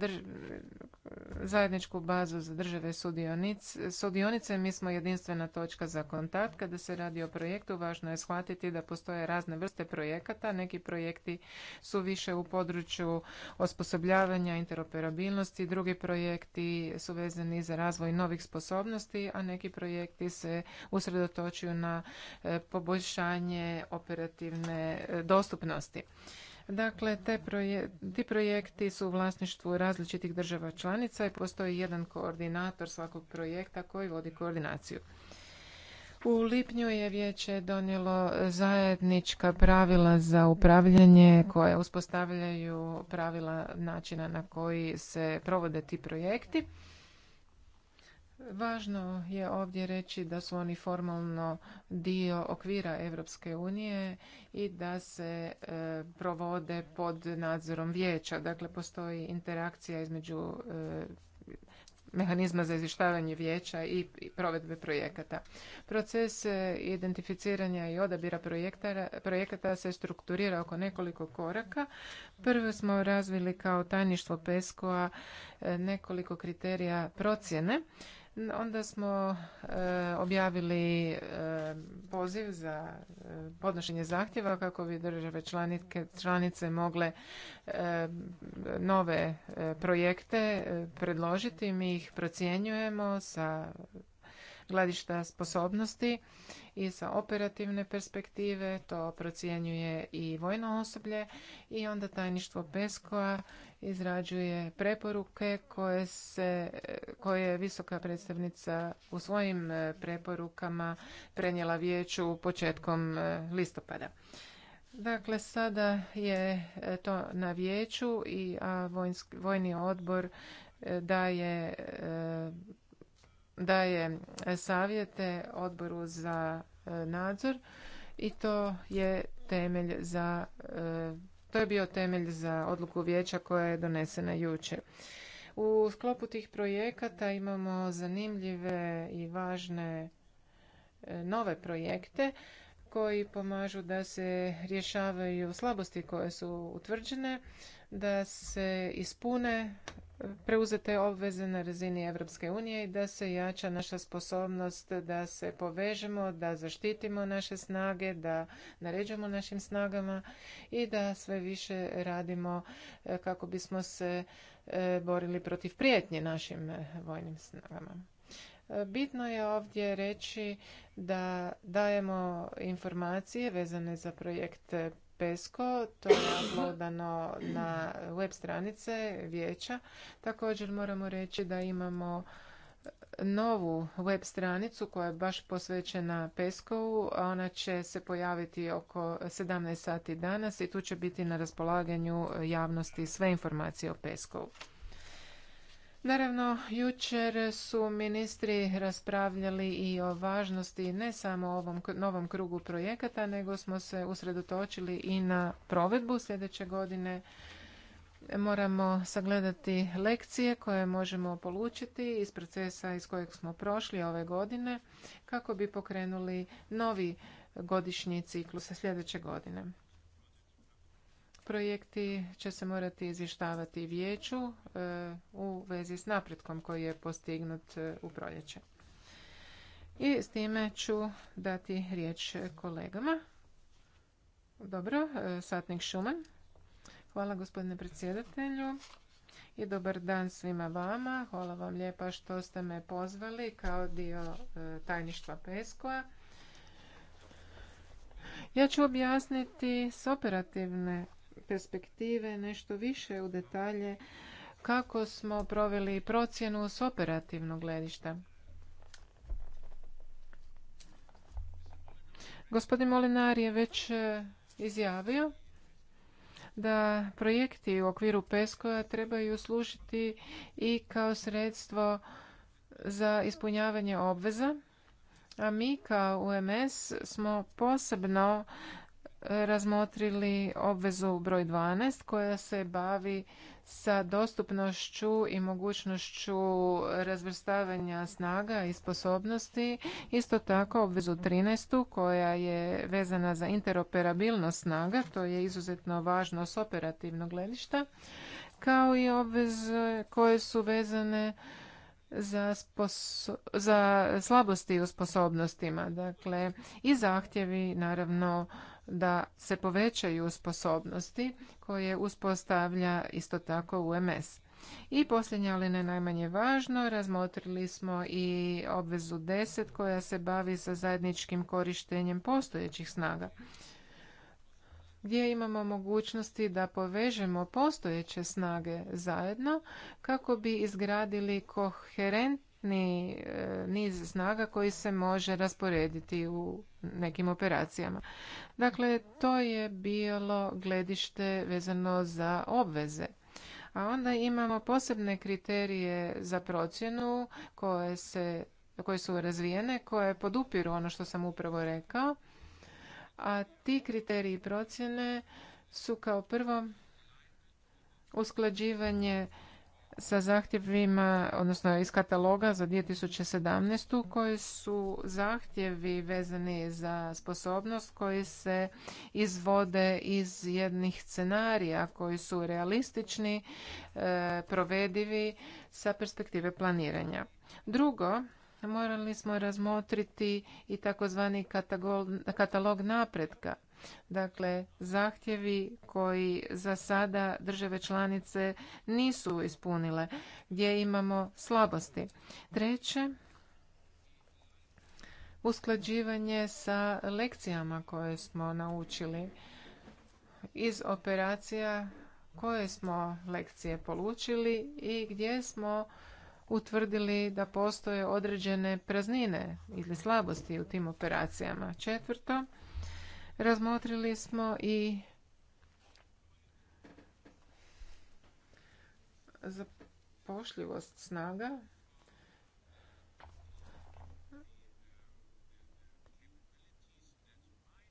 Speaker 1: zajedničku bazu za države sudionice. sudionice. Mi smo jedinstvena točka za kontakt. Kada se radi o projektu, važno je shvatiti da postoje razne vrste projekata. Neki projekti su više u području osposobljavanja, interoperabilnosti, drugi projekti su vezani za razvoj novih sposobnosti, a neki projekti se usredotočuju na e, poboljšanje operativne e, dostupnosti. Dakle, te ti projekti su u vlasništvu različitih država članica i postoji jedan koordinator svakog projekta koji vodi koordinaciju. U lipnju je vijeće donijelo zajednička pravila za upravljanje koje uspostavljaju pravila načina na koji se provode ti projekti. Važno je ovdje reći da su oni formalno dio okvira Europske unije i da se e, provode pod nadzorom vijeća. Dakle, postoji interakcija između e, mehanizma za izvještavanje vijeća i provedbe projekata. Proces e, identificiranja i odabira projekata se strukturira oko nekoliko koraka. Prvo smo razvili kao tajništvo pesco nekoliko kriterija procjene Onda smo e, objavili e, poziv za e, podnošenje zahtjeva kako bi države članice mogle nove projekte predložiti. Mi ih procjenjujemo sa gledišta sposobnosti i sa operativne perspektive, to procjenjuje i vojno osoblje i onda tajništvo PESCO-a izrađuje preporuke koje, se, koje je visoka predstavnica u svojim e, preporukama prenijela vijeću početkom e, listopada. Dakle, sada je e, to na vijeću i a vojni odbor daje daje savjete odboru za e, nadzor i to je temelj za e, to je bio temelj za odluku vijeća koja je donesena jučer. U sklopu tih projekata imamo zanimljive i važne e, nove projekte koji pomažu da se rješavaju slabosti koje su utvrđene da se ispune e, preuzete obveze na razini Europske unije i da se jača naša sposobnost da se povežemo, da zaštitimo naše snage, da naređujemo našim snagama i da sve više radimo e, kako bismo se e, borili protiv prijetnje našim vojnim snagama. Bitno je ovdje reći da dajemo informacije vezane za projekt PESCO, to je uploadano na web stranice vijeća. Također moramo reći da imamo novu web stranicu koja je baš posvećena Peskovu. Ona će se pojaviti oko 17 sati danas i tu će biti na raspolaganju javnosti sve informacije o Peskovu. Naravno, jučer su ministri raspravljali i o važnosti ne samo ovom novom krugu projekata, nego smo se usredotočili i na provedbu sljedeće godine. Moramo sagledati lekcije koje možemo polučiti iz procesa iz kojeg smo prošli ove godine kako bi pokrenuli novi godišnji ciklus sljedeće godine. Projekti će se morati izvještavati vijeću e, u vezi s napretkom koji je postignut e, u proljeće. I s time ću dati riječ kolegama. Dobro, e, Satnik Šuman. Hvala gospodine predsjedatelju i dobar dan svima vama. Hvala vam lijepa što ste me pozvali kao dio tajništva Peskoa. Ja ću objasniti s operativne perspektive nešto više u detalje kako smo proveli procjenu s operativnog gledišta. Gospodin Molinar je već e, izjavio da projekti u okviru PESCO-a trebaju služiti i kao sredstvo za ispunjavanje obveza, a mi kao UMS smo posebno razmotrili obvezu broj 12 koja se bavi sa dostupnošću i mogućnošću razvrstavanja snaga i sposobnosti. Isto tako obvezu 13. koja je vezana za interoperabilnost snaga, to je izuzetno važno s operativnog gledišta, kao i obveze koje su vezane za, za slabosti u sposobnostima. Dakle, i zahtjevi naravno da se povećaju sposobnosti koje uspostavlja isto tako UMS. I posljednje, ali ne najmanje važno, razmotrili smo i obvezu 10 koja se bavi sa zajedničkim korištenjem postojećih snaga gdje imamo mogućnosti da povežemo postojeće snage zajedno kako bi izgradili koherent ni e, niz snaga koji se može rasporediti u nekim operacijama. Dakle, to je bilo gledište vezano za obveze. A onda imamo posebne kriterije za procjenu koje, se, koje su razvijene, koje podupiru ono što sam upravo rekao. A ti kriteriji procjene su kao prvo usklađivanje sa zahtjevima, odnosno iz kataloga za 2017. koji su zahtjevi vezani za sposobnost koji se izvode iz jednih scenarija koji su realistični, e, provedivi sa perspektive planiranja. Drugo, morali smo razmotriti i takozvani katalog napretka Dakle, zahtjevi koji za sada države članice nisu ispunile, gdje imamo slabosti. Treće, usklađivanje sa lekcijama koje smo naučili iz operacija koje smo lekcije polučili i gdje smo utvrdili da postoje određene praznine ili slabosti u tim operacijama. Četvrto, Razmotrili smo i zapošljivost snaga.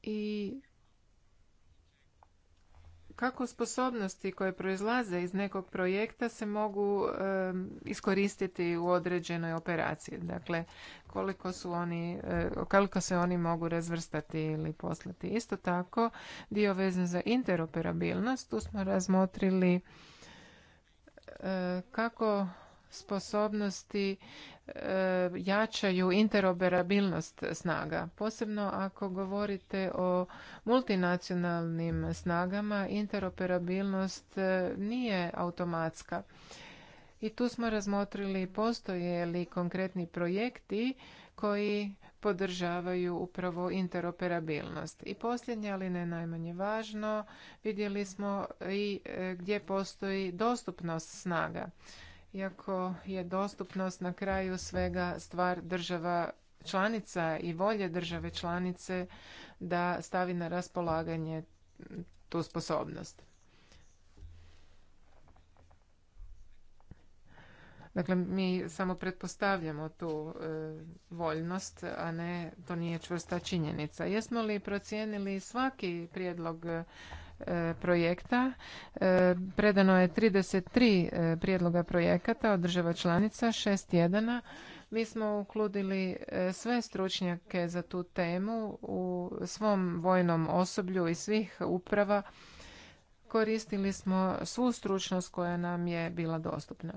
Speaker 1: I kako sposobnosti koje proizlaze iz nekog projekta se mogu iskoristiti u određenoj operaciji dakle koliko su oni eh, koliko se oni mogu razvrstati ili poslati isto tako dio vezan za interoperabilnost tu smo razmotrili eh, kako sposobnosti e, jačaju interoperabilnost snaga. Posebno ako govorite o multinacionalnim snagama, interoperabilnost e, nije automatska. I tu smo razmotrili postoje li konkretni projekti koji podržavaju upravo interoperabilnost. I posljednje, ali ne najmanje važno, vidjeli smo i e, gdje postoji dostupnost snaga iako je dostupnost na kraju svega stvar država članica i volje države članice da stavi na raspolaganje tu sposobnost. Dakle, mi samo pretpostavljamo tu e, voljnost, a ne, to nije čvrsta činjenica. Jesmo li procijenili svaki prijedlog E, projekta. E, predano je 33 e, prijedloga projekata od država članica, šest jedana. Mi smo ukludili sve stručnjake za tu temu u svom vojnom osoblju i svih uprava. Koristili smo svu stručnost koja nam je bila dostupna.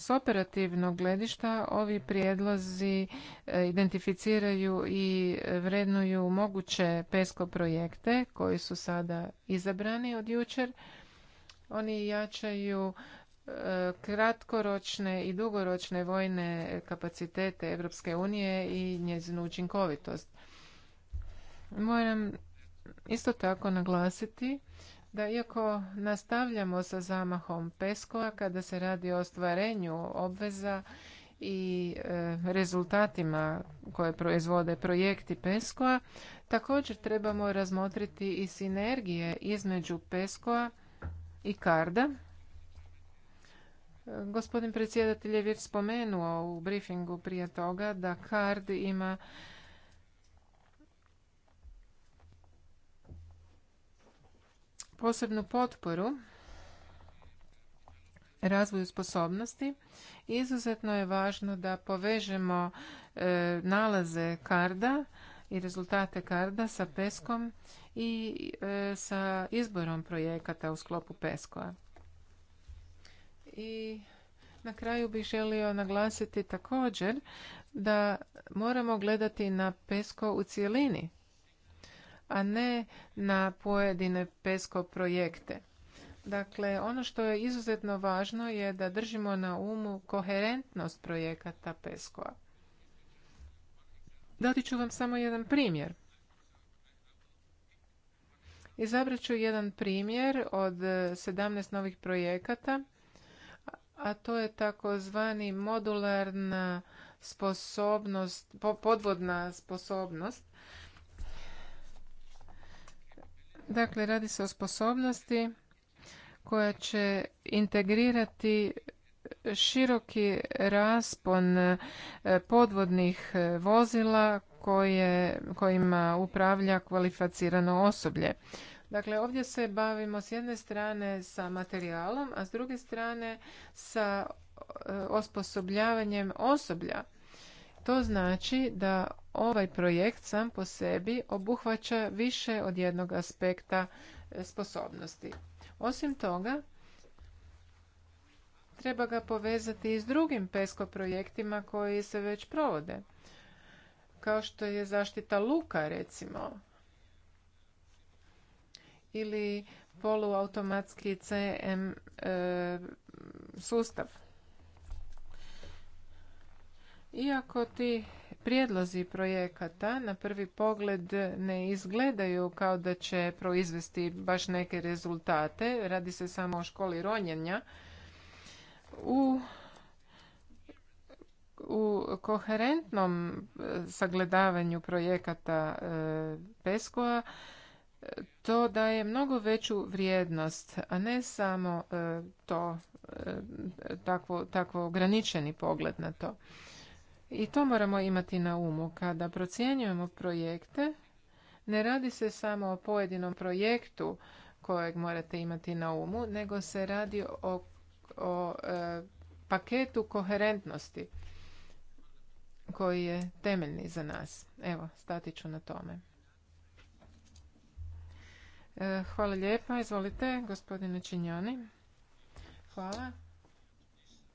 Speaker 1: S operativnog gledišta ovi prijedlozi e, identificiraju i vrednuju moguće PESCO projekte koji su sada izabrani od jučer. Oni jačaju e, kratkoročne i dugoročne vojne kapacitete Europske unije i njezinu učinkovitost. Moram isto tako naglasiti da iako nastavljamo sa zamahom Peskova kada se radi o ostvarenju obveza i e, rezultatima koje proizvode projekti pesco također trebamo razmotriti i sinergije između pesco i Karda. Gospodin predsjedatelj je već spomenuo u briefingu prije toga da CARD ima posebnu potporu razvoju sposobnosti. Izuzetno je važno da povežemo e, nalaze karda i rezultate karda sa peskom i e, sa izborom projekata u sklopu peskoa. I na kraju bih želio naglasiti također da moramo gledati na pesko u cjelini a ne na pojedine PESCO projekte. Dakle, ono što je izuzetno važno je da držimo na umu koherentnost projekata PESCO-a. Dati ću vam samo jedan primjer. Izabrat ću jedan primjer od 17 novih projekata, a to je takozvani modularna sposobnost, podvodna sposobnost Dakle, radi se o sposobnosti koja će integrirati široki raspon e, podvodnih e, vozila koje, kojima upravlja kvalificirano osoblje. Dakle, ovdje se bavimo s jedne strane sa materijalom, a s druge strane sa e, osposobljavanjem osoblja to znači da ovaj projekt sam po sebi obuhvaća više od jednog aspekta e, sposobnosti. Osim toga, treba ga povezati i s drugim PESCO projektima koji se već provode. Kao što je zaštita luka, recimo, ili poluautomatski CM e, sustav. Iako ti prijedlozi projekata na prvi pogled ne izgledaju kao da će proizvesti baš neke rezultate, radi se samo o školi ronjenja, u u koherentnom e, sagledavanju projekata e, PESCO-a e, to daje mnogo veću vrijednost, a ne samo to, takvo, takvo ograničeni pogled na to. I to moramo imati na umu. Kada procjenjujemo projekte, ne radi se samo o pojedinom projektu kojeg morate imati na umu, nego se radi o, e, paketu koherentnosti koji je temeljni za nas. Evo, stati ću na tome. E, hvala lijepa. Izvolite, gospodine Činjani. Hvala.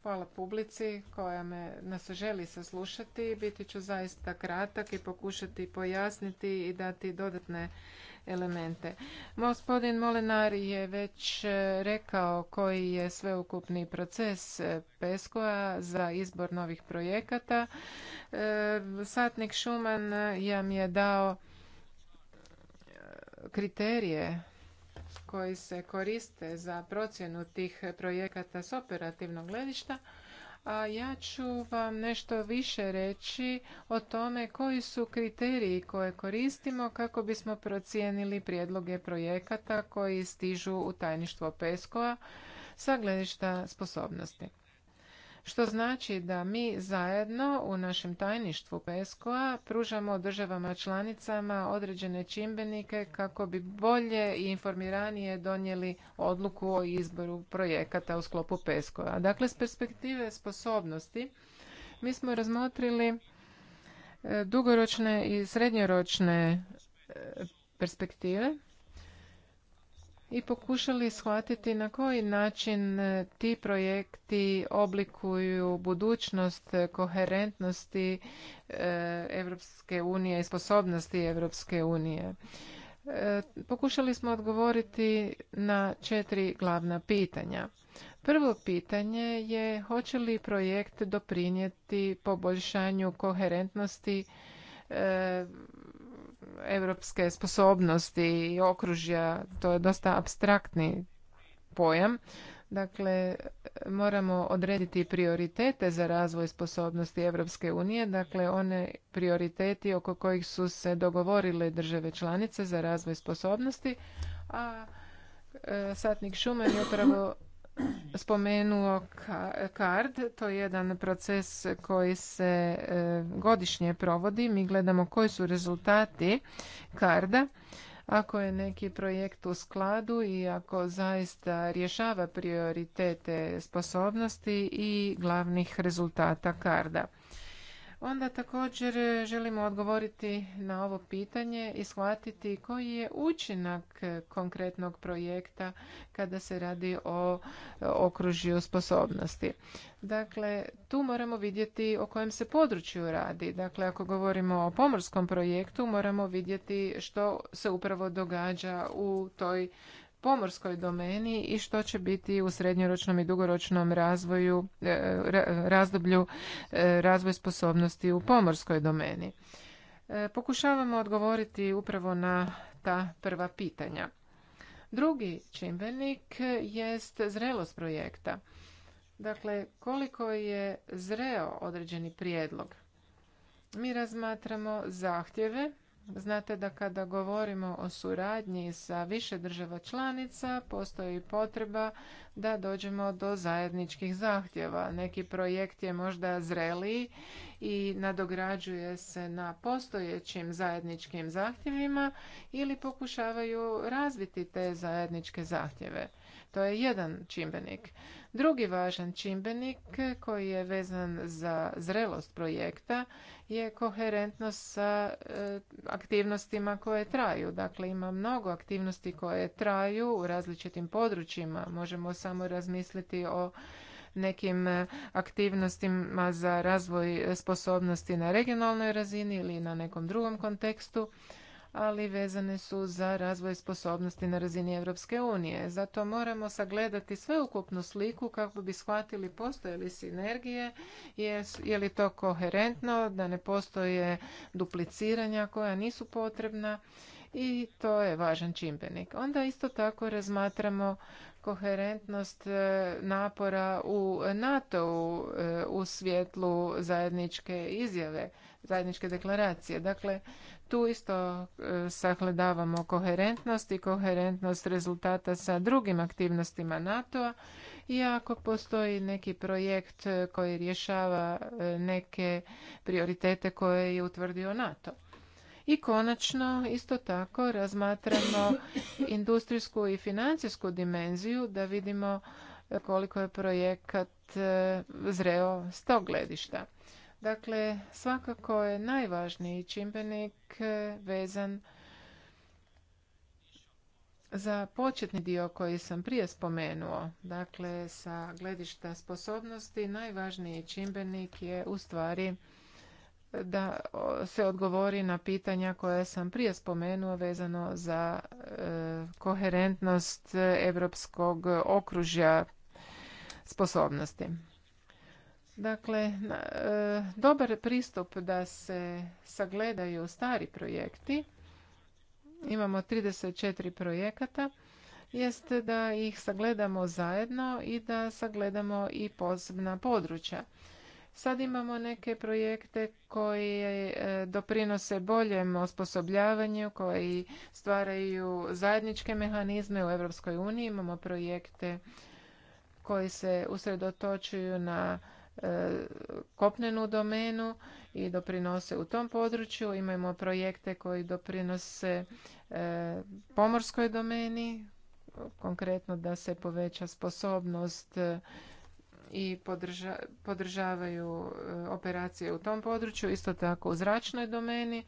Speaker 1: Hvala publici koja me nas želi saslušati. Biti ću zaista kratak i pokušati pojasniti i dati dodatne elemente. Gospodin Molenar je već e, rekao koji je sveukupni proces e, peskoja za izbor novih projekata. E, Satnik Šuman jam je dao kriterije koji se koriste za procjenu tih projekata s operativnog gledišta, a ja ću vam nešto više reći o tome koji su kriteriji koje koristimo kako bismo procijenili prijedloge projekata koji stižu u tajništvo PESCO-a sa gledišta sposobnosti što znači da mi zajedno u našem tajništvu PESCO-a pružamo državama članicama određene čimbenike kako bi bolje i informiranije donijeli odluku o izboru projekata u sklopu PESCO-a. Dakle, s perspektive sposobnosti mi smo razmotrili e, dugoročne i srednjoročne e, perspektive i pokušali shvatiti na koji način e, ti projekti oblikuju budućnost e, koherentnosti Europske unije i sposobnosti Europske unije. E, pokušali smo odgovoriti na četiri glavna pitanja. Prvo pitanje je hoće li projekt doprinijeti poboljšanju koherentnosti europske sposobnosti i okružja, to je dosta abstraktni pojam. Dakle, moramo odrediti prioritete za razvoj sposobnosti Europske unije, dakle one prioriteti oko kojih su se dogovorile države članice za razvoj sposobnosti, a e, satnik Šuman je upravo spomenuo CARD, to je jedan proces koji se e, godišnje provodi. Mi gledamo koji su rezultati karda, Ako je neki projekt u skladu i ako zaista rješava prioritete sposobnosti i glavnih rezultata karda onda također e, želimo odgovoriti na ovo pitanje i shvatiti koji je učinak e, konkretnog projekta kada se radi o e, okružju sposobnosti. Dakle, tu moramo vidjeti o kojem se području radi. Dakle, ako govorimo o pomorskom projektu, moramo vidjeti što se upravo događa u toj pomorskoj domeni i što će biti u srednjoročnom i dugoročnom razvoju, e, razdoblju e, razvoj sposobnosti u pomorskoj domeni. E, pokušavamo odgovoriti upravo na ta prva pitanja. Drugi čimbenik jest zrelost projekta. Dakle, koliko je zreo određeni prijedlog? Mi razmatramo zahtjeve Znate da kada govorimo o suradnji sa više država članica, postoji potreba da dođemo do zajedničkih zahtjeva. Neki projekt je možda zreliji i nadograđuje se na postojećim zajedničkim zahtjevima ili pokušavaju razviti te zajedničke zahtjeve. To je jedan čimbenik. Drugi važan čimbenik koji je vezan za zrelost projekta je koherentnost sa e, aktivnostima koje traju. Dakle, ima mnogo aktivnosti koje traju u različitim područjima. Možemo samo razmisliti o nekim e, aktivnostima za razvoj e, sposobnosti na regionalnoj razini ili na nekom drugom kontekstu ali vezane su za razvoj sposobnosti na razini Europske unije. Zato moramo sagledati sveukupnu sliku kako bi shvatili postoje li sinergije, je li to koherentno, da ne postoje dupliciranja koja nisu potrebna i to je važan čimbenik. Onda isto tako razmatramo koherentnost e, napora u NATO-u e, u svjetlu zajedničke izjave zajedničke deklaracije. Dakle, tu isto e, sagledavamo koherentnost i koherentnost rezultata sa drugim aktivnostima NATO-a i ako postoji neki projekt koji rješava e, neke prioritete koje je utvrdio NATO. I konačno, isto tako, razmatramo industrijsku i financijsku dimenziju da vidimo koliko je projekat e, zreo s tog gledišta. Dakle, svakako je najvažniji čimbenik e, vezan za početni dio koji sam prije spomenuo, dakle sa gledišta sposobnosti, najvažniji čimbenik je u stvari da se odgovori na pitanja koja sam prije spomenuo vezano za e, koherentnost europskog okružja sposobnosti. Dakle, e, dobar pristup da se sagledaju stari projekti, imamo 34 projekata, jest da ih sagledamo zajedno i da sagledamo i posebna područja. Sad imamo neke projekte koji e, doprinose boljem osposobljavanju, koji stvaraju zajedničke mehanizme u EU. Imamo projekte koji se usredotočuju na E, kopnenu domenu i doprinose u tom području. Imamo projekte koji doprinose e, pomorskoj domeni, konkretno da se poveća sposobnost e, i podržavaju operacije u tom području, isto tako u zračnoj domeni.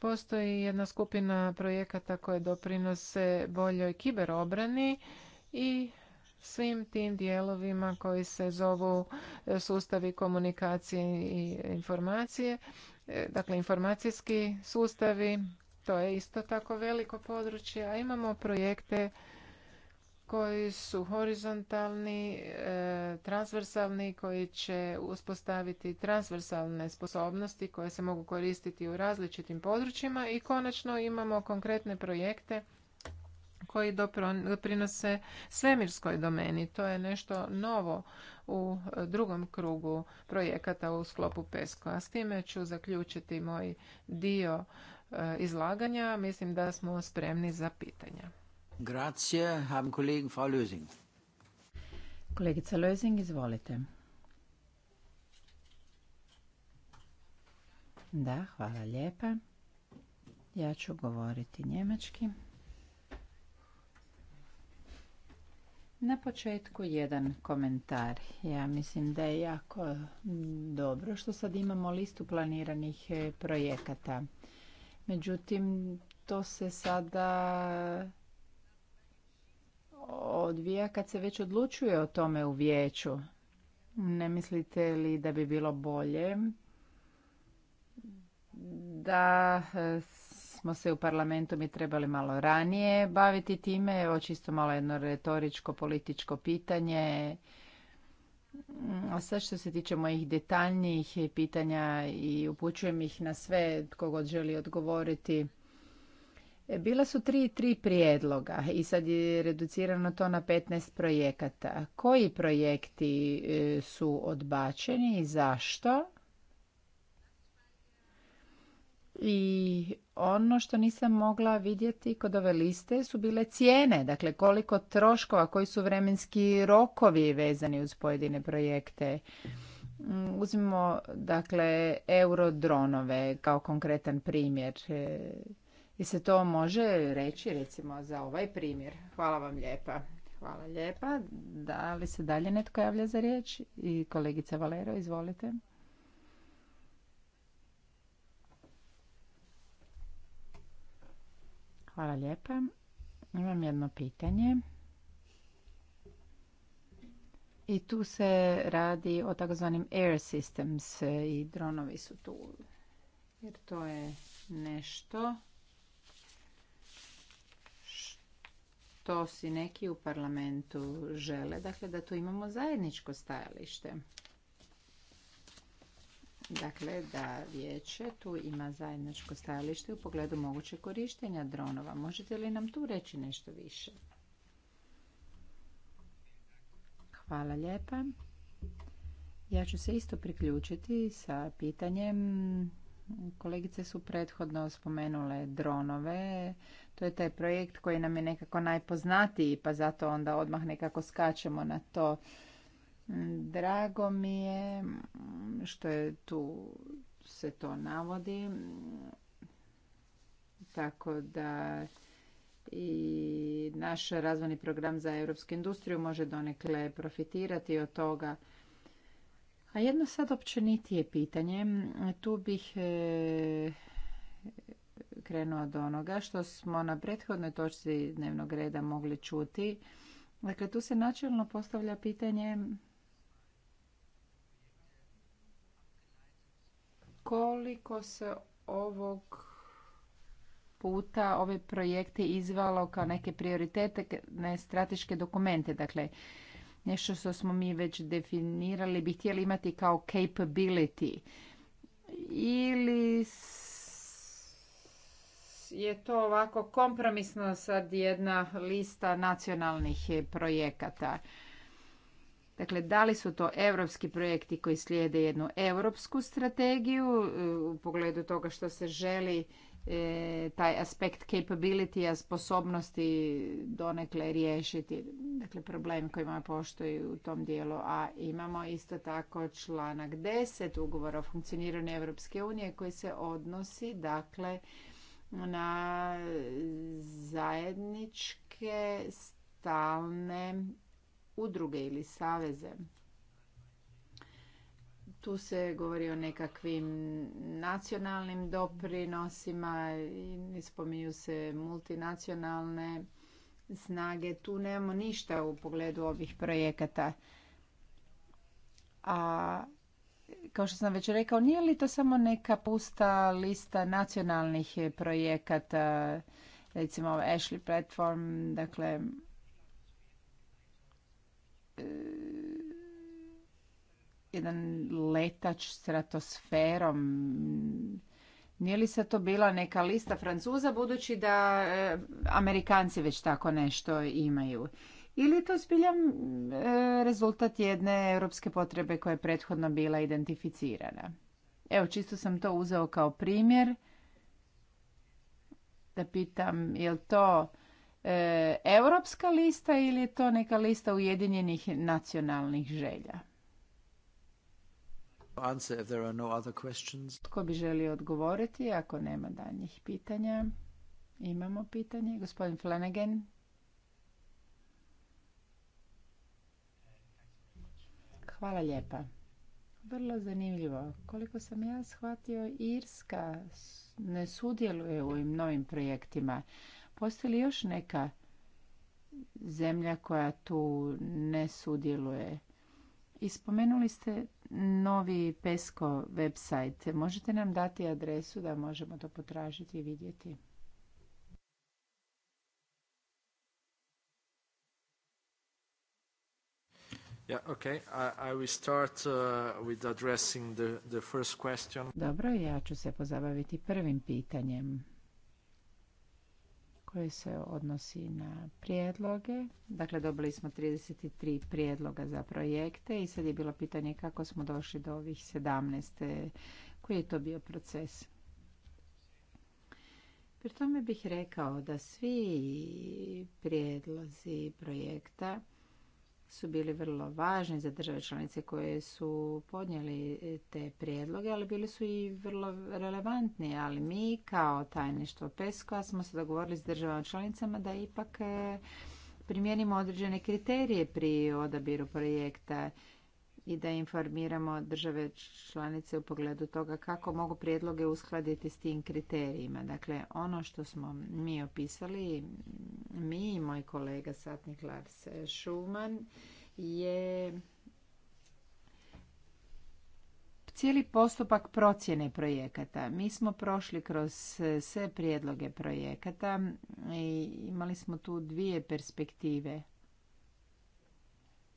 Speaker 1: Postoji jedna skupina projekata koje doprinose boljoj kiberobrani i svim tim dijelovima koji se zovu e, sustavi komunikacije i informacije, e, dakle informacijski sustavi, to je isto tako veliko područje, a imamo projekte koji su horizontalni, e, transversalni, koji će uspostaviti transversalne sposobnosti koje se mogu koristiti u različitim područjima i konačno imamo konkretne projekte koji doprinose svemirskoj domeni. To je nešto novo u drugom krugu projekata u sklopu PESCO. A s time ću zaključiti moj dio e, izlaganja. Mislim da smo spremni za pitanja.
Speaker 4: Grazie, haben Kollegen Frau Lösing. Kolegica Lösing, izvolite. Da, hvala lijepa. Ja ću govoriti njemački. Na početku jedan komentar. Ja mislim da je jako dobro što sad imamo listu planiranih e, projekata. Međutim, to se sada odvija kad se već odlučuje o tome u vijeću. Ne mislite li da bi bilo bolje da e, smo se u parlamentu mi trebali malo ranije baviti time. Evo čisto malo jedno retoričko političko pitanje. A sad što se tiče mojih detaljnijih pitanja i upućujem ih na sve tko god želi odgovoriti. Bila su tri, tri prijedloga i sad je reducirano to na 15 projekata. Koji projekti e, su odbačeni i zašto? i ono što nisam mogla vidjeti kod ove liste su bile cijene, dakle koliko troškova, koji su vremenski rokovi vezani uz pojedine projekte. Mm, uzmimo dakle eurodronove kao konkretan primjer. I e, se to može reći recimo za ovaj primjer. Hvala vam lijepa. Hvala lijepa. Da li se dalje netko javlja za riječ? I kolegica Valero, izvolite. Hvala lijepa. Imam jedno pitanje. I tu se radi o takozvanim air systems i dronovi su tu. Jer to je nešto što si neki u parlamentu žele. Dakle, da tu imamo zajedničko stajalište. Dakle, da vijeće tu ima zajedničko stajalište u pogledu mogućeg korištenja dronova. Možete li nam tu reći nešto više? Hvala lijepa. Ja ću se isto priključiti sa pitanjem. Kolegice su prethodno spomenule dronove. To je taj projekt koji nam je nekako najpoznatiji, pa zato onda odmah nekako skačemo na to. Drago mi je što je tu se to navodi. Tako da i naš razvojni program za europsku industriju može donekle profitirati od toga. A jedno sad općenitije pitanje. Tu bih e, krenuo od onoga što smo na prethodnoj točci dnevnog reda mogli čuti. Dakle, tu se načelno postavlja pitanje
Speaker 1: koliko se ovog
Speaker 4: puta ove projekte izvalo kao neke prioritete, ne strateške dokumente. Dakle, nešto što smo mi već definirali bi htjeli imati kao capability. Ili je to ovako kompromisno sad jedna lista nacionalnih projekata. Dakle, da li su to europski projekti koji slijede jednu europsku strategiju e, u pogledu toga što se želi e, taj aspekt capability, a sposobnosti donekle riješiti, dakle problem ima postoji u tom dijelu, a imamo isto tako članak 10 ugovora o funkcioniranju Evropske unije koji se odnosi dakle na zajedničke stalne udruge ili saveze. Tu se govori o nekakvim nacionalnim doprinosima i spominju se multinacionalne snage. Tu nemamo ništa u pogledu ovih projekata. A kao što sam već rekao, nije li to samo neka pusta lista nacionalnih projekata, recimo Ashley Platform, dakle E, jedan letač stratosferom. Nije li sad to bila neka lista Francuza, budući da e, Amerikanci već tako nešto imaju? Ili je to zbilja e, rezultat jedne europske potrebe koja je prethodno bila identificirana? Evo, čisto sam to uzeo kao primjer. Da pitam, je li to e, europska lista ili je to neka lista ujedinjenih nacionalnih želja? Tko bi želio odgovoriti ako nema danjih pitanja? Imamo pitanje. Gospodin Flanagan. Hvala lijepa. Vrlo zanimljivo. Koliko sam ja shvatio, Irska ne sudjeluje u ovim novim projektima. Postoji li još neka zemlja koja tu ne sudjeluje? Ispomenuli ste novi PESCO website. Možete nam dati adresu da možemo to potražiti i vidjeti? Dobro, ja ću se pozabaviti prvim pitanjem koji se odnosi na prijedloge. Dakle, dobili smo 33 prijedloga za projekte i sad je bilo pitanje kako smo došli do ovih 17. Koji je to bio proces? Pri tome bih rekao da svi prijedlozi projekta su bili vrlo važni za države članice koje su podnijeli te prijedloge, ali bili su i vrlo relevantni. Ali mi kao tajništvo PESCO smo se dogovorili s državama članicama da ipak eh, primijenimo određene kriterije pri odabiru projekta i da informiramo države članice u pogledu toga kako mogu prijedloge uskladiti s tim kriterijima. Dakle, ono što smo mi opisali, mi i moj kolega Satnik Lars Schumann, je cijeli postupak procjene projekata. Mi smo prošli kroz sve prijedloge projekata i imali smo tu dvije perspektive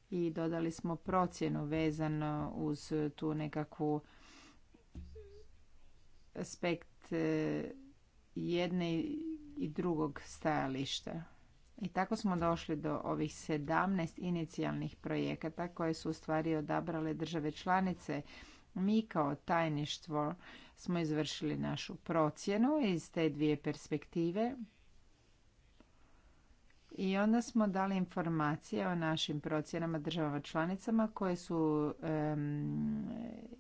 Speaker 4: i dodali smo procjenu vezano uz tu nekakvu aspekt e, jedne i drugog stajališta. I tako smo došli do ovih 17 inicijalnih projekata koje su u stvari odabrale države članice. Mi kao tajništvo smo izvršili našu procjenu iz te dvije perspektive i onda smo dali informacije o našim procjenama državama članicama koje su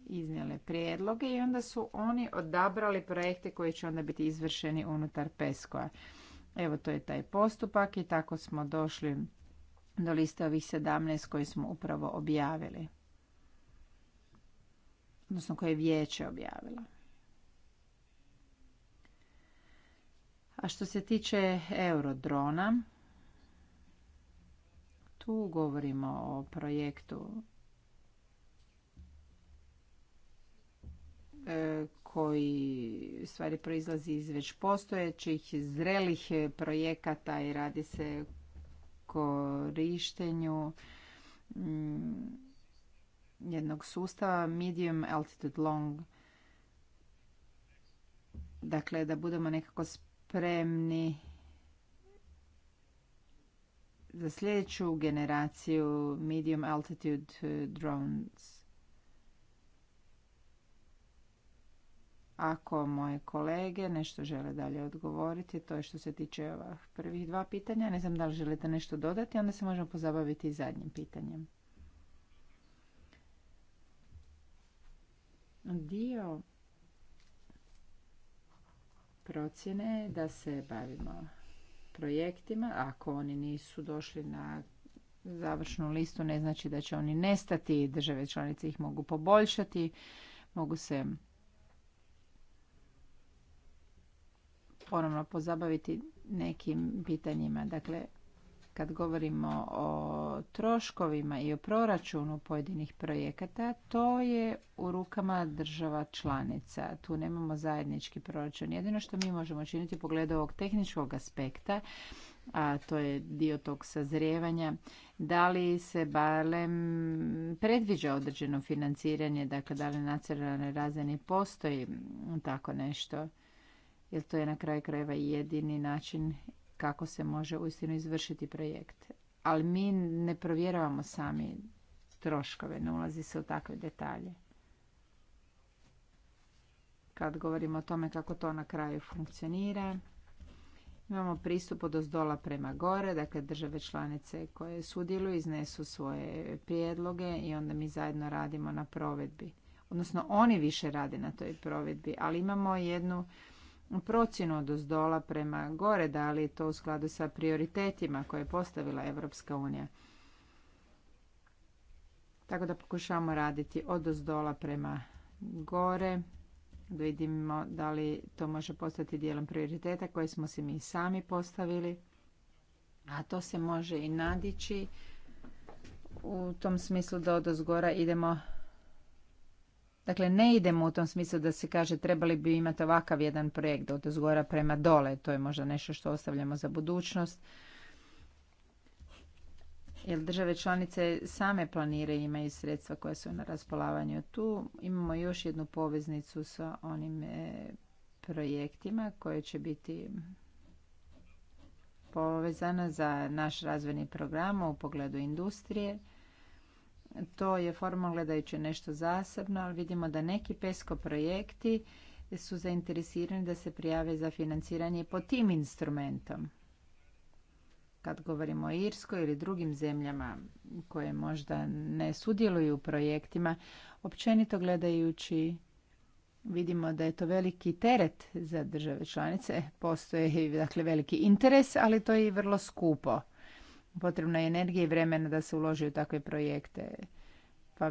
Speaker 4: iznijele prijedloge i onda su oni odabrali projekte koji će onda biti izvršeni unutar pesco Evo to je taj postupak i tako smo došli do liste ovih 17 koje smo upravo objavili. Odnosno koje je vijeće objavilo. A što se tiče eurodrona, tu govorimo o projektu e, koji stvari proizlazi iz već postojećih zrelih projekata i radi se korištenju mm, jednog sustava medium altitude long dakle da budemo nekako spremni za sljedeću generaciju medium altitude eh, drones. Ako moje kolege nešto žele dalje odgovoriti, to je što se tiče ovih prvih dva pitanja. Ne znam da li želite nešto dodati, onda se možemo pozabaviti i zadnjim pitanjem. Dio procjene je da se bavimo projektima. Ako oni nisu došli na završnu listu, ne znači da će oni nestati. Države članice ih mogu poboljšati, mogu se ponovno pozabaviti nekim pitanjima. Dakle, kad govorimo o troškovima i o proračunu pojedinih projekata, to je u rukama država članica. Tu nemamo zajednički proračun. Jedino što mi možemo činiti u pogledu ovog tehničkog aspekta, a to je dio tog sazrijevanja, da li se barem predviđa određeno financiranje, dakle da li na nacionalnoj razini postoji tako nešto jer to je na kraju krajeva jedini način kako se može uistinu izvršiti projekt. Ali mi ne provjeravamo sami troškove, ne ulazi se u takve detalje. Kad govorimo o tome kako to na kraju funkcionira, Imamo pristup od ozdola prema gore, dakle države članice koje sudjeluju iznesu svoje prijedloge i onda mi zajedno radimo na provedbi. Odnosno oni više rade na toj provedbi, ali imamo jednu procjenu od uzdola prema gore, da li je to u skladu sa prioritetima koje je postavila Europska unija. Tako da pokušavamo raditi od uzdola prema gore, da vidimo da li to može postati dijelom prioriteta koje smo si mi sami postavili, a to se može i nadići u tom smislu da od idemo Dakle, ne idemo u tom smislu da se kaže trebali bi imati ovakav jedan projekt od zgora prema dole. To je možda nešto što ostavljamo za budućnost. Jer države članice same planiraju i imaju sredstva koja su na raspolavanju. Tu imamo još jednu poveznicu sa onim e, projektima koje će biti povezana za naš razvojni program u pogledu industrije. To je formalno gledajući nešto zasebno, ali vidimo da neki PESCO projekti su zainteresirani da se prijave za financiranje po tim instrumentom. Kad govorimo o Irskoj ili drugim zemljama koje možda ne sudjeluju u projektima, općenito gledajući vidimo da je to veliki teret za države članice. Postoje dakle, veliki interes, ali to je i vrlo skupo. Potrebno je energije i vremena da se uloži u takve projekte. Pa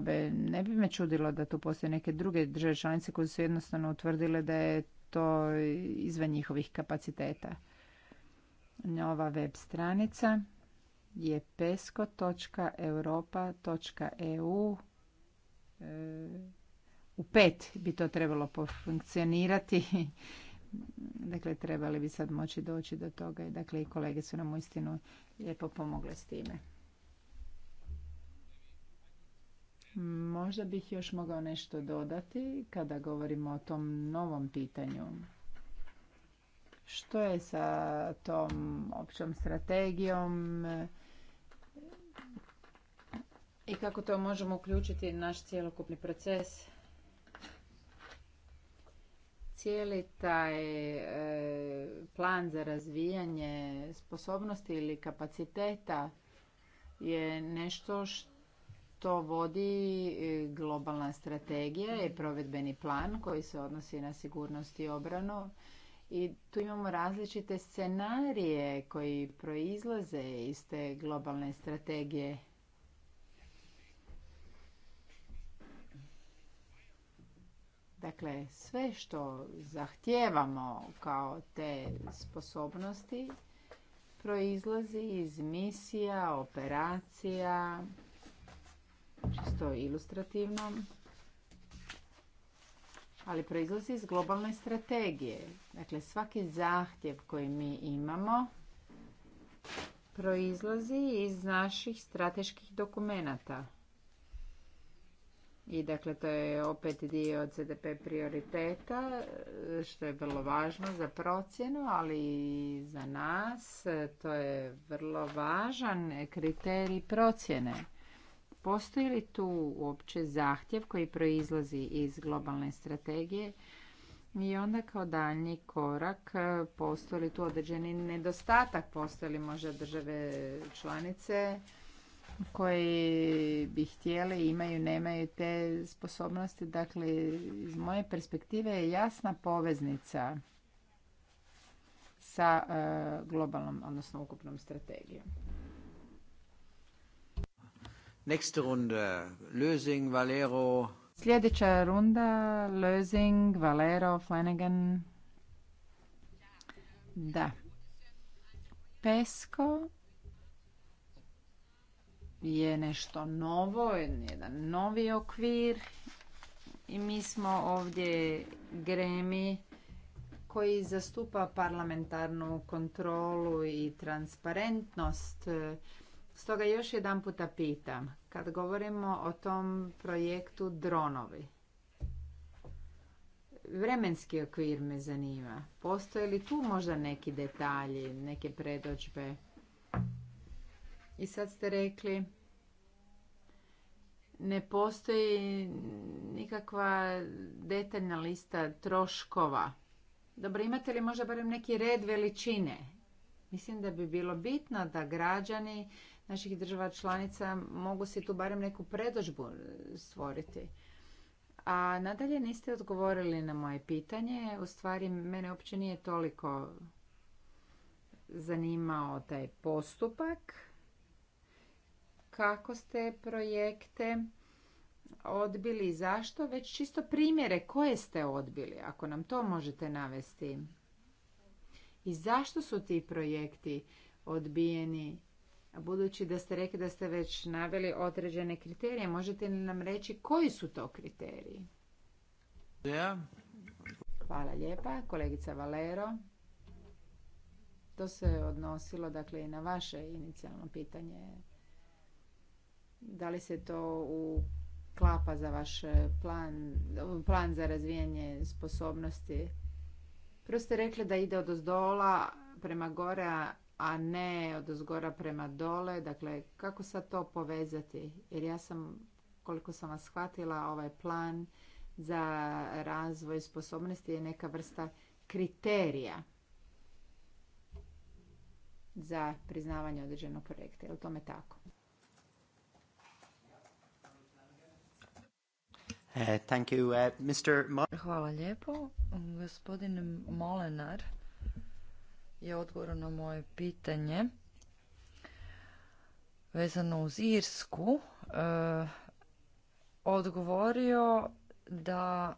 Speaker 4: ne bi me čudilo da tu postoje neke druge države članice koje su jednostavno utvrdile da je to izvan njihovih kapaciteta. Nova web stranica je pesko.europa.eu. E, u pet bi to trebalo pofunkcionirati Dakle, trebali bi sad moći doći do toga. I dakle, i kolege su nam uistinu lijepo pomogle s time. Možda bih još mogao nešto dodati kada govorimo o tom novom pitanju. Što je sa tom općom strategijom i kako to možemo uključiti naš cjelokupni proces? cijeli taj e, plan za razvijanje sposobnosti ili kapaciteta je nešto što vodi e, globalna strategija i provedbeni plan koji se odnosi na sigurnost i obranu. I tu imamo različite scenarije koji proizlaze iz te globalne strategije. Dakle, sve što zahtijevamo kao te sposobnosti proizlazi iz misija, operacija, čisto ilustrativno, ali proizlazi iz globalne strategije. Dakle, svaki zahtjev koji mi imamo proizlazi iz naših strateških dokumenata i dakle to je opet dio od CDP prioriteta što je vrlo važno za procjenu, ali i za nas to je vrlo važan kriterij procjene. Postoji li tu uopće zahtjev koji proizlazi iz globalne strategije i onda kao daljnji korak postoji li tu određeni nedostatak, postoji li možda države članice koji bi htjeli, imaju, nemaju te sposobnosti. Dakle, iz moje perspektive je jasna poveznica sa e, globalnom, odnosno ukupnom strategijom.
Speaker 3: Next runde, Lösing, Valero.
Speaker 4: Sljedeća runda, Lösing, Valero, Flanagan. Da. Pesko je nešto novo, jedan novi okvir i mi smo ovdje gremi koji zastupa parlamentarnu kontrolu i transparentnost. Stoga još jedan puta pitam, kad govorimo o tom projektu dronovi, vremenski okvir me zanima. Postoje li tu možda neki detalji, neke predođbe? I sad ste rekli ne postoji nikakva detaljna lista troškova. Dobro, imate li možda barem neki red veličine? Mislim da bi bilo bitno da građani naših država članica mogu si tu barem neku predožbu stvoriti. A nadalje niste odgovorili na moje pitanje. U stvari, mene uopće nije toliko zanimao taj postupak kako ste projekte odbili i zašto, već čisto primjere koje ste odbili, ako nam to možete navesti. I zašto su ti projekti odbijeni? Budući da ste rekli da ste već naveli određene kriterije, možete li nam reći koji su to kriteriji? Hvala lijepa, kolegica Valero. To se odnosilo dakle, i na vaše inicijalno pitanje da li se to uklapa za vaš e, plan, plan za razvijanje sposobnosti? Prvo ste rekli da ide od ozdola prema gore, a ne od ozgora prema dole. Dakle, kako sad to povezati? Jer ja sam, koliko sam vas shvatila, ovaj plan za razvoj sposobnosti je neka vrsta kriterija za priznavanje određenog projekta. Je li tome tako?
Speaker 3: Eh, thank you, eh,
Speaker 4: Mr.
Speaker 2: Hvala lijepo. Gospodin Molenar je odgovor na moje pitanje vezano uz Irsku. Eh, odgovorio da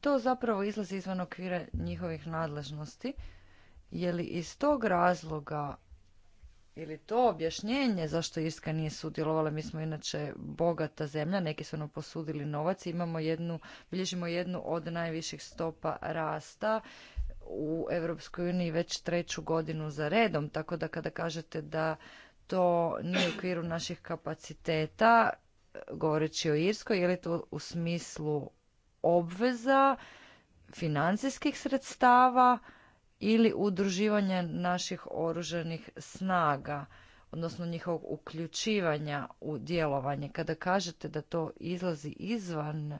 Speaker 2: to zapravo izlazi izvan okvira njihovih nadležnosti. Je li iz tog razloga ili to objašnjenje zašto Irska nije sudjelovala. Mi smo inače bogata zemlja, neki su nam posudili novac. Imamo jednu, bilježimo jednu od najviših stopa rasta u EU uniji već treću godinu za redom. Tako da kada kažete da to nije u okviru naših kapaciteta, govoreći o Irskoj, je li to u smislu obveza, financijskih sredstava, ili udruživanje naših oruženih snaga, odnosno njihovog uključivanja u djelovanje. Kada kažete da to izlazi izvan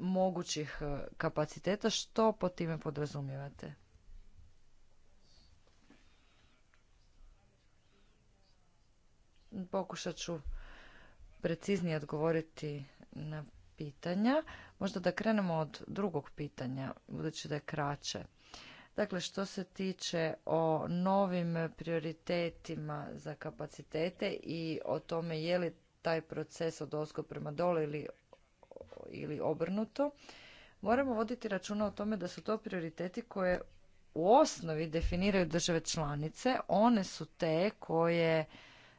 Speaker 2: mogućih e, kapaciteta, što po time podrazumijevate? Pokušat ću preciznije odgovoriti na pitanja. Možda da krenemo od drugog pitanja, budući da je kraće. Dakle, što se tiče o novim prioritetima za kapacitete i o tome je li taj proces od osko prema dole ili, ili obrnuto, moramo voditi računa o tome da su to prioriteti koje u osnovi definiraju države članice. One su te koje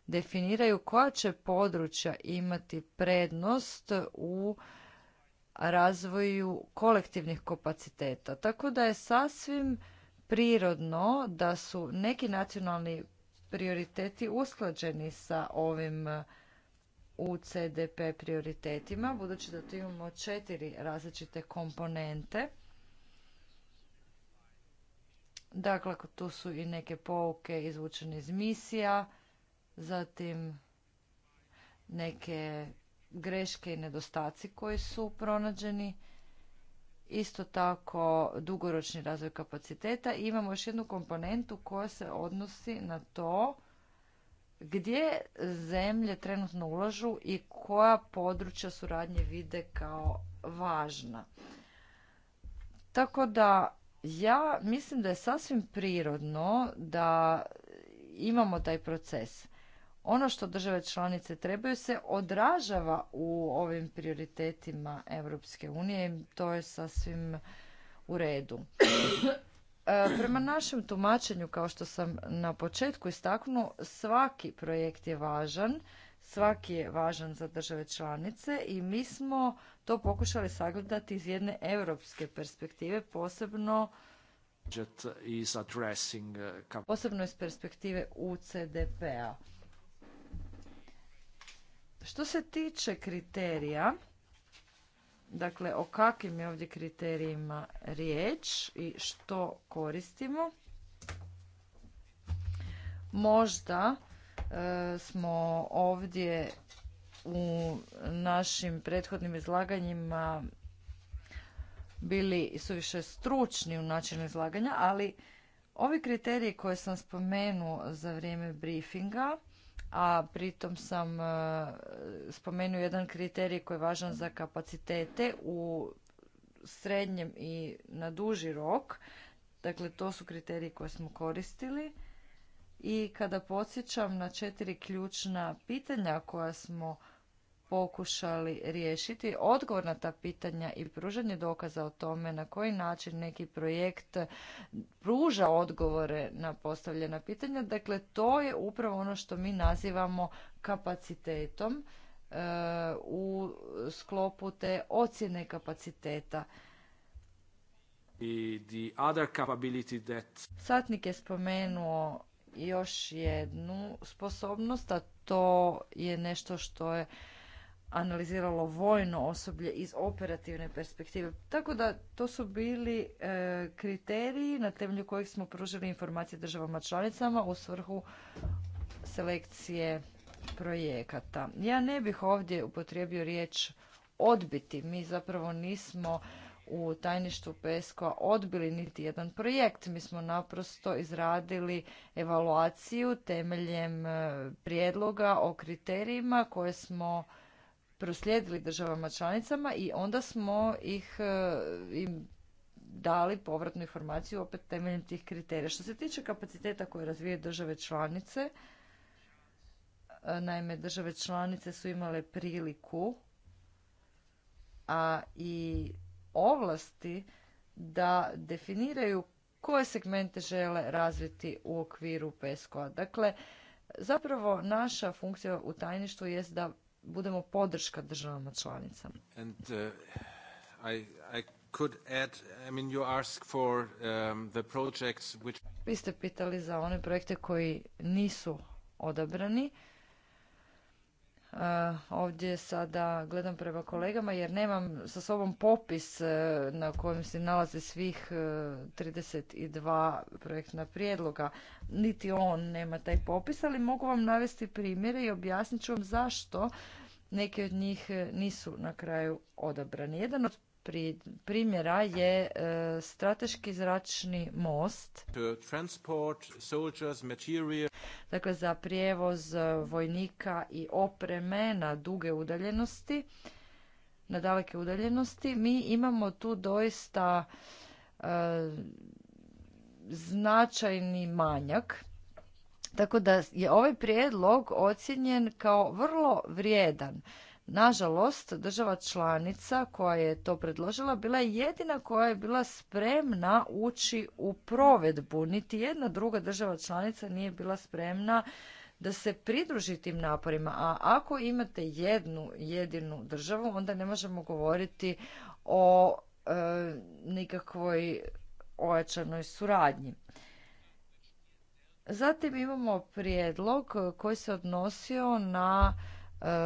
Speaker 2: definiraju koja će područja imati prednost u razvoju kolektivnih kapaciteta. Tako da je sasvim prirodno da su neki nacionalni prioriteti usklađeni sa ovim e, UCDP prioritetima, budući da tu imamo četiri različite komponente. Dakle, tu su i neke pouke izvučene iz misija, zatim neke greške i nedostaci koji su pronađeni, isto tako dugoročni razvoj kapaciteta i imamo još jednu komponentu koja se odnosi na to gdje zemlje trenutno ulažu i koja područja suradnje vide kao važna. Tako da ja mislim da je sasvim prirodno da imamo taj proces ono što države članice trebaju se odražava u ovim prioritetima Europske unije i to je sasvim u redu. E, prema našem tumačenju, kao što sam na početku istaknuo, svaki projekt je važan, svaki je važan za države članice i mi smo to pokušali sagledati iz jedne europske perspektive, posebno uh, posebno iz perspektive UCDP-a. Što se tiče kriterija, dakle o kakvim je ovdje kriterijima riječ i što koristimo, možda e, smo ovdje u našim prethodnim izlaganjima bili suviše stručni u načinu izlaganja, ali ovi kriteriji koje sam spomenuo za vrijeme briefinga a pritom sam e, spomenuo jedan kriterij koji je važan za kapacitete u srednjem i na duži rok. Dakle, to su kriteriji koje smo koristili. I kada podsjećam na četiri ključna pitanja koja smo pokušali riješiti. Odgovor na ta pitanja i pružanje dokaza o tome na koji način neki projekt pruža odgovore na postavljena pitanja. Dakle, to je upravo ono što mi nazivamo kapacitetom e, u sklopu te ocjene kapaciteta.
Speaker 3: other that...
Speaker 2: Satnik je spomenuo još jednu sposobnost, a to je nešto što je analiziralo vojno osoblje iz operativne perspektive. Tako da to su bili e, kriteriji na temelju kojih smo pružili informacije državama članicama u svrhu selekcije projekata. Ja ne bih ovdje upotrijebio riječ odbiti. Mi zapravo nismo u tajništvu PESCO odbili niti jedan projekt. Mi smo naprosto izradili evaluaciju temeljem e, prijedloga o kriterijima koje smo proslijedili državama članicama i onda smo ih e, im dali povratnu informaciju opet temeljem tih kriterija. Što se tiče kapaciteta koje razvije države članice, e, naime države članice su imale priliku a i ovlasti da definiraju koje segmente žele razviti u okviru PESCO-a. Dakle, zapravo naša funkcija u tajništvu jest da budemo podrška državama članicama. ask Vi ste pitali za one projekte koji nisu odabrani. Eh, ovdje sada gledam prema kolegama jer nemam sa sobom popis eh, na kojem se nalaze svih 32 eh, projektna prijedloga. Niti on nema taj popis, ali mogu vam navesti primjere i objasnit ću vam zašto neki od njih nisu na kraju odabrani. Jedan od primjera je e, strateški zračni most. Dakle, za prijevoz vojnika i opreme na duge udaljenosti, na daleke udaljenosti. Mi imamo tu doista e, značajni manjak. Tako da je ovaj prijedlog ocijenjen kao vrlo vrijedan. Nažalost, država članica koja je to predložila bila je jedina koja je bila spremna ući u provedbu. Niti jedna druga država članica nije bila spremna da se pridruži tim naporima. A ako imate jednu jedinu državu, onda ne možemo govoriti o e, nikakvoj ojačanoj suradnji. Zatim imamo prijedlog koji se odnosio na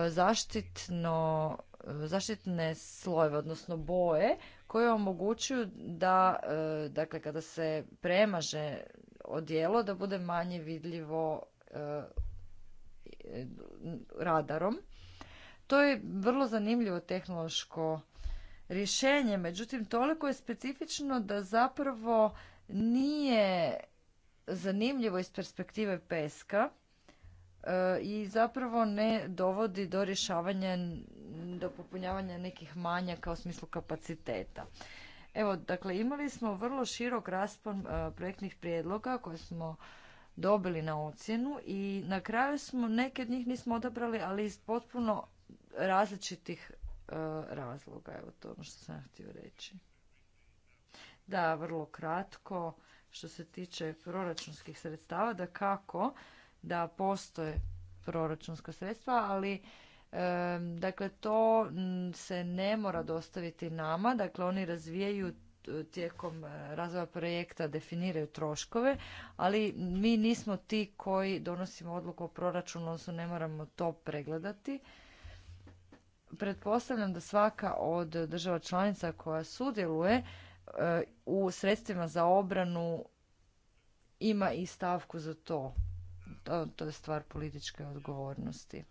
Speaker 2: zaštitno, zaštitne slojeve, odnosno boje koje omogućuju da, e, dakle, kada se premaže odijelo, da bude manje vidljivo e, radarom. To je vrlo zanimljivo tehnološko rješenje, međutim toliko je specifično da zapravo nije zanimljivo iz perspektive peska E, i zapravo ne dovodi do rješavanja, do popunjavanja nekih manjaka u smislu kapaciteta. Evo, dakle, imali smo vrlo širok raspon e, projektnih prijedloga koje smo dobili na ocjenu i na kraju smo, neke od njih nismo odabrali, ali iz potpuno različitih e, razloga. Evo, to ono što sam htio reći. Da, vrlo kratko, što se tiče proračunskih sredstava, da kako, da postoje proračunska sredstva, ali dakle to se ne mora dostaviti nama, dakle oni razvijaju e, tijekom e, razvoja projekta definiraju troškove, ali mi nismo ti koji donosimo odluku o proračunu, odnosno ne moramo to pregledati. Pretpostavljam da svaka od država članica koja sudjeluje e, u sredstvima za obranu ima i stavku za to to, to je stvar političke odgovornosti.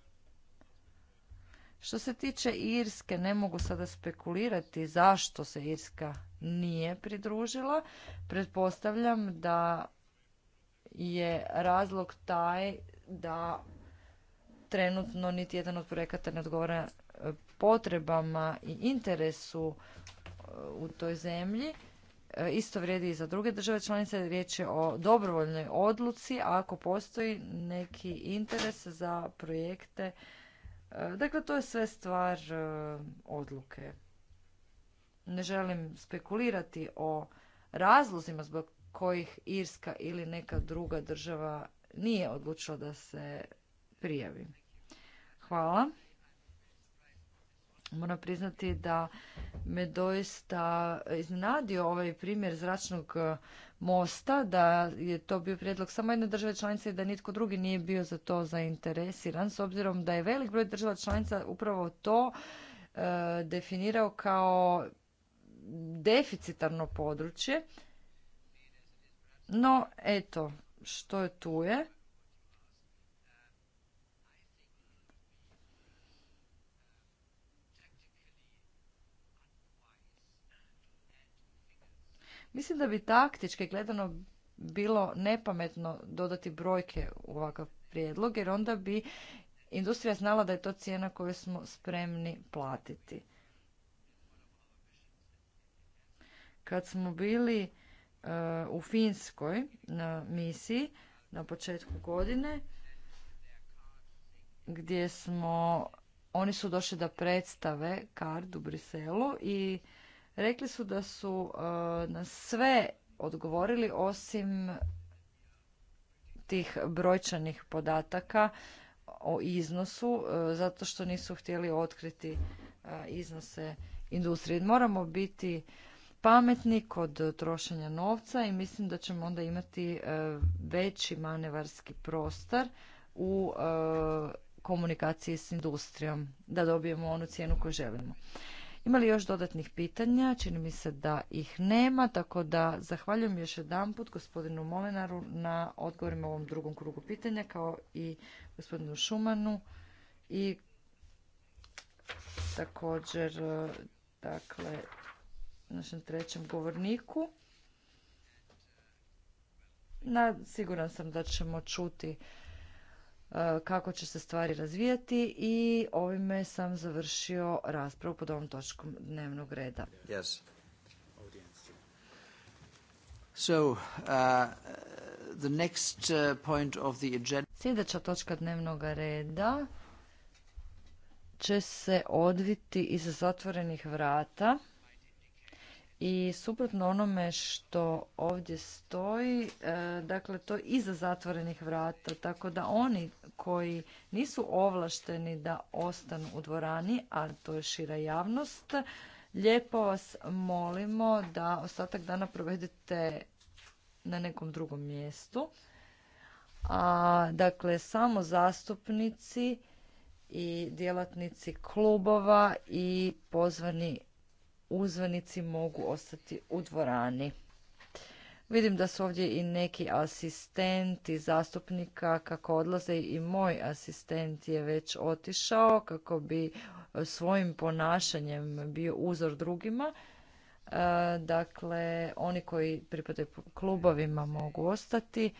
Speaker 2: Što se tiče Irske, ne mogu sada spekulirati zašto se Irska nije pridružila. Pretpostavljam da je razlog taj da trenutno niti jedan od projekata ne odgovara potrebama i interesu e, u toj zemlji. E, isto vrijedi i za druge države članice, riječ je o dobrovoljnoj odluci, ako postoji neki interes za projekte, e, dakle to je sve stvar e, odluke. Ne želim spekulirati o razlozima zbog kojih Irska ili neka druga država nije odlučila da se prijavi. Hvala. Moram priznati da me doista iznenadio ovaj primjer zračnog e, mosta, da je to bio prijedlog samo jedne države članice i da nitko drugi nije bio za to zainteresiran, s obzirom da je velik broj država članica upravo to e, definirao kao deficitarno područje. No, eto, što je tu je. Mislim da bi taktički gledano bilo nepametno dodati brojke u ovakav prijedlog jer onda bi industrija znala da je to cijena koju smo spremni platiti. Kad smo bili e, u Finskoj na misiji na početku godine, gdje smo, oni su došli da predstave kard u Briselu i Rekli su da su eh, na sve odgovorili osim tih brojčanih podataka o iznosu eh, zato što nisu htjeli otkriti eh, iznose industrije. Moramo biti pametni kod trošenja novca i mislim da ćemo onda imati veći manevarski prostor u komunikaciji s industrijom da dobijemo onu cijenu koju želimo. Ima li još dodatnih pitanja? Čini mi se da ih nema, tako da zahvaljujem još put gospodinu Molenaru na odgovorima u ovom drugom krugu pitanja, kao i gospodinu Šumanu i također dakle našem trećem govorniku. Na, siguran sam da ćemo čuti E, kako će se stvari razvijati i ovime sam završio raspravu pod ovom točkom dnevnog reda. Yes. So, uh, uh Sljedeća točka dnevnog reda će se odviti iz zatvorenih vrata i suprotno onome što ovdje stoji, e, dakle to iza zatvorenih vrata, tako da oni koji nisu ovlašteni da ostanu u dvorani, a to je šira javnost, lijepo vas molimo da ostatak dana provedete na nekom drugom mjestu. A, dakle, samo zastupnici i djelatnici klubova i pozvani uzvanici mogu ostati u dvorani. Vidim da su ovdje i neki asistenti zastupnika kako odlaze i moj asistent je već otišao kako bi e, svojim ponašanjem bio uzor drugima. E, dakle, oni koji pripadaju klubovima mogu ostati.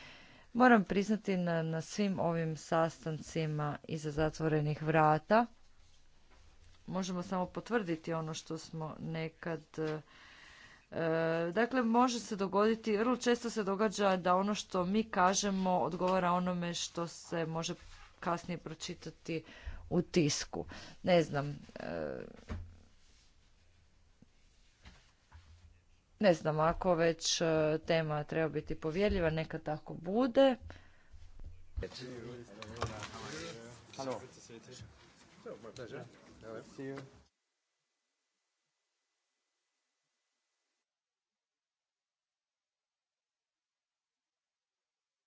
Speaker 2: Moram priznati na, na svim ovim sastancima iza zatvorenih vrata možemo samo potvrditi ono što smo nekad e, Dakle, može se dogoditi, vrlo često se događa da ono što mi kažemo odgovara onome što se može kasnije pročitati u tisku. Ne znam, e, ne znam, ako već e, tema treba biti povjerljiva, neka tako bude.
Speaker 3: se. See you.